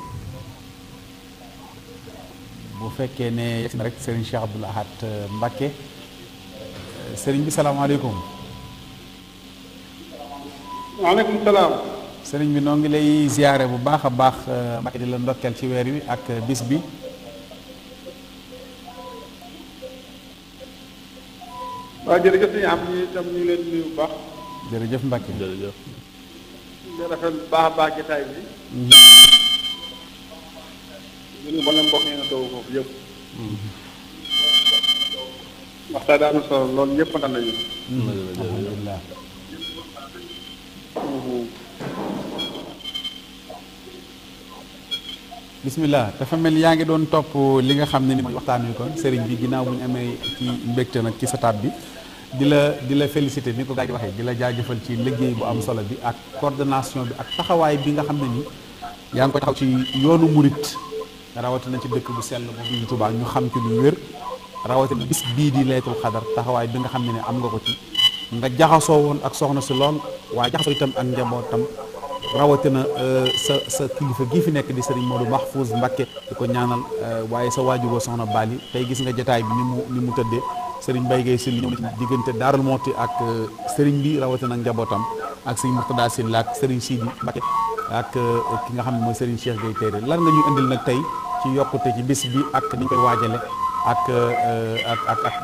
S1: bu fekkee ne yegsi na rek sëriñ Cheikh Abdoul Ahad euh, Mbacké euh, sëriñ bi salaamaaleykum. waaleykum salaam. sëriñ bi noo ngi lay ziare bu baax a baax euh, Mbacké di la ndokkeel ci weer wi ak bis bi. waaw jërëjëf dañuy am
S10: ñi tam ñu leen nuyu bu baax.
S1: jërëjëf Mbacké jërëjëf.
S4: di rafet bu
S10: baax baax jotaay bi.
S4: Mm-hmm.
S10: ñun wala mbokk yi ñu taw solo loolu ñëpp kontaan nañu.
S1: bismillah dafa mel yaa ngi doon topp li nga xam ne ni mooy waxtaan wi sëriñ bi ginnaaw bu ñu amee ci mbégte nag ci sa bi di la di la félicité ni ko gaa ji waxee di la jëfal ci liggéey bu am solo bi ak coordination bi ak taxawaay bi nga xam ne ni yaa ngi ko taxaw ci yoonu murit rawatina ci dëkk bu sell boobu ñu Tuubaa ñu xam ci lu wér rawatina bis bii di laytul xadar taxawaay bi nga xam ne ne am nga ko ci nga jaxasoo woon ak soxna si lool waaye jaxasoo itam njabootam rawatina euh, sa sa kilifa gii fi nekk di sëriñ Modou Mahfouz Mbacké di ko ñaanal euh, waaye sa waajur woo soxna Bali tey gis nga jataay bi ni mu ni mu tëddee sëriñ Mbaye Guèye si ñëw na ci diggante Daarul Mooti ak euh, sëriñ bi rawatina ak njabootam ak sëriñ Murtada si ak sëriñ Sidi Mbacké ak ki nga xam ne mooy sëriñ Cheikh Guèye Téere lan nga ñu indil nag tey ci yokkute ci bis bi ak ni koy waajale ak euh, ak ak ak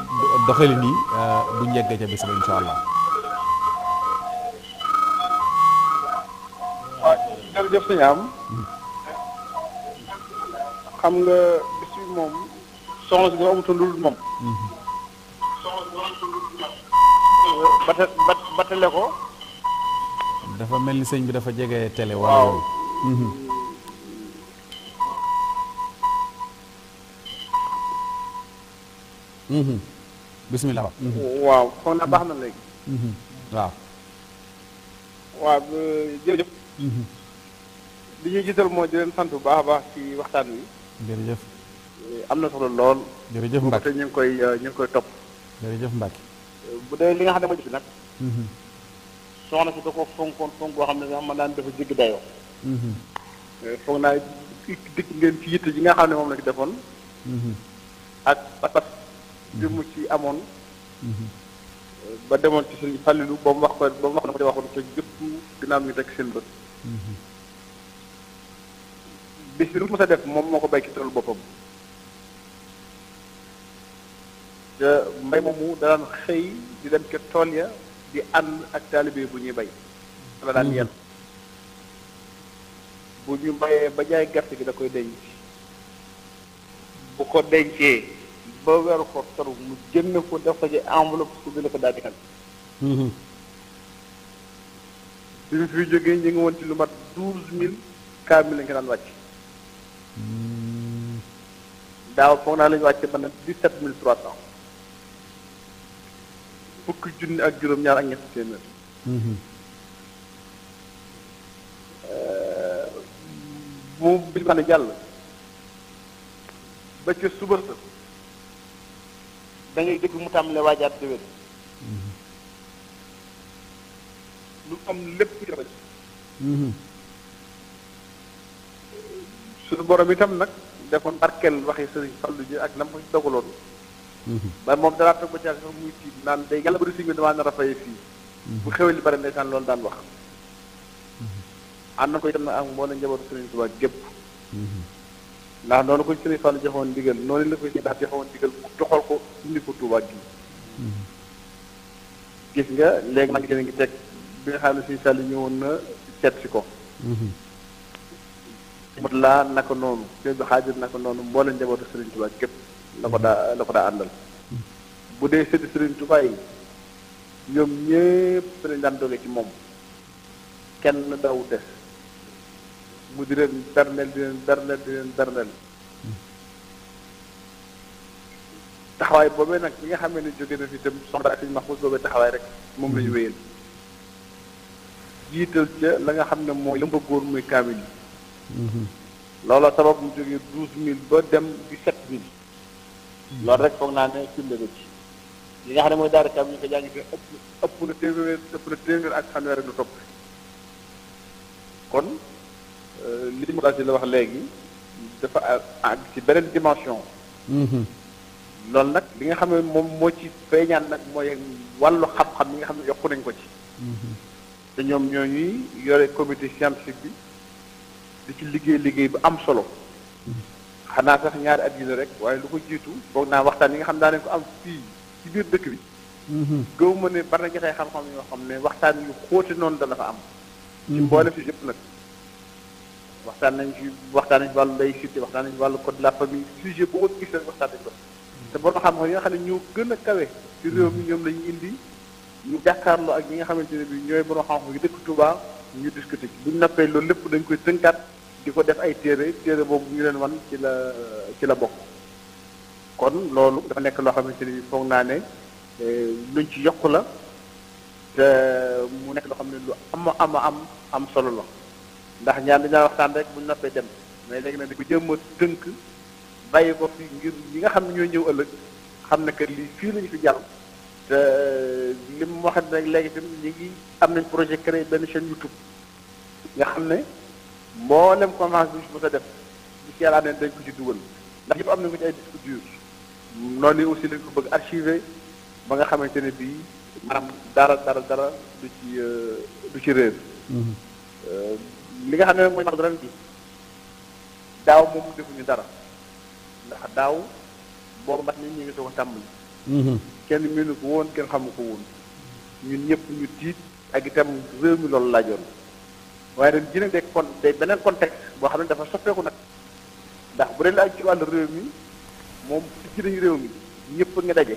S1: doxalin yi euh, bu ca bis ba
S10: incha
S4: allah. waaw ah, jërëjëf
S10: xam nga bis ko.
S1: dafa mel ni sëñ bi dafa jege tele waaw waaw. Mm-hmm. bisimilah. Mm-hmm.
S10: waaw foog naa baax na léegi.
S1: Mm-hmm. waaw.
S10: waaw euh, jërëjëf. ñuy jiital mooy di sant bu baax baax ci waxtaan wi. jërëjëf. Euh, am na solo lool. jërëjëf Mbacke ñu ngi koy euh, ñu ngi koy topp. jëf Mbacke. bu dee li nga xam ne ma gis nag. soxna si da ko fonkoon fonk xam ne sax man daan dafa jéggi dayoo. foog naa dikk ngeen ci yitte ji la ci defoon. ak ak. bi mu ci amoon mhm. ba demoon ci sëñ Fallilou ba mu wax ko ba mu wax na ko ci waxoon te jëpp ginnaaw ñu teg seen bët mhm. bis bi lu mu sa def moom moo ko bay ci toolu boppam te mbay moomu da daan xëy di dem ca tool ya di ànd ak taalibe bu ñuy bay la daan mhm. yenn bu ñu bayee ba jaay gerte gi da koy denc bu ko dencee ba weeru koor teru mu génn ko def ko ci enveloppe su gën a ko daal di xel. Mhm. bi ñu fi jógee ñu ngi woon ci lu mat douze mille kaamil lañ ko daan wàcc. Mhm. daaw foog naa la ñu wàcce ba nag dix-sept mille trois cent. fukki junni ak mhm. euh, ba ca suba sa. dangay ngay dégg mu tàmbalee waajaat déwén. Mhm. lu am lépp jafe. Mhm. suñu borom itam nag defoon barkeel waxe sëriñ Fallu ji ak la ko ci dogaloon. Mhm. ba moom danaa toog ba caa sax muy tiit naan day yàlla bëri si ñu damaa nar a fay fii. bu xewee li bari ndeysaan loolu daan wax. ànd na ko itam nag ak mboolem njabootu sëriñ Tuubaa gépp. ndax noonu ko Serigne Fallou joxoon ndigal noonu la ko si ndax joxoon ndigal mu doxal ko indi ko Touba gi gis nga léegi nag yéen a ngi teg bi nga xam ne Serigne Saliou ñëwoon na seet si ko mot laa naka noonu sëñ bi xaajal naka noonu mboole njabootu Serigne Touba gépp la ko daa la ko daa àndal bu dee sedd Serigne Touba yi ñoom ñëpp dañ daan doge ci moom kenn daw des mu di leen bernel di leen bernel di leen bernel taxawaay boobee nag li nga xamee ne jóge na fi itam soxna ak suñu maxuus taxawaay rek moom la ñu hmm. wéyal jiital ca la nga xam ne mooy lëmba góor muy kaamil yi hmm. looloo sabab mu jógee douze mille ba dem dix-sept mille hmm. loolu rek foog naa ne firnde la ci li nga xam ne mooy daara kaamil ñu ko ak fanweer ak lu topp kon Euh, li mu laaj la wax léegi dafa àgg ci beneen dimension. Mm-hmm. loolu nag li nga xam ne moom moo ci feeñaan nag mooy wàllu xam-xam yi nga xam ne yokku nañ ko ci. Mm-hmm. te ñoom ñoo ñuy yore comité scientifique bi di ci liggéey liggéey bu am solo. Mm-hmm. xanaa sax ñaari at yi la rek waaye lu ko jiitu foog naa waxtaan yi nga xam ne nañ ko am fii ci biir dëkk bi. gëw ma ne bari na jotaay xam-xam yoo xam ne waxtaan yu xóote noonu dana am. ci mboole fi yëpp nag. waxtaan nañ ci waxtaan nañ ci wàllu laïcité waxtaan nañ ci wàllu code de la famille sujet boo ko gis rek waxtaan nañ ko te borom xam-xam yi nga xam ne ñoo gën a kawe ci réew mi ñoom lañu indi ñu jàkkaarloo ak ñi nga xamante ne bi ñooy borom xam-xam yi dëkk Touba ñu discuter ci buñ nappee loolu lépp dañ koy tënkaat di ko def ay téere téere boobu ñu leen wan ci la ci la bokk kon loolu dafa nekk loo xamante ne bi foog naa ne e, luñ ci yokk la te mu nekk loo xam ne lu am am am am solo la ndax ñaan dañaa waxtaan rek bu ñu noppee dem mais léegi nañ di ko jëm a tënk bàyyi ko fi ngir ñi nga xam ne ñooy ñëw ëllëg xam ne kër lii fii lañu fi jàll te euh, li mu waxat rek léegi itam ñi ngi am nañ projet créé benn chaîne YouTube nga xam ne mboolem conférence bi a def ñu si yàlla dañ ko ci dugal ndax yëpp am nañ ko ci ay disques noonu aussi lañ ko bëgg archivé ba nga xamante ne bii maam dara dara dara du ci euh, du ci réer mm-hmm. euh, li nga xam ne nag mooy màggalu ren bi daaw moom defuñu dara ndax daaw boobu mbat ni ñu ngi soo ko tàmbali mhm. kenn mënu ko woon kenn xamu ko woon ñun ñëpp ñu tiit ak itam réew mi loolu laajoon waaye ren ji nag day beneen contexte boo xam ne dafa soppeeku nag ndax bu dee la ci wàll réew mi moom ci nañu réew mi ñëpp nga daje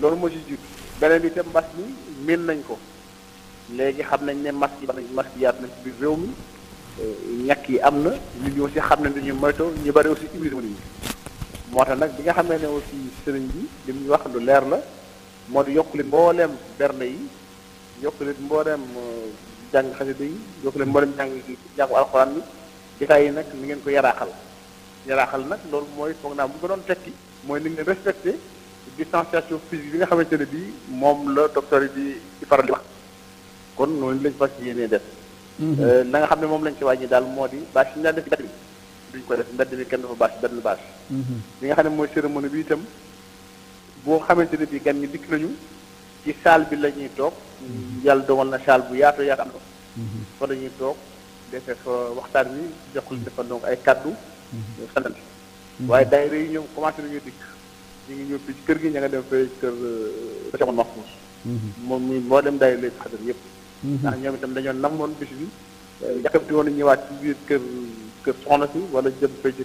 S10: loolu moo ci jiitu beneen itam mbas mi miin nañ ko léegi xam nañ ne masque yi masque yaat na biir réew mi euh, ñàkk yi am na nit ñi xam nañ dañuy moytoo ñu bëri aussi hybride nit ñi moo nag bi nga xam ne aussi sëriñ bi li mu lu leer la moo di yokk leen mbooleem berne yi yokk leen mbooleem euh, jàng xasida yi jàng jàngu alxuraan bi yi nag ni ngeen ko yaraaxal yaraaxal nag loolu mooy foog naa bu ko doon tekki mooy ni respecté distanciation physique bi nga xamante ne bii moom la docteur yi di faral di wax kon noonu lañ fas yéenee def. Mhm. Euh, na nga xam ne moom lañ ci wàññi daal moo di bâche yi ñu daan def mbedd bi duñ ko def mbedd bi kenn dafa bâche benn bâche. Mhm. li nga xam ne mooy cérémonie bi itam boo xamante ne bii gan ñi dikk nañu ci saal bi la ñuy toog. Mhm. yàlla dogal na saal bu yaatu yaatu am na. fa la ñuy toog defee fa waxtaan wi jox ko defal donc ay kàddu sant waaye daayira yi ñoom commencé nañu dikk ñu ngi ñëw fii kër gi ña nga dem fee kër euh, Cheikh Mahfouz. moom mi moo dem daayira yi xadar yëpp. Mm-hmm. ndax ñoom itam dañoo namoon bis bi euh, yàkkamti woon a ñëwaat ci biir kër kër soxna si wala jëm fee ci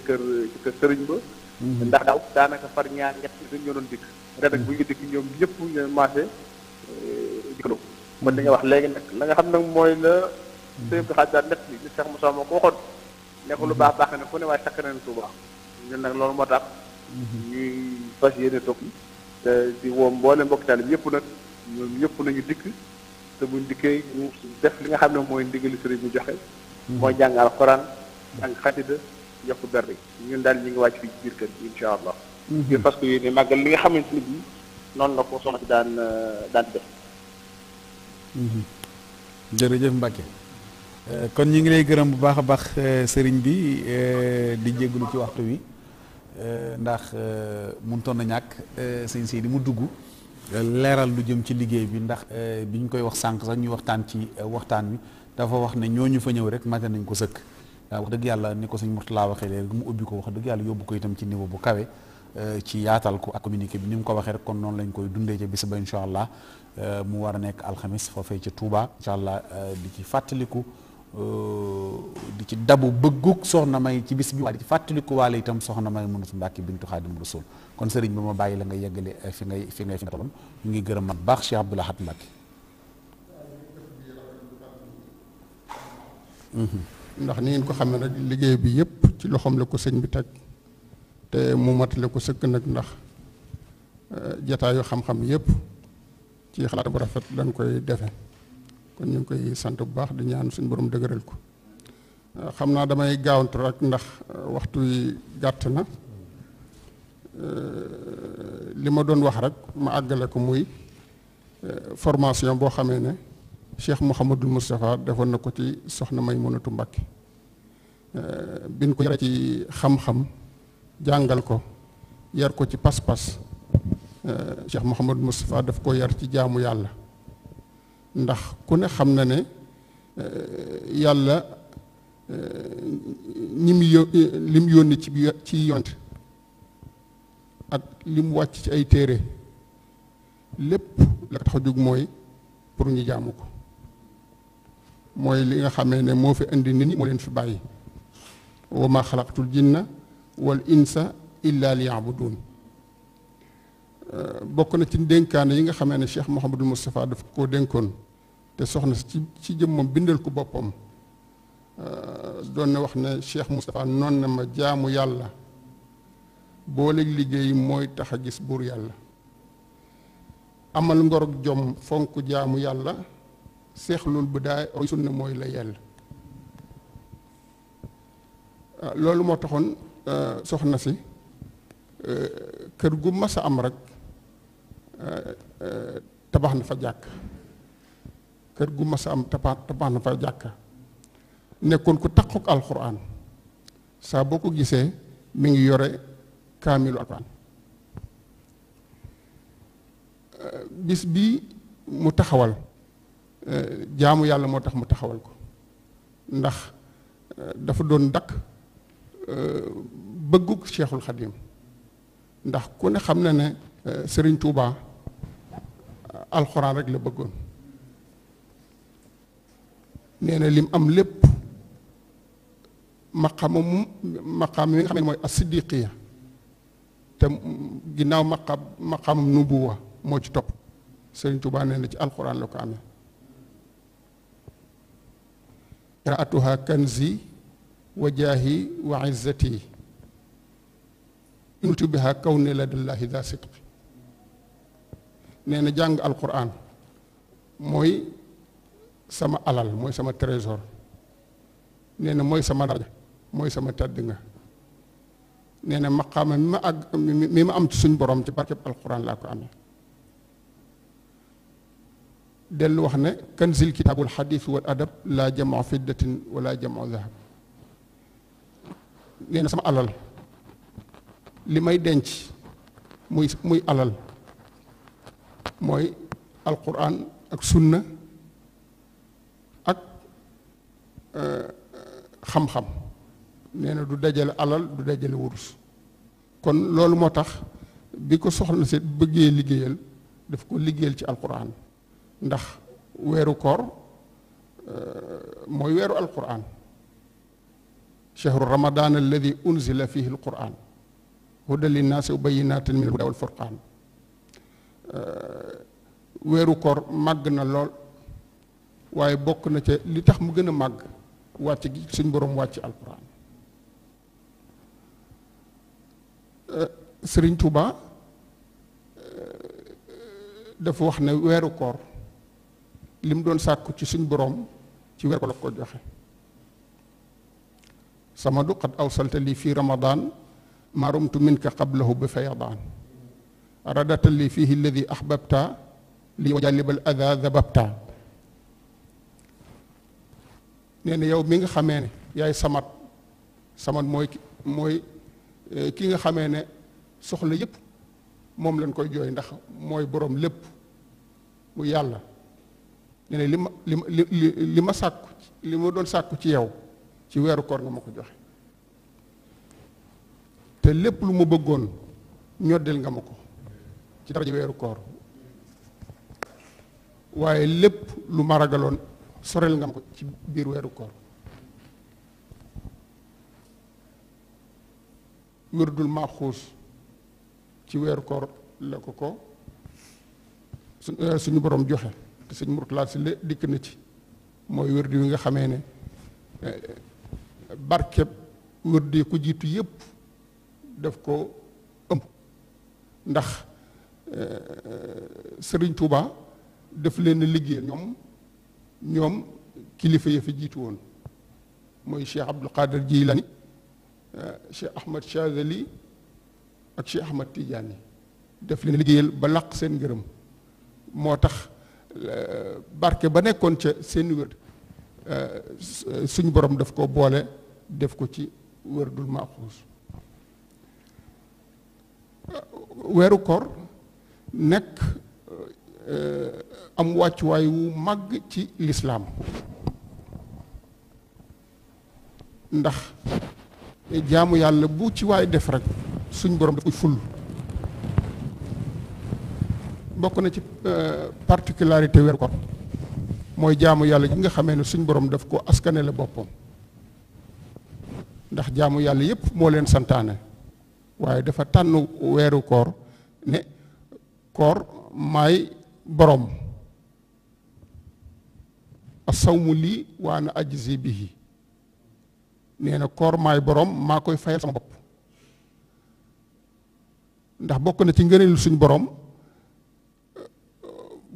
S10: kër sëriñ ba mm-hmm. ndax daaw daanaka far ñaar ñett dañ ñoo dikk mm-hmm. ren bu ñu dikk ñoom ñëpp ñooy marché euh, dikkaloo mën nañu wax léegi nag la nga xam nag mooy la sëriñ bi xaaj daal nett bi li Seex Musaa moo lu baax baax ne fu ne waaye sakk na ne Tuubaa nag loolu moo tax ñuy fas yéene toog te di woo mboolem mbokk taalibe yëpp nag ñoom ñëpp nañu dikk te buñ dikkee ñu def li nga xam ne mooy ndigali sëriñ bi joxe hmm. mooy jàng alxuraan jàng xatida yokk ñu ñun daal ñu ngi wàcc fii ci biir kër incha allah hmm. ngir parce que yéene màggal li nga xam xamante ni bii noonu la ko soxna si daan euh, daan def
S1: hmm. jërëjëf Mbacke euh, kon ñu ngi lay gërëm bu baax a baax euh, sëriñ bi di jégalu ci waxtu wi ndax mënutoon na ñàkk sëñ di mu dugg leeral lu jëm ci liggéey bi ndax euh, bi ñu koy wax sànq sax ñuy waxtaan ci euh, waxtaan wi dafa wax ne ñoo ñu fa ñëw rek mate nañ ko sëkk waaw wax dëgg yàlla ni ko sëñ Mourtala waxee léegi mu ubbi ko wax dëgg yàlla yóbbu ko itam ci niveau bu kawe euh, ci yaatal ko ak communiqué bi ni mu ko waxee rek kon noonu lañ koy dundee ca bis ba incha allah mu war a nekk alxamis foofee ca Touba incha allah di ci fàttaliku di ci dabu bëggug soxna may ci bis bi waa di ci fàttaliku waale itam soxna may mënut Mbàkke bintu Xaadim Rasul kon sëriñ bi ma bàyyi la nga yeggale eh, fi ngay fi ngay fi nga tolloon ñu ngi gërëm ak baax Cheikh Abdoul Ahad Mbacké
S4: mm-hmm.
S6: ndax ni ngeen ko xam ne rek liggéey bi yëpp ci loxoom la ko sëñ bi teg te mu matale ko sëkk nag ndax eh, jataayu xam-xam yëpp ci xalaat bu rafet lañ koy defe kon ñu ngi koy sant bu baax di ñaan suñu borom dëgëral ko eh, xam naa damay gaawantu rek ndax waxtu yi gàtt na Euh, li ma doon wax rek ma àggale ko muy euh, formation boo xamee ne Cheikh Mouhamadul Moustapha defoon na ko ci soxna Maymunatu Mbàkke euh, biñ ko yare ci xam-xam jàngal ko yar ko ci pas-pas Cheikh Mouhamadul Moustapha daf ko yar ci jaamu yàlla ndax ku ne xam na ne yàlla ñi mu li mu yónni ci ci yont ak li wàcc ci ay téere lépp la ko tax a jóg mooy pour ñu jaamu ko mooy li nga xamee ne moo fi indi nit ñi moo leen fi bàyyi wa ma xalaqtul jinna wal insa illa liya'budun euh, bokk na ci dénkaane yi nga xamee ne Cheikh Mouhamadul Moustapha daf koo dénkoon te soxna si ci ci jëmmam bindal ko boppam euh, doon na wax ne Cheikh Moustapha noon na ma jaamu yàlla booleeg liggéey mooy tax a gis buur yàlla amal ngorog jom fonk jaamu yàlla seexlul bu daay roy sunna mooy la yàlla ah, loolu moo taxoon ah, soxna si ah, kër gu mas a am rek tabax na fa jàkk kër gu mas a am tabax tabax na fa jàkk nekkoon ku taquk alxuraan saa boo ko gisee mu ngi yore kaamilu alquran euh, bis bi mu taxawal euh, jaamu yàlla moo tax mu taxawal ko ndax euh, dafa doon dakk bëggug cheikhul xadim ndax ku ne xam na ne sëriñ Touba alxuraan rek la bëggoon nee na lim am lépp maqaama mu maqaam mi nga xam ne mooy as-siddiqiya te ginnaaw maqam maqam nubuwa moo ci topp Sëriñ Tuubaa nee na ci alxuraan la ko amee qiraatuha kanzi wa jaahi wa izzati nultu biha kawni ladallaahi daa sidqi nee na jàng alxuraan mooy sama alal mooy sama trésor nee na mooy sama daraja mooy sama tedd nee na maqaama mi ma am ci suñ borom ci barkeb alquran laa ko amee dellu wax ne kanzil kitaabul xadis wal adab laa jamoo fiddatin wala jamoo zahab nee na sama alal li may denc muy muy alal mooy alquran ak sunna ak euh, xam-xam nee du dajale alal du dajale wurus kon loolu moo tax bi ko soxna si bëggee liggéeyal daf ko liggéeyal ci alquran ndax weeru koor euh, mooy weeru alquran chahru ramadan alladi unzila fihi alquran hudan linnaasi wa bayyinaatin minal hudaa wal furqaan euh, weeru koor màgg na lool waaye bokk na ca li tax mu gën a màgg wàcc gi suñ boroom wàcc alquran Euh, Sëriñ Tuuba euh, dafa wax ne weeru koor li mu doon sàkku ci suñ boroom ci weer ko la ko joxe samadu qad awsalta lii fii ramadan marumtu minka qablahu bi fayadaan radata lii fihi alladi ahbabta li wajalibal ada dababta nee na yow mi nga xamee ne yaay samat samat mooy mooy Euh, ki nga xamee ne soxla yëpp moom lañ koy jooy ndax mooy boroom lépp mu yàlla ne ne li ma li ma li ma sàkku li ma doon sàkku ci yow ci weeru koor nga ma ko joxe te lépp lu ma bëggoon ñoddeel nga ma ko ci dara ji weeru koor waaye lépp lu ma ragaloon soreel nga ma ko ci biir weeru koor wérdul maaxuus ci weeru koor la ko ko eh, suñu borom joxe te sëñ Murtala si la dikk na ci mooy wérdi wi nga xamee ne eh, barkeb di ko jiitu yëpp def ko ëmb ndax eh, sëriñ Touba def leen liggéey ñoom ñoom kilifa yi fi jiitu woon mooy Cheikh Abdul Qadir Jilani Euh, Cheikh Ahmad Chazali ak Cheikh Ahmad Tidiane def leen liggéeyal ba làq seen ngërëm moo tax euh, barke ba nekkoon ca seen wér euh, suñ borom daf ko boole def ko ci wérdul maxuus weeru koor nekk am wàccuwaay wu mag ci lislaam ndax jaamu yàlla bu ci waay def rek suñ borom daf koy ful bokk na ci euh, particularité weer ko mooy jaamu yàlla gi nga xamee ne suñ borom daf ko askanele boppam ndax jaamu yàlla yépp moo leen santaane waaye dafa tànn weeru koor ne koor maay borom asawmu lii waana ajzi bihi nee na koor maay borom maa koy fayal sama bopp ndax bokk na ci ngëneelu suñ borom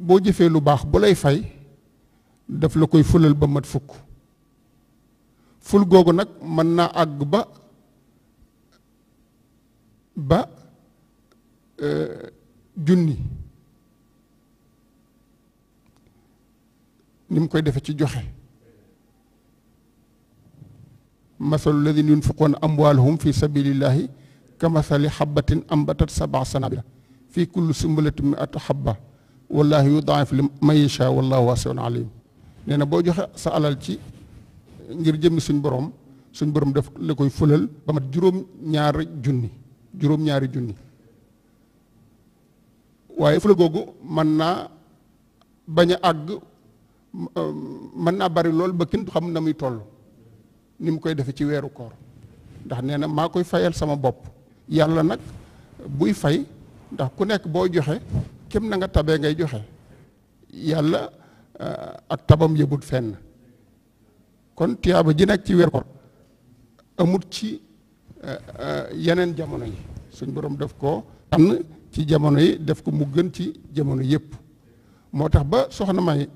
S6: boo jëfee lu baax bu lay fay daf la koy fulal ba mat fukk ful googu nag mën naa àgg ba ba euh, junni ni mu koy defe ci joxe masalu ladina yunfiquuna amwaalahum fi sabilillahi kamasali xabatin ambatat sabaa sanabila fii kulli sumbulatin mi'atu xabba wallaahi yudaif liman yashaa wallaahu waasiun alim nee na boo joxe sa alal ci ngir jëmmi suñ borom suñ borom daf la koy fulal juróom-ñaari junni juróom-ñaari junni waaye fula googu mën naa bañ a àgg naa bari lool ba kenn du na muy toll ni mu koy defe ci weeru koor ndax nee na maa koy fayal sama bopp yàlla nag buy fay ndax ku nekk boo joxe kem na nga tabee ngay joxe yàlla uh, ak tabam yëbut fenn kon tiyaaba ji nekk ci weeru koor amut ci uh, uh, yeneen jamono yi suñ borom def ko tànn ci jamono yi def ko mu gën ci jamono yëpp moo tax ba soxna may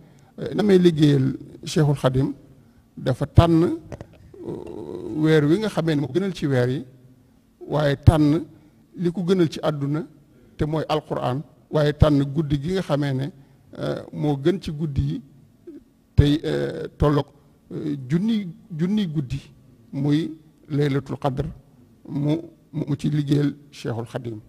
S6: na may liggéeyal Cheikhul Khadim dafa tànn weer wi nga xamee ne moo gënal ci weer yi waaye tànn li ko gënal ci àdduna te mooy alquran waaye tànn guddi gi nga xamee ne eh, moo gën ci guddi yi tey eh, tolloog eh, junni junni guddi muy laylatul qadr mu mu ci liggéeyal cheikhul xadim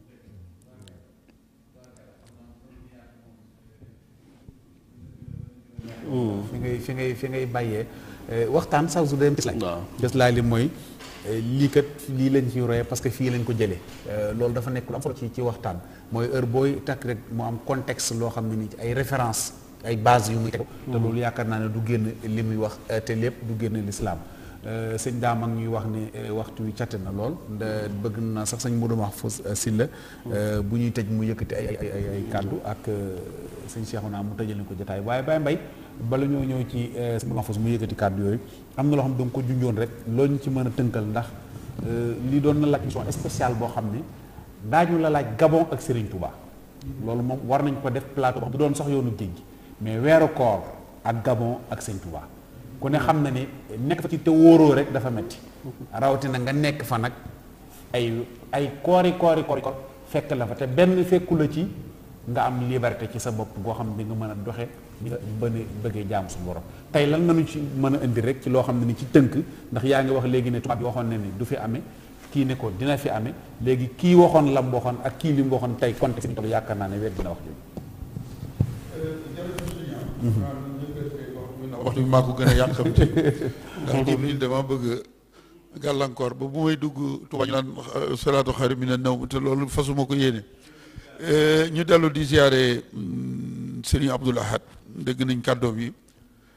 S1: ngay fi ngay fi ngay bàyyee Euh, waxtaan saa su dem cëslaay cëslaay li mooy euh, lii kat lii leen ci royee parce que fii lañ ko jëlee euh, loolu dafa nekk lu am solo ci ci waxtaan mooy heure booy takk rek mu am contexte loo xam ne nii ay référence ay base muy teg mm. te yaakaar naa ne du génn li muy wax te lépp du génne lislaam sëñ daam ak ñuy wax ne waxtu wi cate na lool bëgg na sax wax Modou Mahfous Sylla mm. bu ñuy tëj mu yëkkati ay ay ay kàddu ak sëñ naa mu tëjal ko jotaay waaye Baye mbay bala ñoo ñëw ci euh, sama Mahfouz mu yëkkati kàddu yooyu am na loo xam da nga ko junjoon rek loolu ñu ci mën a tënkal ndax euh, li doon na la émission spéciale boo xam ne daañu la laaj Gabon ak Serigne Touba. loolu moom war nañ ko def plateau du doon sox yoonu géej gi mais weeru koor ak Gabon ak Serigne Touba ku ne xam na ne nekk fa ci te wóoroo rek dafa metti rawatina nga nekk fa nag ay ay koori koori koor fekk la fa te benn fekku la ci. nga am liberté ci sa bopp goo xam ne nga mën a doxe nga bën bëggee jaamu su borom tey lan nga nu ci mën a indi rek ci loo xam ne ni ci tënk ndax yaa ngi wax léegi ne tubaab yi waxoon ne ni du fi amee kii ne dina fi amee léegi kii waxoon lam waxoon ak kii li mu tey contexte bi toll yaakaar naa ne weer dina wax
S10: jëm
S8: waxtu bi maa ko gën a yàqamti ndax ci
S1: dama bëgg
S8: gàllankoor ba bu may dugg tubaab ñu naan euh, salaatu xari mi ne naw te loolu fasuma ko yéene Eh, ñu dellu di ziare mm, Serigne Abdoul Ahad dégg nañ kàddoo bi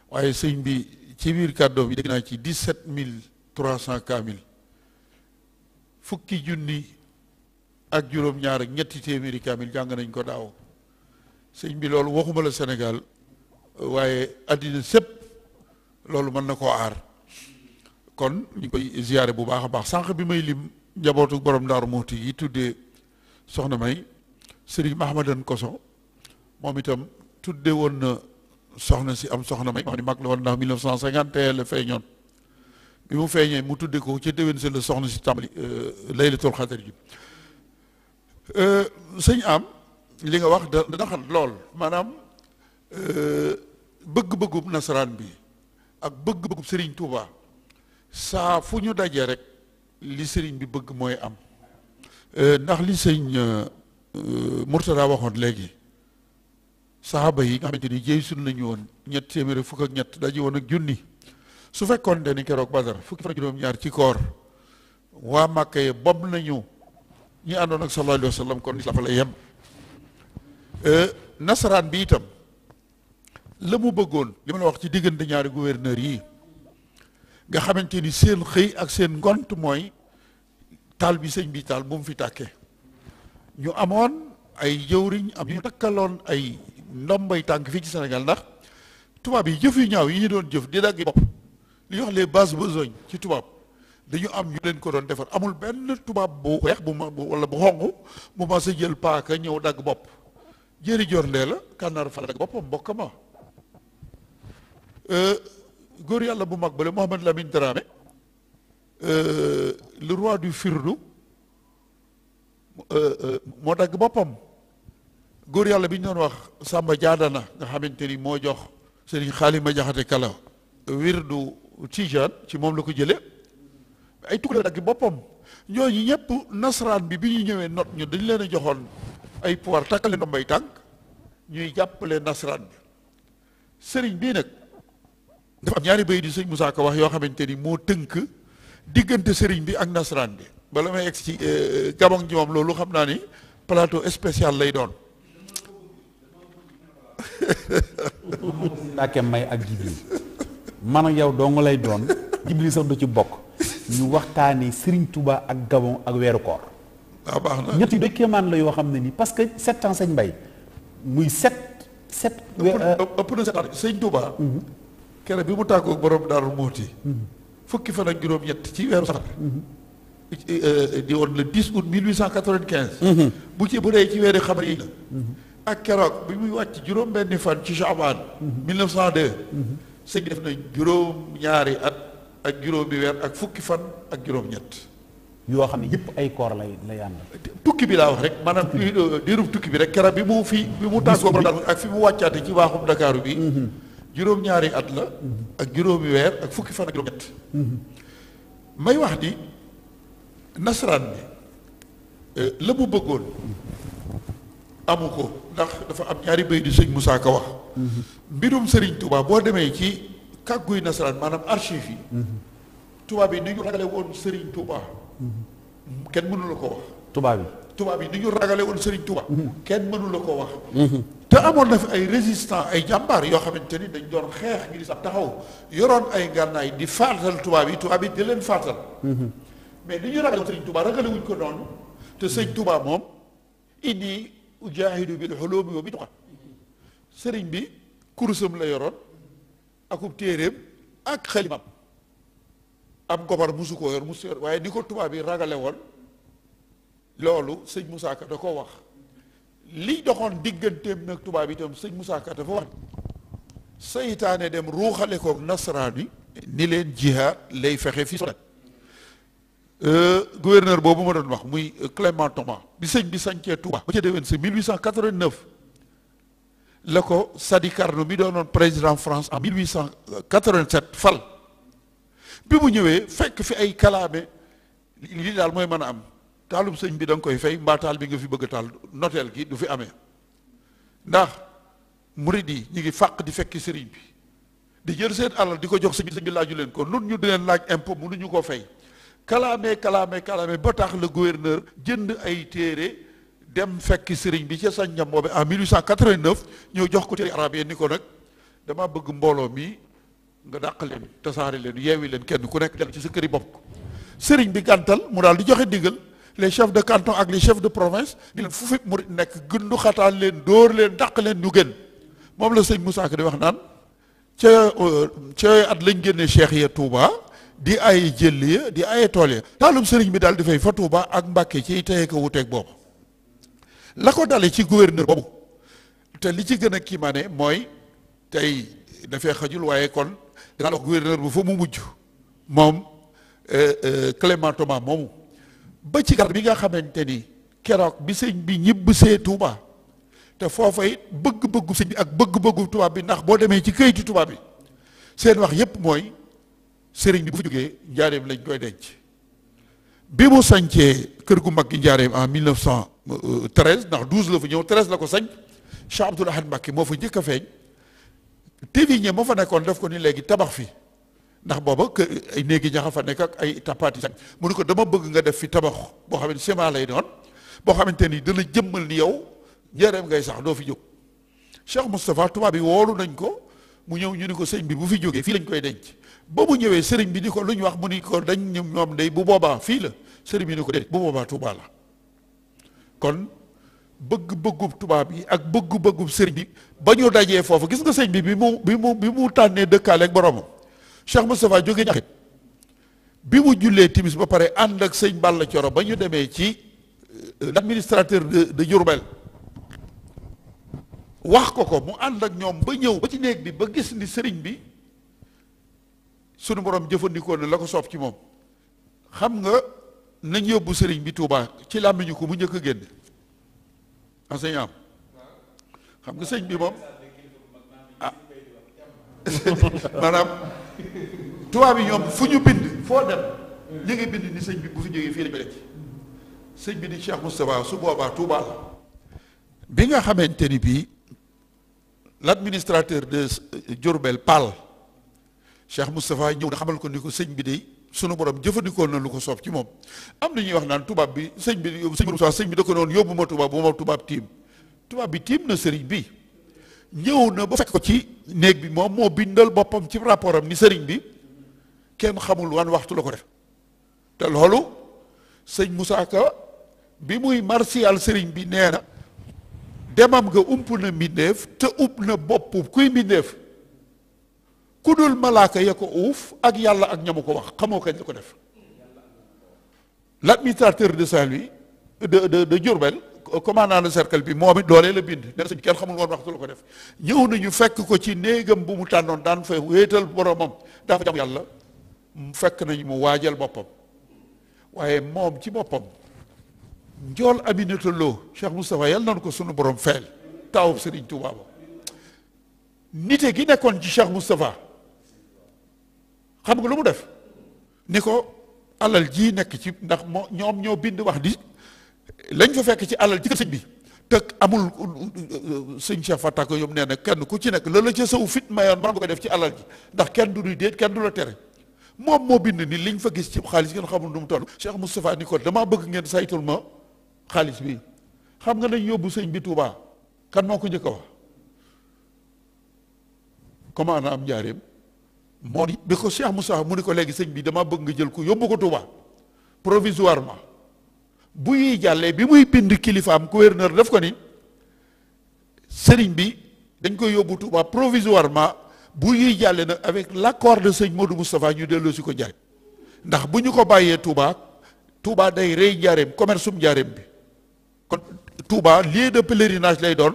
S8: waaye sëñ bi ci biir kàddoo bi dégg naa ci dix sept mille trois cent kaamil fukki junni ak juróom-ñaar ak ñetti téeméeri kaamil jàng nañ ko daaw sëñ bi loolu waxuma la Sénégal waaye àddina sépp loolu mën na koo aar kon ñu koy ziare bu baax a baax sànq bi may lim njabootu borom Daaru Muxti yi tuddee soxna May Serigne Mahamadan Koso moom itam tudde woon soxna si am soxna may mag la woon ndax 1951 la feeñoon bi mu feeñee mu tudde ko ci déwén soxna si tàmbali euh, laylatul xadar ji euh, sëñ am li nga wax da da lool maanaam euh, bëgg-bëggub nasaraan bi ak bëgg-bëggub sëriñ Touba saa fu ñu dajee rek li sëriñ bi bëgg mooy am ndax li sëñ Euh, Mourtada waxoon léegi saxaaba yi nga xamante ni jéey sun nañu woon ñett téeméeri fukk ak ñett daje woon ak junni su fekkoon te ni keroog Badar fukki fan juróom-ñaar ci koor waa Màkka yi bob nañu ñi àndoon ak sallallahu alayhi wa sallam kon la fa yem euh, nasaraan bi itam la mu bëggoon li ma la wax ci diggante ñaari gouverneur yi nga xamante ni seen xëy ak seen ngont mooy taal bi sëñ bi taal bu mu fi tàkkee ñu amoon ay jëwriñ am ñu takkaloon ay ndombay tànk fii ci senegal ndax tubaab yi jëf yu ñaaw yi ñu doon jëf di dagg bopp li ñuy base les bases ci tubaab dañu am ñu leen ko doon defar amul benn tubaab bu weex bu ma wala bu xonq bu ma sa jël paaka ñëw dagg bopp jëri jor ndee la kànnaar fala dagg boppam mbokk ma euh, góor yàlla bu mag bale Mohamed Lamine Dramé euh, le roi du Firdou Euh, euh, moo dagg boppam góor yàlla bi ñu doon wax Samba jaadana nga xamante ni moo jox sëriñ xaalima jaxate kala wirdu tijaan ci moom la ko jële ay tukkale dagg boppam ñooñu ñëpp nasaraan bi bi ñu ñëwee not ñu dañ leen a joxoon ay pouvoir takkale ndombay tànk ñuy jàppale nasaraan bi sëriñ bii nag ndax am ñaari bay di sëñ Moussa Ka wax yoo xamante ni moo tënk diggante sëriñ bi ak nasaraan bi bala may egg ci Gabon ji moom loolu xam naa ni palaato spécial lay doon.
S1: Ndake may ak Jibril man ak yow dong lay doon Jibril sax du ci bokk ñu waxtaani Serigne tubaa ak Gabon ak weeru koor. ñetti ah, baax na ñett yi la yoo xam ne nii parce que sept ans Mbay muy sept sept. ëpp na euh,
S8: sept ans sëñ Touba. Mhm. kere bi mu tàggoog borom Daaru Muxti mhm. fukki fan juróom-ñett ci weeru safar mhm. Euh, di woon le 10 août 1895. Mhm. bu ci bëree ci weeri xabar yi la. ak keroog bi muy wàcc juróom-benni fan ci Chaabaan. 1902. Mhm. Mhm. sëñ bi def na juróom-ñaari at ak juróomi weer ak fukki fan ak juróom-ñett. yoo xam ne yëpp ay koor lay lay àndal. tukki bi laa wax rek maanaam euh, diirub tukki bi rek keroog bi mu fi bi mu tàggoo ak fi mu wàccaate ci waaxum Ndakaaru bi. juróom-ñaari at la. ak juróomi weer ak fukki fan ak juróom-ñett. may wax ni. nasaraan bi euh, la mu bëggoon amu ko ndax dafa am ñaari béy di sëñ Moussa Ka wax mbirum Serigne Touba boo demee ci kàgguy nasaraan maanaam archive yi tubaab yi ni ñu ragale woon Serigne Touba kenn mënula ko wax tubaab yi tubaab yi ni ñu ragale woon Serigne mhm. kenn mënu ko wax mhm. te amoon na fi ay résistants ay jàmbaar yoo xamante ni dañ doon xeex ngir sax taxaw yoroon ay ngànnaay di faatal tubaab yi tubaab yi di leen faatal mhm. mais li ñu ragal sëñ Touba ragale wuñ ko noonu te sëñ Touba moom inni ujaahidu bil hulumi wa bidqa sëriñ bi kurusam la yoroon akub téeréem ak xalimam am gobar musu koo yor musu waaye ni ko tubaab yi ragale woon loolu sëñ Moussa Ka da ko wax li doxoon digganteem nag tubaab yi itam sëñ Moussa Ka dafa wax seytaane dem ruuxale koog nasaraan yi ni leen jihaad lay fexe fi Euh, guverneur boobu ma doon wax muy euh, clement Thomas bi sëñ bi sañcee Touba ba ca déwén si 1889 la ko Sadi Carnot mi doonoon président France en 1887 fal bi mu ñëwee fekk fi ay kalaame lii daal mooy mën a am taalum sëñ bi danga koy fay mbaa taal bi nga fi bëgg a taal noteel gi du fi amee ndax murid yi ñu ngi fàq di fekki sëriñ bi di jël seen alal di ko jox sëñ bi sëñ laaju leen ko nun ñu di leen laaj impôt mënuñu koo fay kalaame kalaame kalaame ba tax le gouverneur jënd ay téere dem fekk sëriñ bi ca sañ ñam bi en 1889 ñëw jox ko téere arab yi ni ko nag dama bëgg mbooloo mi nga dàq leen tasaare leen yeewi leen kenn ku nekk dem ci sa këri bopp sëriñ bi gàntal mu daal di joxe diggal les chefs de canton ak les chef de province di leen fu fi mu nekk gëndu xataan leen dóor leen dàq leen ñu gën moom la sëñ Moussa Ka di wax naan ca euh, ca at lañ génnee cheikh ya Touba. di ay jëll ya di ay tool ya taalum sëriñ bi daal di fay fa Tuuba ak Mbàkke ci tey ko wuteeg boobu la ko dale ci gouverneur boobu te li ci gën a kiimaane mooy tey dafay xajul waaye kon dinaa la wax gouverneur bu fa mu mujj moom euh, euh, Clément moomu ba ci nga xamante ni keroog bi sëñ bi ñibb see Touba te foofa it bëgg-bëggu sëñ bi ak bëgg-bëggu tubaab bi ndax boo demee ci këyitu tubaab bi seen wax yépp mooy sëriñ bi bu fi jógee njaareem lañ koy denc bi mu sañcee kër gu mag gi njaareem en 1913 ndax 12 la fa ñëw 13 la ko sañ Cheikh Abdoul Ahad Mbacké moo fa njëkk a feeñ tévigné moo fa nekkoon def ko ni léegi tabax fi ndax booba kër ay néegi ñaxa fa nekk ay tapaati sax mu ko dama bëgg nga def fi tabax boo xam ne ciment lay doon boo xamante ni dana jëmmal ni yow njaareem ngay sax doo fi jóg Cheikh Moustapha tubaab bi woolu nañ ko mu ñëw ñu ni ko sëñ bi bu fi jógee fii lañ koy denc ba mu ñëwee sëriñ bi di ko lu ñu wax mu ni ko dañ ñoom day bu boobaa fii la sëriñ bi ni ko déet bu boobaa Tuubaa la kon bëgg-bëggub tubaab yi ak bëgg bëggu sëriñ bi ba ñu dajee foofu gis nga sëriñ bi bi mu bi mu bi mu tànnee dëkkaale ak boromam Cheikh Moustapha jóge ñaxit bi mu jullee timis ba pare ànd ak sëñ Balla Coro ba ñu demee ci euh, euh, l'administrateur de de Diourbel wax ko ko mu ànd ak ñoom ba ñëw ba ci néeg bi ba gis ni sëriñ bi sunu borom jëfandikoo na la ko soob ci moom xam nga nañ yóbbu sëriñ bi Touba ci làmmiñu ko mu njëkk a génn enseignant xam nga sëñ bi moom ah maanaam tubaab yi ñoom fu ñu bind foo dem ñu ngi bind ni sëñ bi bu fi jógee fii la ñu def sëñ bi di Cheikh Moustapha su boobaa Touba la bi nga xamante ni bii l'administrateur de Diourbel Pall Cheikh Moustapha ñëw na xamal ko ni ko sëñ bi de sunu borom jëfandikoo na lu ko soob ci moom am na ñuy wax naan tubaab bi sëñ bi sëñ Moustapha sëñ bi da ko noon yóbbu ma tubaab bu ma tubaab tiim tubaab bi tiim na sëriñ bi ñëw na ba fekk ko ci néeg bi moom moo bindal boppam ci rapport am ni sëriñ bi kenn xamul wan waxtu la ko def te loolu sëñ Moussa Ka bi muy martial sëriñ bi nee na demam nga ump na mbindeef te upp na bopp kuy mbindeef ku dul malaaka ya ko uuf ak yàlla ak ñamu ko wax xamoo kañ la ko def l'administrateur de Saint-Louis de de de Diourbel commandant de bi moom it doolee la bind dara sañ kenn xamul woon waxtu la ko def ñëw nañu fekk ko ci néegam bu mu tànnoon daan fay wéetal boromam dafa jam yàlla mu fekk nañu mu waajal boppam waaye moom ci boppam njool Aminata Lo Cheikh Moustapha yal nañu ko sunu borom feel taawub Serigne Touba ba nite gi nekkoon ci Cheikh Moustapha xam nga lu mu def ni ko alal jii nekk ci ndax moo ñoom ñoo bind wax di lañ fa fekk ci alal ci kër sëñ bi te amul sëñ Cheikh takk yom nee na kenn ku ci nekk la la ca saw fit mayoon ba nga koy def ci alal ji ndax kenn du duy déet kenn du la tere moom moo bind ni liñ fa gis ci xaalis ngeen xamul nu mu toll Cheikh Moustapha ni ko bëgg ngeen saytul ma xaalis bi xam nga nañ yóbbu sëñ bi Touba kan moo ko njëkk a wax comment na am njaareem moo ni bi ko Cheikh Moussa mu ni ko léegi sëñ bi dama bëgg nga jël ko yóbbu ko Touba provisoirement bu yuy jàllee bi muy bind kilifaam gouverneur def ko ni sëriñ bi dañ koy yóbbu Touba provisoirement bu yuy jàllee na avec l'accord de sëñ Modou Moustapha ñu delloo si ko Njaareem ndax bu ñu ko bàyyee Touba Touba day rey Njaareem commerce um Njaareem bi kon Touba lieu de pèlerinage lay doon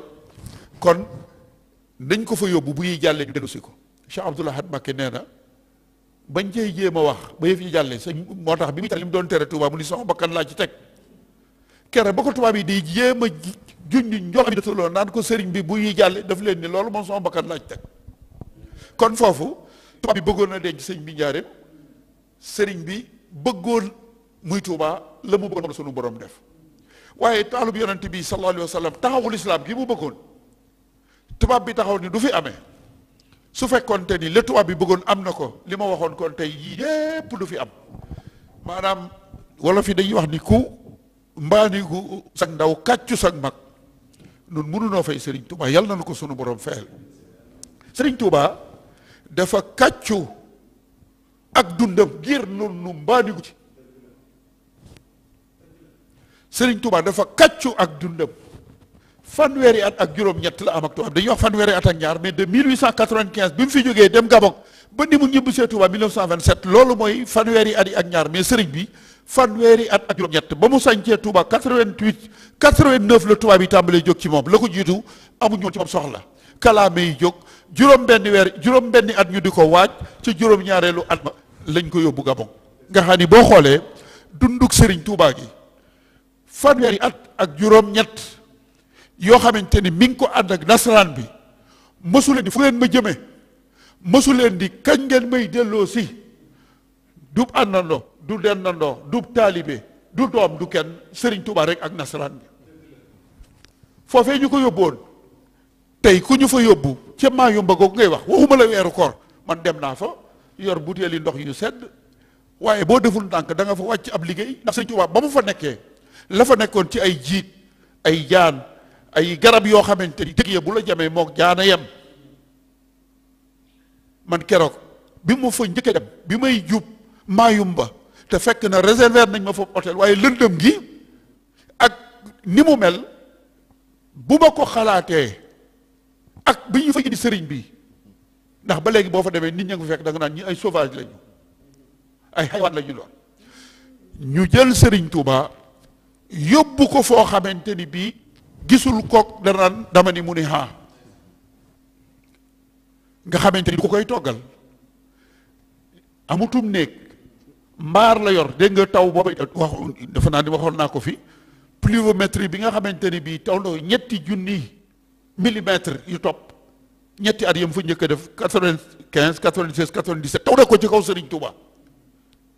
S8: kon dañ ko fa yóbbu bu yuy jàllee ñu delloo ko Cheikh Abdoul Ahad Mbacké nee na bañ cay jéem a wax ba yëf yi jàlle sëñ moo tax bi mu li doon tere mu ni sama bakkan laa ci teg kere ba tubaab yi di jéem a junj njox bi ko sëriñ bi bu yi jàlle daf leen ni loolu moom sama bakkan laa teg kon foofu tubaab bi bëggoon na denc sëñ bi njaareem sëriñ bi bëggoon muy Touba la mu bëggoon sunu borom def waaye taalub yonent bi sallallahu alayhi wa sallam taxawul islam gi mu bëggoon tubaab bi taxaw ni du fi amee su fekkoonte ni le tubaab bi bëggoon am na ko li ma waxoon kon tey yépp du fi am maanaam wala fi dañuy wax ni ku mbaanigu sag ndaw kàccu sag mag nun mënunoo fay Sëriñ Tuubaa yal na nu ko sunu borom fayal Sëriñ Tuubaa dafa kàccu ak dundam ngir nun nu mbaanigu ci Sëriñ Tuubaa dafa kàccu ak dundam fanweeri at ak juróom-ñett la am ak tubaab dañuy wax fanweeri at ak ñaar mais de 1895 bi mu fi jógee dem Gabon ba ni mu ñibbisee Touba 1927 loolu mooy fanweeri at yi ak ñaar mais sëriñ bi fanweeri at ak juróom ba mu sañcee Touba 88 89 la tubaab yi tàmbalee jóg moom la ko jiitu amuñu woon ci moom soxla kalaame yi jóg juróom-benni weer juróom-benni at ñu di ko waaj ci juróom-ñaareelu at lañ ko yóbbu Gabon. nga xam ni boo xoolee dunduk sëriñ Touba gi fanweeri at ak juróom-ñett. yoo xamante ni mi ngi ko ànd ak nasaraan bi mësu di fu ngeen ma jëmee mësu leen di kañ ngeen may delloo si dub àndandoo du dendandoo dub taalibe du doom du kenn Sëriñ Tuubaa rek ak nasaraan bi foofee ñu ko yóbboon tey ku ñu fa yóbbu ca maa yomba googu ngay wax waxuma la weeru koor man dem naa fa yor butéeli ndox yu sedd waaye boo deful ndànk danga nga fa wàcc ab liggéey ndax Sëriñ Tuubaa ba mu fa nekkee la fa nekkoon ci ay jiit ay jaan ay garab yoo xamante ni dëgg ya bu mook jaana yem man keroog bi fa njëkk dem bi may jub maayumba te fekk na réserver nañ ma foofu hôtel waaye lëndëm gi ak ni mu mel bu ma ko xalaatee ak bi ñu fa indi sëriñ bi ndax ba léegi boo fa demee nit ña nga fekk da ñi ay sauvage lañu ay xayawaan lañu lool ñu jël sëriñ Touba yóbbu ko foo xamante ni bii gisul kook danaan dama ni mu ni haa nga xamante ni ko koy toggal amutum néeg mbaar la yor dégg nga taw booba wax dafa naa ni waxoon naa ko fi pluviométrie bi nga xamante ni bii taw na ñetti junni millimètres yu topp ñetti at yam njëkk def quatre-vingt-quinze vingt seize ko ci kaw Serigne Touba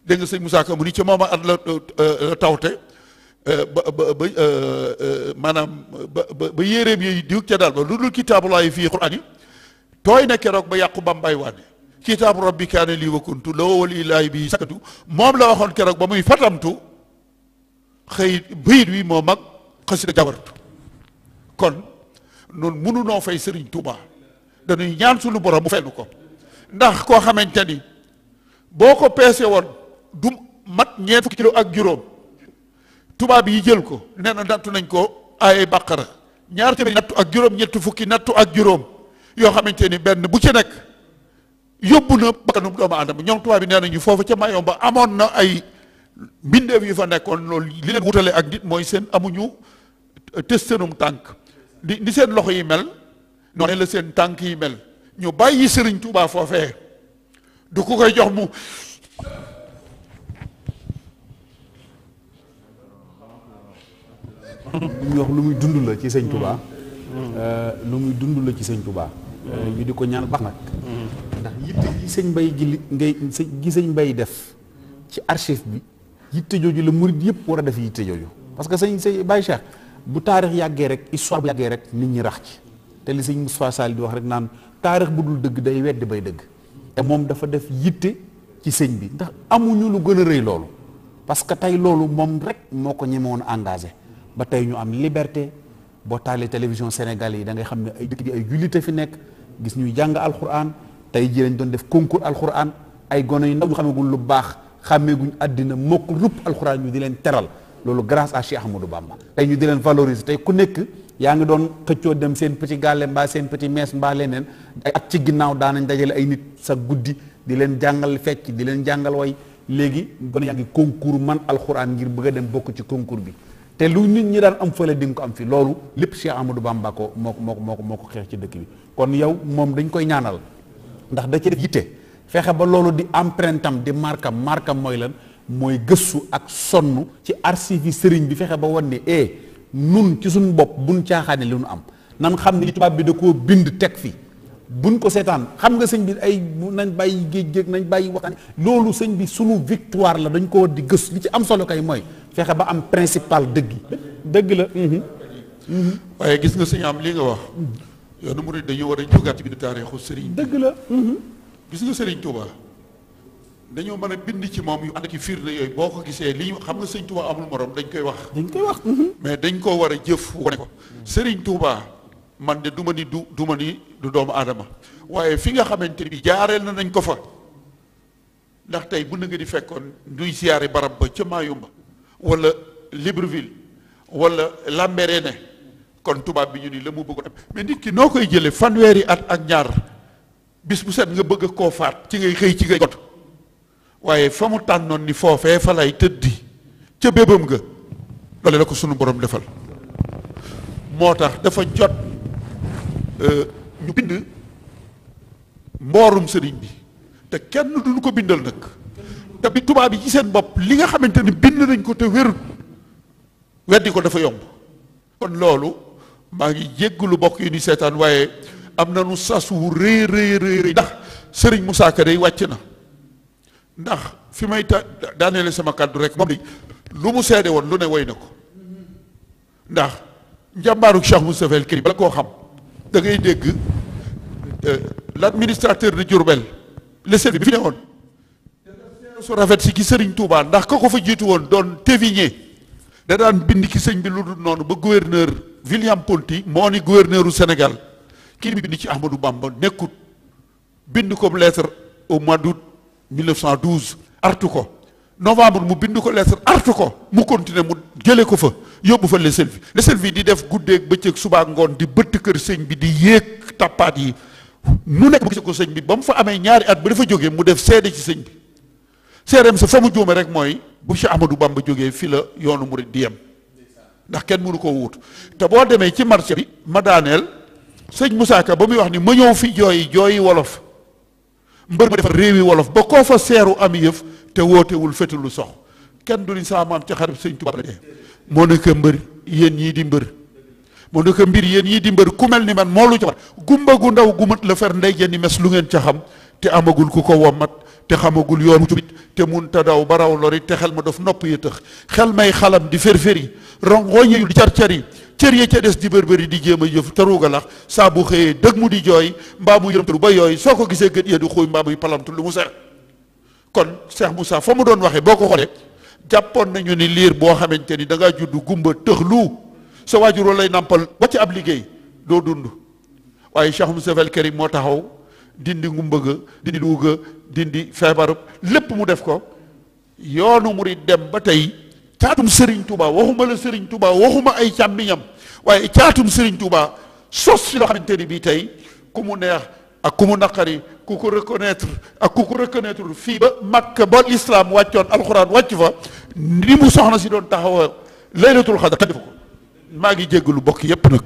S8: dégg nga sëñ mu ni ci moom at la euh, euh, tawte Euh, ba ba ba euh, euh, maanaam ba ba yi diw ca daal ba lu dul kitaabulaahi fii quraan yi tooy na keroog ba yàqu ba mbay waane kitaabu rabbi kaana lii wa kuntu la wowal ilaahi bi sakkatu moom la waxoon keroog ba muy fatamtu xëy bayit wi moo mag xasida jabartu kon noonu mënunoo fay sëriñ Tuuba dañuy ñaan suñu borom mu fenn ko ndax koo xamante ni boo ko peese woon du mat ñeent fukki kilo ak juróom tubaab yi jël ko nee na nattu nañ ko ay bàqara ñaar tamit nattu ak juróom ñetti fukki nattu ak juróom yoo xamante ni benn bu ci nekk yóbbu na bakkanum doomu aadama ñoom tubaab yi nee nañu foofu ca mayoom ba amoon na ay mbindeef yu fa nekkoon lool li leen wutale ak nit mooy seen amuñu tës tànk li seen loxo yi mel noonu la seen tànk yi mel ñu bàyyi sëriñ Tuubaa foofee du ko koy jox mu
S9: lu muy wax lu muy dund
S1: la ci sëñ Touba. Mm. Euh, lu muy dund la ci sëñ Touba. Euh, mm. ñu di ko ñaan baax nag. Mm. ndax yitte gi sëñ bay gi li ngay gi sëñ bay def ci archive bi yitte jooju la murid yëpp war a def yitte jooju. parce que sëñ sëñ Baye bu taarix yàggee rek histoire rek nit ñi rax ci te li sëñ Moustapha Sall di wax rek naan taarix bu dul dëgg day weddi bay dëgg. te moom dafa def yitte ci sëñ bi ndax amuñu lu gën a rëy loolu parce que tey loolu moom rek moo ko ñemewoon engagé. ba tey ñu am liberté boo taalee télévision Sénégal yi da ngay xam ne ay dëkk bi ay jullite fi nekk gis ñuy jàng alxuraan tey ji lañ doon def concours alxuraan ay gone yu ndaw ñu xamegul lu baax xàmmeeguñ àddina mokk rupp alxuraan ñu di leen teral loolu grâce à Cheikh Ahmadou Bamba tey ñu di leen valoriser tey ku nekk yaa ngi doon xëccoo dem seen petit gàlle mbaa seen petit mees mbaa leneen at ci ginnaaw daanañ dajale ay nit sa guddi di leen jàngal fecc di leen jàngal léegi gone yaa ngi concours man alxuraan ngir bëgg a dem bokk ci concours bi te lu nit ñi daan am fële di nga ko am fi loolu lépp Cheikh Amadou Bamba ko moo ko moo ko moo ko xeex ci dëkk bi kon yow moom dañ koy ñaanal ndax da ci yitte fexe ba loolu di empreinte am di markam markam mooy lan mooy gëstu ak sonn ci archive yi sëriñ bi fexe ba wan ne eh nun ci suñu bopp buñ caaxaane li nu am nan xam ne li tubaab bi da koo bind teg fi buñ ko seetaan xam nga sëñ bi ay bu nañ bàyyi géej géej nañ bàyyi waxtaan loolu sëñ bi sunu victoire la dañ ko di gës li ci am solo kay mooy fexe ba am principal dëgg dëgg la mhm. Mhm.
S8: waaye gis nga sëñ am li nga wax mhm. yoonu murid dañu war a jógaat ci biir taarixu sëriñ dëgg la gis sëriñ Touba dañoo mën a bind ci moom yu ànd ak firnde yooyu boo ko gisee li xam nga sëñ Touba amul morom dañ koy wax dañ koy wax mais dañ koo war a jëf wane ko sëriñ Touba man de duma ni du duma ni du doomu aadama waaye fi nga xamante bi jaareel na nañ ko fa ndax tey bu na nga di fekkoon duy siyaare barab ba ca Mayumba wala Libreville wala Lambaréné kon tubaab bi ñu ni la mu bëgg mais nit ki noo koy jëlee fanweeri at ak ñaar bis nga bëgg koo faat ci ngay xëy ci ngay got waaye fa mu tànnoon ni foofee fa lay tëddi ca bébam nga loole la ko sunu borom defal moo tax dafa jot. Euh, ñu bind mboorum sëriñ bi te kenn duñu ko bindal nag te tubaab yi ci seen bopp li nga xamante ni bind nañ ko te wérut weddi ko dafa yomb kon loolu maa ngi lu bokk yi ni seetaan waaye am na nu sas wu rëy rëy rëy ndax sëriñ mu Ka day wàcc na ndax fi may ta daaneele sama kàddu rek moom lu mu seede woon lu ne woy na ko ndax njàmbaaru Cheikh Moustapha El Karim bala koo xam da ngay dégg euh, l' administrateur de Diourbel le sëriñ bi fi ne woon su rafet si ki sëriñ Touba ndax ka ko fa jiitu woon doon Tévigné da daan bind ki sëñ bi lu dul noonu ba gouverneur William Ponty moo ni gouverneur u Sénégal kii bi bind ci Ahmadou Bamba nekkut bind comme lettre au mois d' août 1912 artu ko novembre mu bind ko lettre artu ko mu continuer mu jëlee ko fa yóbbu fa le selfie le selfie di def guddeeg bëccëg subaa ngoon di bëtt kër sëñ bi di yéeg tappaat yi mu nekk bu gise ko sëñ bi ba mu fa amee ñaari at ba dafa jógee mu def seede ci sëñ bi seereem sa fa mu juume rek mooy bu Cheikh Ahmadou Bamba jógee fi la yoonu murid di yem ndax kenn mënu koo wuut te boo demee ci marché bi ma daaneel sëñ Moussa ba muy wax ni ma ñëw fi jooyi jooyi wolof mbër ma defar réewi wolof ba koo fa seeru am yëf te wootewul fetulu sox kenn du ni saa maam ca xarab sëñ Tuubaa la moo nekk mbër yéen ñii di mbër moo nekk mbir yéen yii di mbër ku mel ni man moo lu ca war gumba gu ndaw gu mat la fer ndey jenni mes lu ngeen ca xam te amagul ku ko wommat te xamagul yoonu jubit te mun ta daw ba raw lori te xel ma daf nopp ya tëx xel may xalam di férféri rongoñ yu di carcari cër ya ca des di bërbëri di jéem a jëf te ruugalax saa bu xëyee dëgg mu di jooy mbaa mu ba yooyu soo ko gisee gët ya di xuuy kon Cheikh Moussa foo mu doon waxee boo ko xoolee jàppoon nañu ni liir boo xamante ni da ngaa judd gumba tëxlu sa waajuroo lay nàmpal ba ci ab liggéey doo dund waaye Cheikh Moussa Fall Karim moo taxaw dindi ngumba ga dindi duuga dindi feebar lépp mu def ko yoonu murid dem ba tey caatum sëriñ Touba waxuma la Serigne Touba waxuma ay càmmiñam waaye caatum Serigne Touba sos si loo xamante ni bii tey ku mu neex ak ku mu naqari ku ko reconnaître ak ku ko reconnaître fii ba Makka ba lislaam wàccoon alxuraan wàcc fa ni mu soxna si doon taxawa laylatul xadar te defu ko maa ngi lu bokk yépp
S4: nag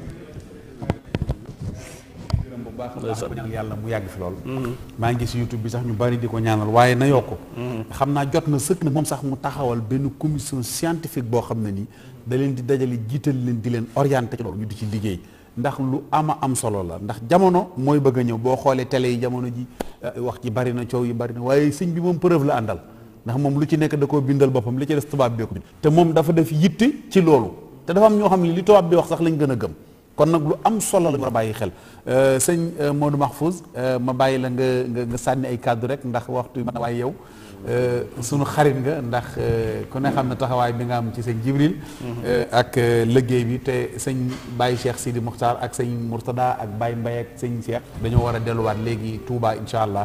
S1: bu baax ñaan yàlla mu yàgg fi lool mm-hmm. maa ngi gis YouTube bi sax ñu bari di ko ñaanal waaye na yokk mm-hmm. xam naa jot na sëkk nag moom sax mu taxawal benn commission scientifique boo xam ne nii da leen di dajale jiital leen di leen orienté ci loolu ñu di ci liggéey ndax lu ama am solo la ndax jamono mooy bëgg a ñëw boo xoolee télé yi jamono ji eh, wax ji bari na coow yi bari waaye sëñ bi moom preuve la àndal ndax moom lu ci nekk da koo bindal boppam li ci def tubaab bi te moom dafa def yitte ci loolu te dafa am ñoo xam ne li tubaab bi wax sax lañ gën a gëm kon nag lu am solo la war bàyyi xel eh, sëñ eh, Modou Mahfouz ma bàyyi la nga nga sànni ay kàddu rek ndax waxtu bi waaye yow. Euh, sunu xarit nga ndax euh, ku ne xam ne taxawaay bi nga am ci sëñ Jibril euh, ak liggéey bi te sëñ Baye Cheikh Sidi Muxtaar ak sëñ Mourtada ak Baye Mbaye ak sëñ Cheikh dañoo war a delluwaat léegi Touba incha allah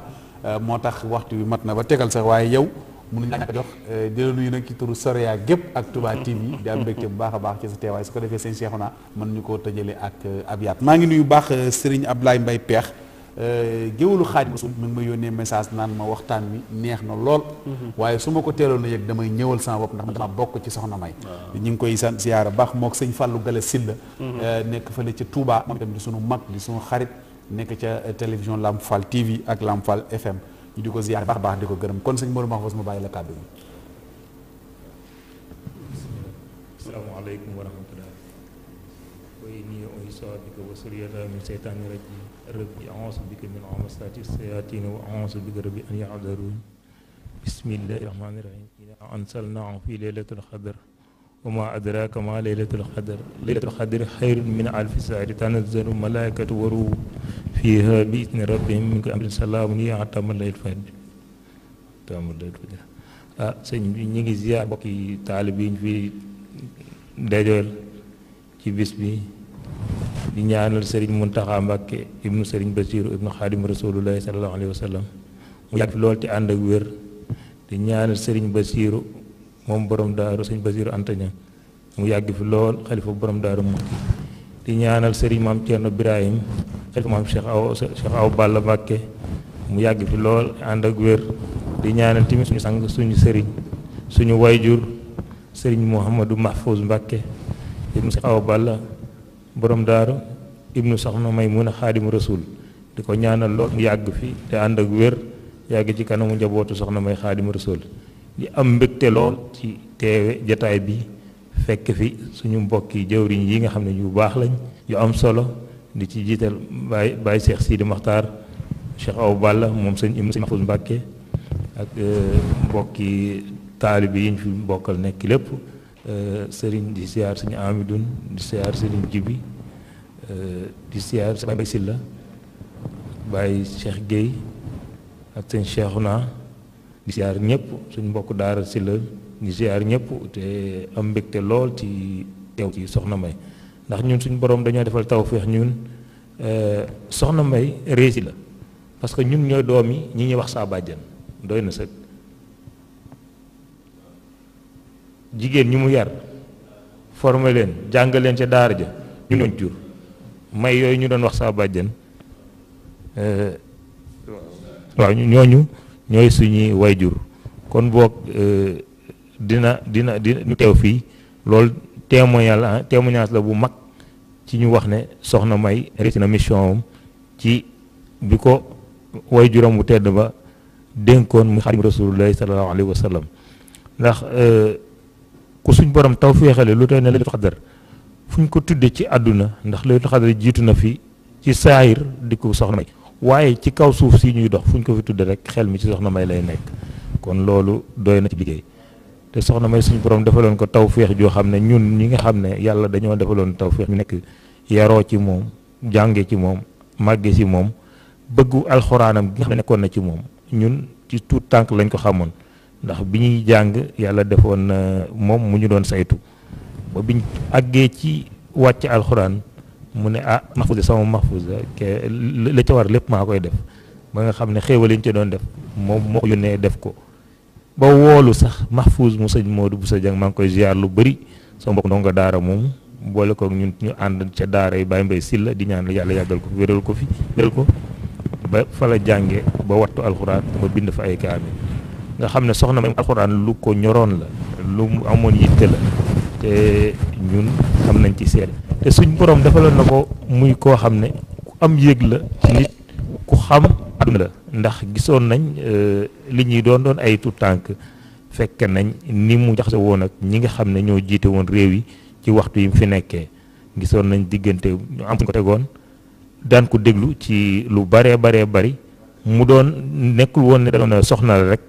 S1: moo tax waxtu bi mat na ba tegal sax waaye yow mënuñ la jox di la nuyu nag ci turu Soria gépp ak Touba TV di am mbégte bu baax a baax ci sa teewaay su ko defee sëñ Cheikhouna mën ñu koo tëjale ak ab yaat maa ngi nuyu baax Serigne laay mbay Peex Euh, géwélu xaaj ma mi ma yónnee message naan ma waxtaan wi neex na lool mhm. waaye su ma ko teeloon la yëg damay ñëwal sama bopp ndax dama bokk ci soxna may ñu ngi koy sant siyaara baax mook sañ Fallou Gala Silla mhm. euh, nekk fële ca Touba moom itam di sunu mag di sunu xarit nekk ca euh, télévision Lamp Fall TV ak Lamp Fall FM ñu di ko ziyaar baax baax di ko gërëm kon sëñ Modou Mahfous ma bàyyi la kàddu gi
S7: asalaamaaleykum wa rabbi a'uuzu bika min hamazaati shayaatiin wa a'uuzu bika rabbi an yahduruun bismillaahi rahmaani rahiim innaa anzalnaahu fii laylatil qadr wa maa adraaka maa laylatul qadr laylatul qadr xayrun min alfi sahri tanazzalu malaa'ikatu wa ruuhu fiihaa bi izni rabbihim min kulli amrin salaamun hiya hattaa matla'il fajr ah sëñ bi ñu ngi ziar mbokki taalib yi ñu fi dajeel ci bis bi. di ñaanal sëriñ Muntaxa Mbàkke ibnu sëriñ Basiiru ibnu xaadim rasulullahi sallallahu alayhi wa sallam mu yàgg fi lool ci ànd ak wér di ñaanal sëriñ Basiiru moom borom daaru sëriñ Basiiru antaña mu yàgg fi lool xalifa borom daaru ñaanal sëriñ maam Cerno Birahim xalifa maam Cheikh Aw Cheikh Mbàkke mu yàgg fi lool ànd ak wér di ñaanal tamit suñu sang suñu sëriñ suñu wayjur sëriñ Mouhamadou Mahfouz Mbàkke ibnu Cheikh Aw Balla borom daaru ibnu soxna may mun a xaadimu rasul di ko ñaanal lool yàgg fi te ànd ak wér yàgg ci kanamu njabootu soxna may xaadimu rasul di am mbégte lool ci teewe jataay bi fekk fi suñu mbokki jëwriñ yi nga xam ne yu baax lañ yu am solo di ci jiital baay baay seex Sidi maxtar Cheikh Aw Balla moom sëñ Ibnu Mahfouz Mbàkke ak euh, mbokki taalibe yi ñu fi mbokkal nekk lépp Eh, sëriñ di siyaar suñu amidun di siyaar sëriñ jibi eh, di siyaar bay bay la bàyyi Cheikh Guèye ak sëñ Cheikhouna naa siyaar ñëpp suñ mbokk daara silla di siyaar ñëpp te am mbégte lool ci teew ci soxna may ndax ñun suñu borom dañoo defal tawféex ñun eh, soxna may réesi la parce que ñun ñooy doom yi ñi ñuy wax saa bàjjan doy na sëkk jigéen ñi mu yar former leen jàngal leen ca daar ja ñu doon jur may yooyu ñu doon wax saa bàjjen eh, waaw ñooñu ñooy suñuy wayjur kon boog eh, dina dina dina teew fii loolu témoignage témoignage la bu mag ci ñu wax ne soxna May réussi na mission ci bi ko wayjuram bu tedd ba dénkoon mu Xaadimu Rasuulullaahi sallallaahu alayhi wa ndax eh, ku suñ borom taw féexale lu tey ne laylatul xadar fu ñu ko tuddee ci àdduna ndax laylatul xadar jiitu na fi ci saayir di ko soxna may waaye ci kaw suuf si ñuy dox fu ñu ko fi tuddee rek xel mi ci soxna may lay nekk kon loolu dooy na ci liggéey te soxna may suñu borom defaloon ko taw féex joo xam ne ñun ñi nga xam ne yàlla dañoo defaloon taw féex ñu nekk yaroo ci moom jàngee ci moom màgge ci moom bëggu alxuraanam gi nga xam ne nekkoon na ci moom ñun ci tuut tànk lañ ko xamoon ndax bi ñuy jàng yàlla defoon na moom mu ñu doon saytu ba biñ àggee ci wàcc alxuraan mu ne ah mahfuusa sama mahfuusa ke la ca war lépp maa koy def ba nga xam ne xéewal liñ ca doon def moom moo ko yónnee def ko ba woolu sax mahfuus mu sëñ Modou bu sa jàng maa ngi koy ziar lu bari sama mbokk ndongo daara moom boole kook ñun ñu ànd ca daara yi Baye Mbaye Sylla di ñaan la yàlla yàggal ko fi wéral ko fi wéral ko ba fa la jànge ba wattu alxuraan ba bind fa ay kaamil nga xam ne soxna moom alxuraan lu ko ñoroon la lu mu amoon yitte la te ñun xam nañ ci seet te suñ borom defaloon na ko muy koo xam ne ku am yëg la ci nit ku xam àdduna la ndax gisoon nañ euh, li ñuy doon doon ay tout tànk fekke nañ ni mu jaxase woon ak ñi nga xam ne ñoo jiite woon réew yi ci waxtu yi mu fi nekkee gisoon nañ diggante ñu am ko tegoon daan ko déglu ci lu baree baree bari mu doon nekkul woon ne soxna la rek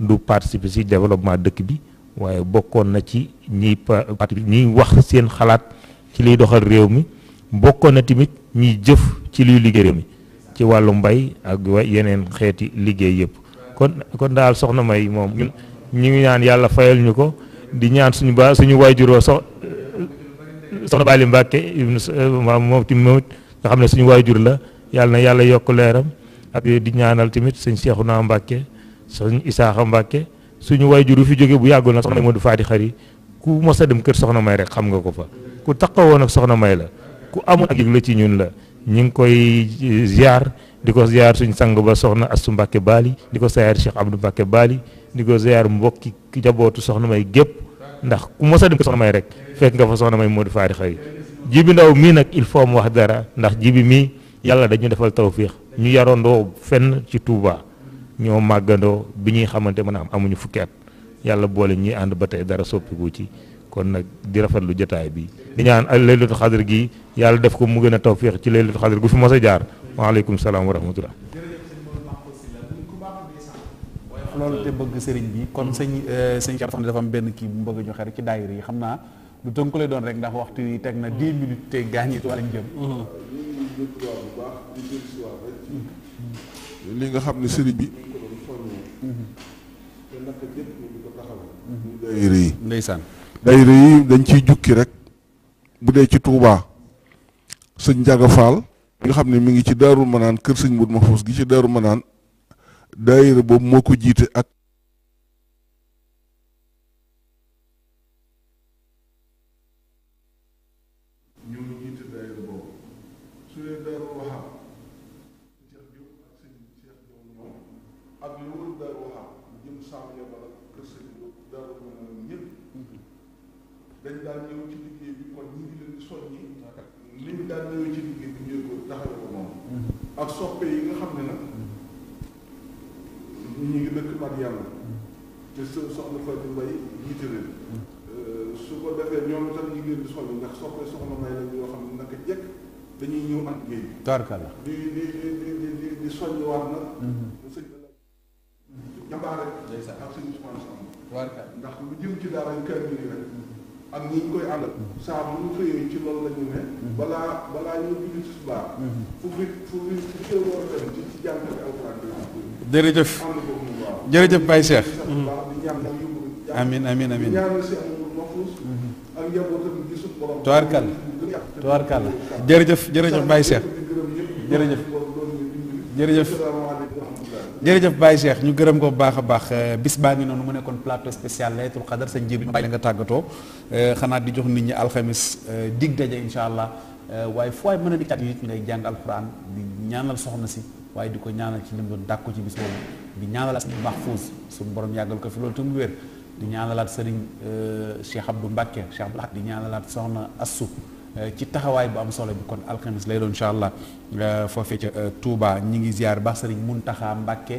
S7: du participer ci développement dëkk bi waaye bokkoon na ci ñiy parti bi ñiy wax seen xalaat ci liy doxal réew mi bokkoon na tamit ñiy jëf ci liy liggéey réew mi ci wàllu mbay ak yeneen xeeti liggéey yëpp kon kon daal soxna May moom ñun ñu ngi ñaan yàlla fayal ñu ko di ñaan suñu ba suñu waajuroo sox soxna Bali Mbàkke moom tamit nga xam ne suñu jur la yàlla na yàlla yokk leeram ak di ñaanal tamit sëñ naa Mbàkke sëñ Isaaxa Mbàkke suñu waajur fi jóge bu yàggul nag soxna Modou Faati Xari ku mos a dem kër soxna may rek xam nga ko fa ku taxawoon ak soxna may la ku amul ak yëg la ci ñun la ñu ngi koy eh, ziar di ko ziar suñ sang ba soxna Astu Mbàkke Baali di ko ziar Cheikh Abdou Mbàkke Baali di ko ziar mbokki jabootu soxna may gépp ndax ku mos a dem kër soxna may rek fekk nga fa soxna may Modou Faati Xari jibi ndaw mii nag il faut mu wax dara ndax jibi mii yàlla dañu defal tawfiix ñu yarandoo ñoo màggandoo bi ñuy xamante mën a am amuñu fukki at yàlla boole ñuy ànd ba tey dara soppiku ci kon nag di rafet lu jataay bi di ñaan ak laylatul gi yàlla def ko mu gën a tawfiix ci laylatul xadr gu fi mos jaar waaleykum salaam wa rahmatullah
S1: loolu te bëgg sëriñ bi kon sëñ eh, sëñ Cheikh xam ne dafa benn kii bu mu bëgg ñu xer ci daayir yi xam naa lu tënku lay doon rek ndax waxtu yi teg na 10 minutes te gaañit wala ñu jëm
S9: te mhm. yi ndeysaan. daayira yi dañ ciy jukki rek bu dee ci Touba sëñ Njaga Faal nga xam ne mu ngi ci Daaru Manaan kër sëñ Bud Mahfous gi ci Daaru Manaan daayira boobu moo ko jiite ak ak soppe yi nga xam ne nag ñu ngi dëkk mag yàlla te so soxna Fatou Mbaye jiite leen euh, su ko defee ñoom itam ñu ngi leen di soññ ndax soppe soxna may lañ yoo xam ne naka jekk dañuy ñëw man géej tarkala di di di di di di soññ waat nag mm-hmm. sëñ jàmbaare ak sëñ Ousmane Samb ndax lu jëm ci daara kër gi rek a dem ci jàngat mm-hmm.
S1: jërëjëf jërëjëf
S2: Baye Cheikh. amiin amiin amiin.
S1: tubaarkal jërëjëf jërëjëf Baye Cheikh jërëjëf jërëjëf. jërëjëf Baye Cheikh ñu gërëm ko bu baax a baax bis baa ngi noonu mu nekkoon plateau spécial laylatul qadar sa njëriñ bàyyi la nga tàggatoo eh, xanaa di jox nit ñi alxamis eh, dig daje incha allah eh, waaye foo ay mën a di cat it ngay jàng alquran di ñaanal soxna si waaye di ko ñaanal ci lim doon dàkku ci bis boobu di ñaanal as Mahfouz suñu borom yàggal ko fi loolu tam wér di ñaanalaat sëriñ Cheikh Abdou Mbacke Cheikh Abdou di ñaanalaat soxna Assou Euh, ci taxawaay bu am solo bi kon alxamis lay doon incha allah euh, foofee ca euh, Touba ñi ngi ziar baax sëriñ mun Muntaxa Mbàkke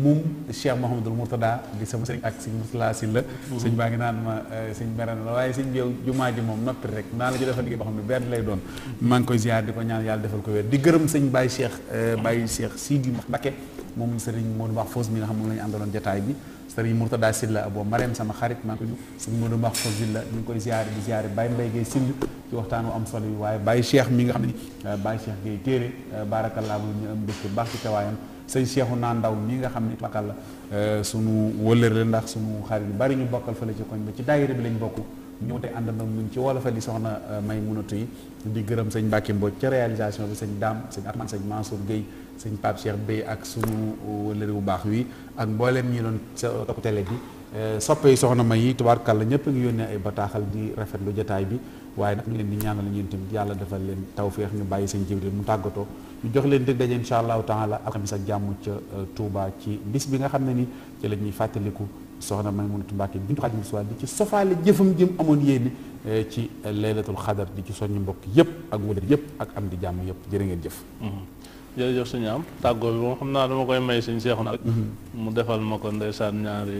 S1: moom Cheikh Mouhamadul Mourtada di sama sëriñ ak sëriñ Mourtada si la sëñ baa ngi naan ma sëñ waaye sëñ bi yow jumaa ji moom noppi rek naa la ci defal liggéey xam ne benn lay doon maa ngi koy ko ñaan yàlla defal ko di gërëm sëñ Baye Cheikh Baye Cheikh Sidi Mbacke moom sëriñ Modou Mahfouz mi nga xam moom la ñu jataay bi sëriñ Mourtada Silla boo Marème sama xarit maa ngi koy sëriñ Modou Maxfo Silla ñu ngi koy ziare di ziare Baye Sill ci waxtaan wu am solo yi waaye Baye Cheikh mi nga xam ne euh, Baye Cheikh Gueye téere euh, baarakallah bu ñu am mbégte baax ci teewaayam sëñ Cheikhu naa ndaw mii nga xam ni bakal la euh, sunu wëllëre la ndax sunu xarit yu bari ñu bokkal fële ci koñ ba ci daayira bi lañ bokk ñëw te ànd na mun ci wolofa di soxna may munatu yi di gërëm sëñ mbàkki Mbodj ca réalisation bi sëñ Dame sëñ Atman sëñ Mansour Gueye sëñ Pape Cheikh Bey ak sunu wëllëri bu baax wi ak mboolem ñi doon topp télé bi eh, soppe yi soxna ma yi tubaarkàlla ñëpp a ngi yónnee ay bataaxal di rafetlu jataay bi waaye nag ñu leen di ñaanal ñun tamit yàlla defal leen tawféex ñu bàyyi seen jibril mu tàggatoo ñu jox leen dëgg daje incha allahu taala ak xamis ak jàmm ca eh, Touba ci bis bi nga xam ne ni ci la ñuy fàttaliku soxna ma mun Maymunatu Mbàkke bintu Xaadimu Rasuul di ci sofaale jëfam jëm amoon yéene eh, ci laylatul xadar di ci soññu mbokk yëpp ak wëlër yëpp ak am di jàmm yëpp jërë ngeen jëf mm-hmm.
S2: jërëjëf suñu am tàggoo bi moom xam naa dama koy may suñu seexu nag mhm. mu defal ma ko ndeysaan ñaari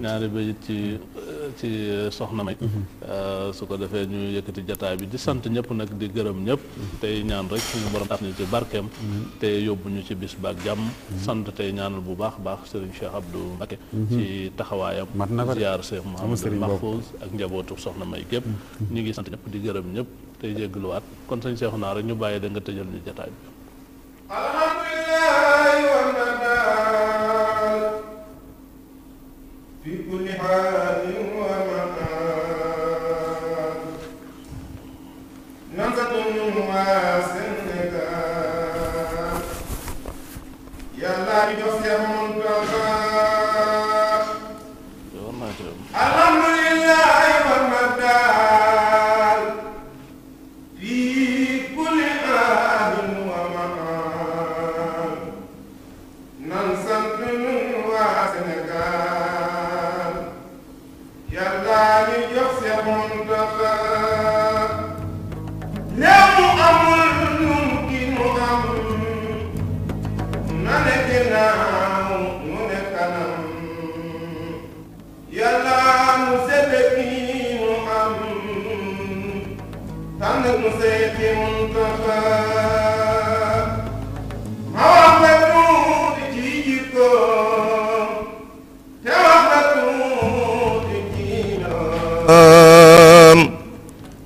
S2: ñaari bayit ci ci soxna may mhm. euh, su ko defee ñu yëkkati jataay bi di sant ñëpp nag di gërëm ñëpp mhm. tey ñaan rek suñu borom tax ñu ci barkeem te yóbbu ñu ci bis baak jàmm sant tey ñaanal bu baax baax sëriñ Cheikh Abdou Mbacké ci taxawaayam ziar Cheikh Mouhamadou Mahfouz ak njabootu soxna may gépp ñu ngi sant ñëpp di gërëm ñëpp tey jéggluwaat kon sëñ seexu naa rek ñu bàyyi da nga tëjal ñu jataay bi
S4: yàlla di jox seen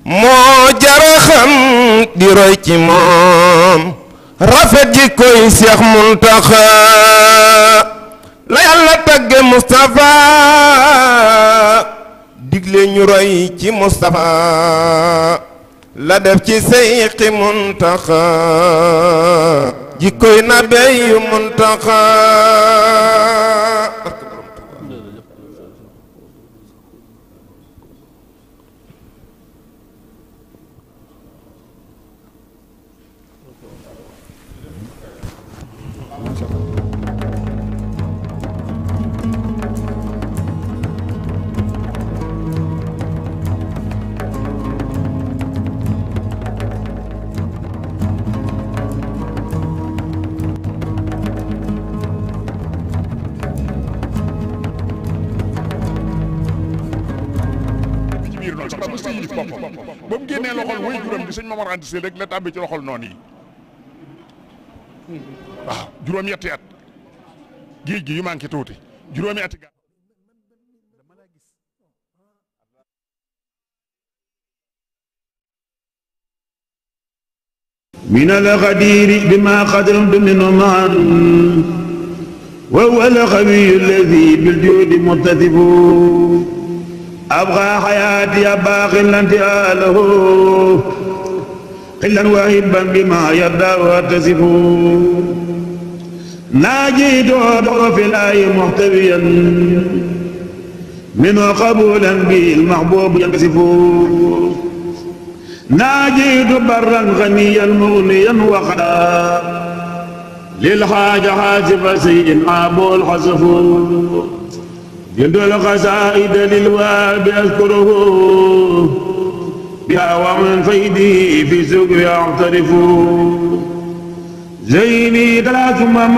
S4: moo jara xam di roy ci moom rafet ji koy Seex Muntaxa la yàlla tagge Moustapha digle ñu roy ci Moustapha la def ci seyxi muntaxa jikkoy nabeyu muntaxa
S9: sëñ Momar Anta Sali rek la tàbbi ci loxol noonu yi waaw juróom-ñetti at géej gi yu manqué tuuti juróomi at
S4: من القدير بما قدرمت من عمان وهو القوي الذي بالجود متصف أبغى حياتي باق لا انتهاء له حلا وهبا بما يرضى واتصف ناجيت وادعو في الآي محتويا منه قبولا به المحبوب ينكسف ناجيت برا غنيا مغنيا وقدا للحاجة حاسب سيء عابو الحصف جلد القصائد للواب أذكره بها ومن فيده في سوق يعترف زيني ثلاث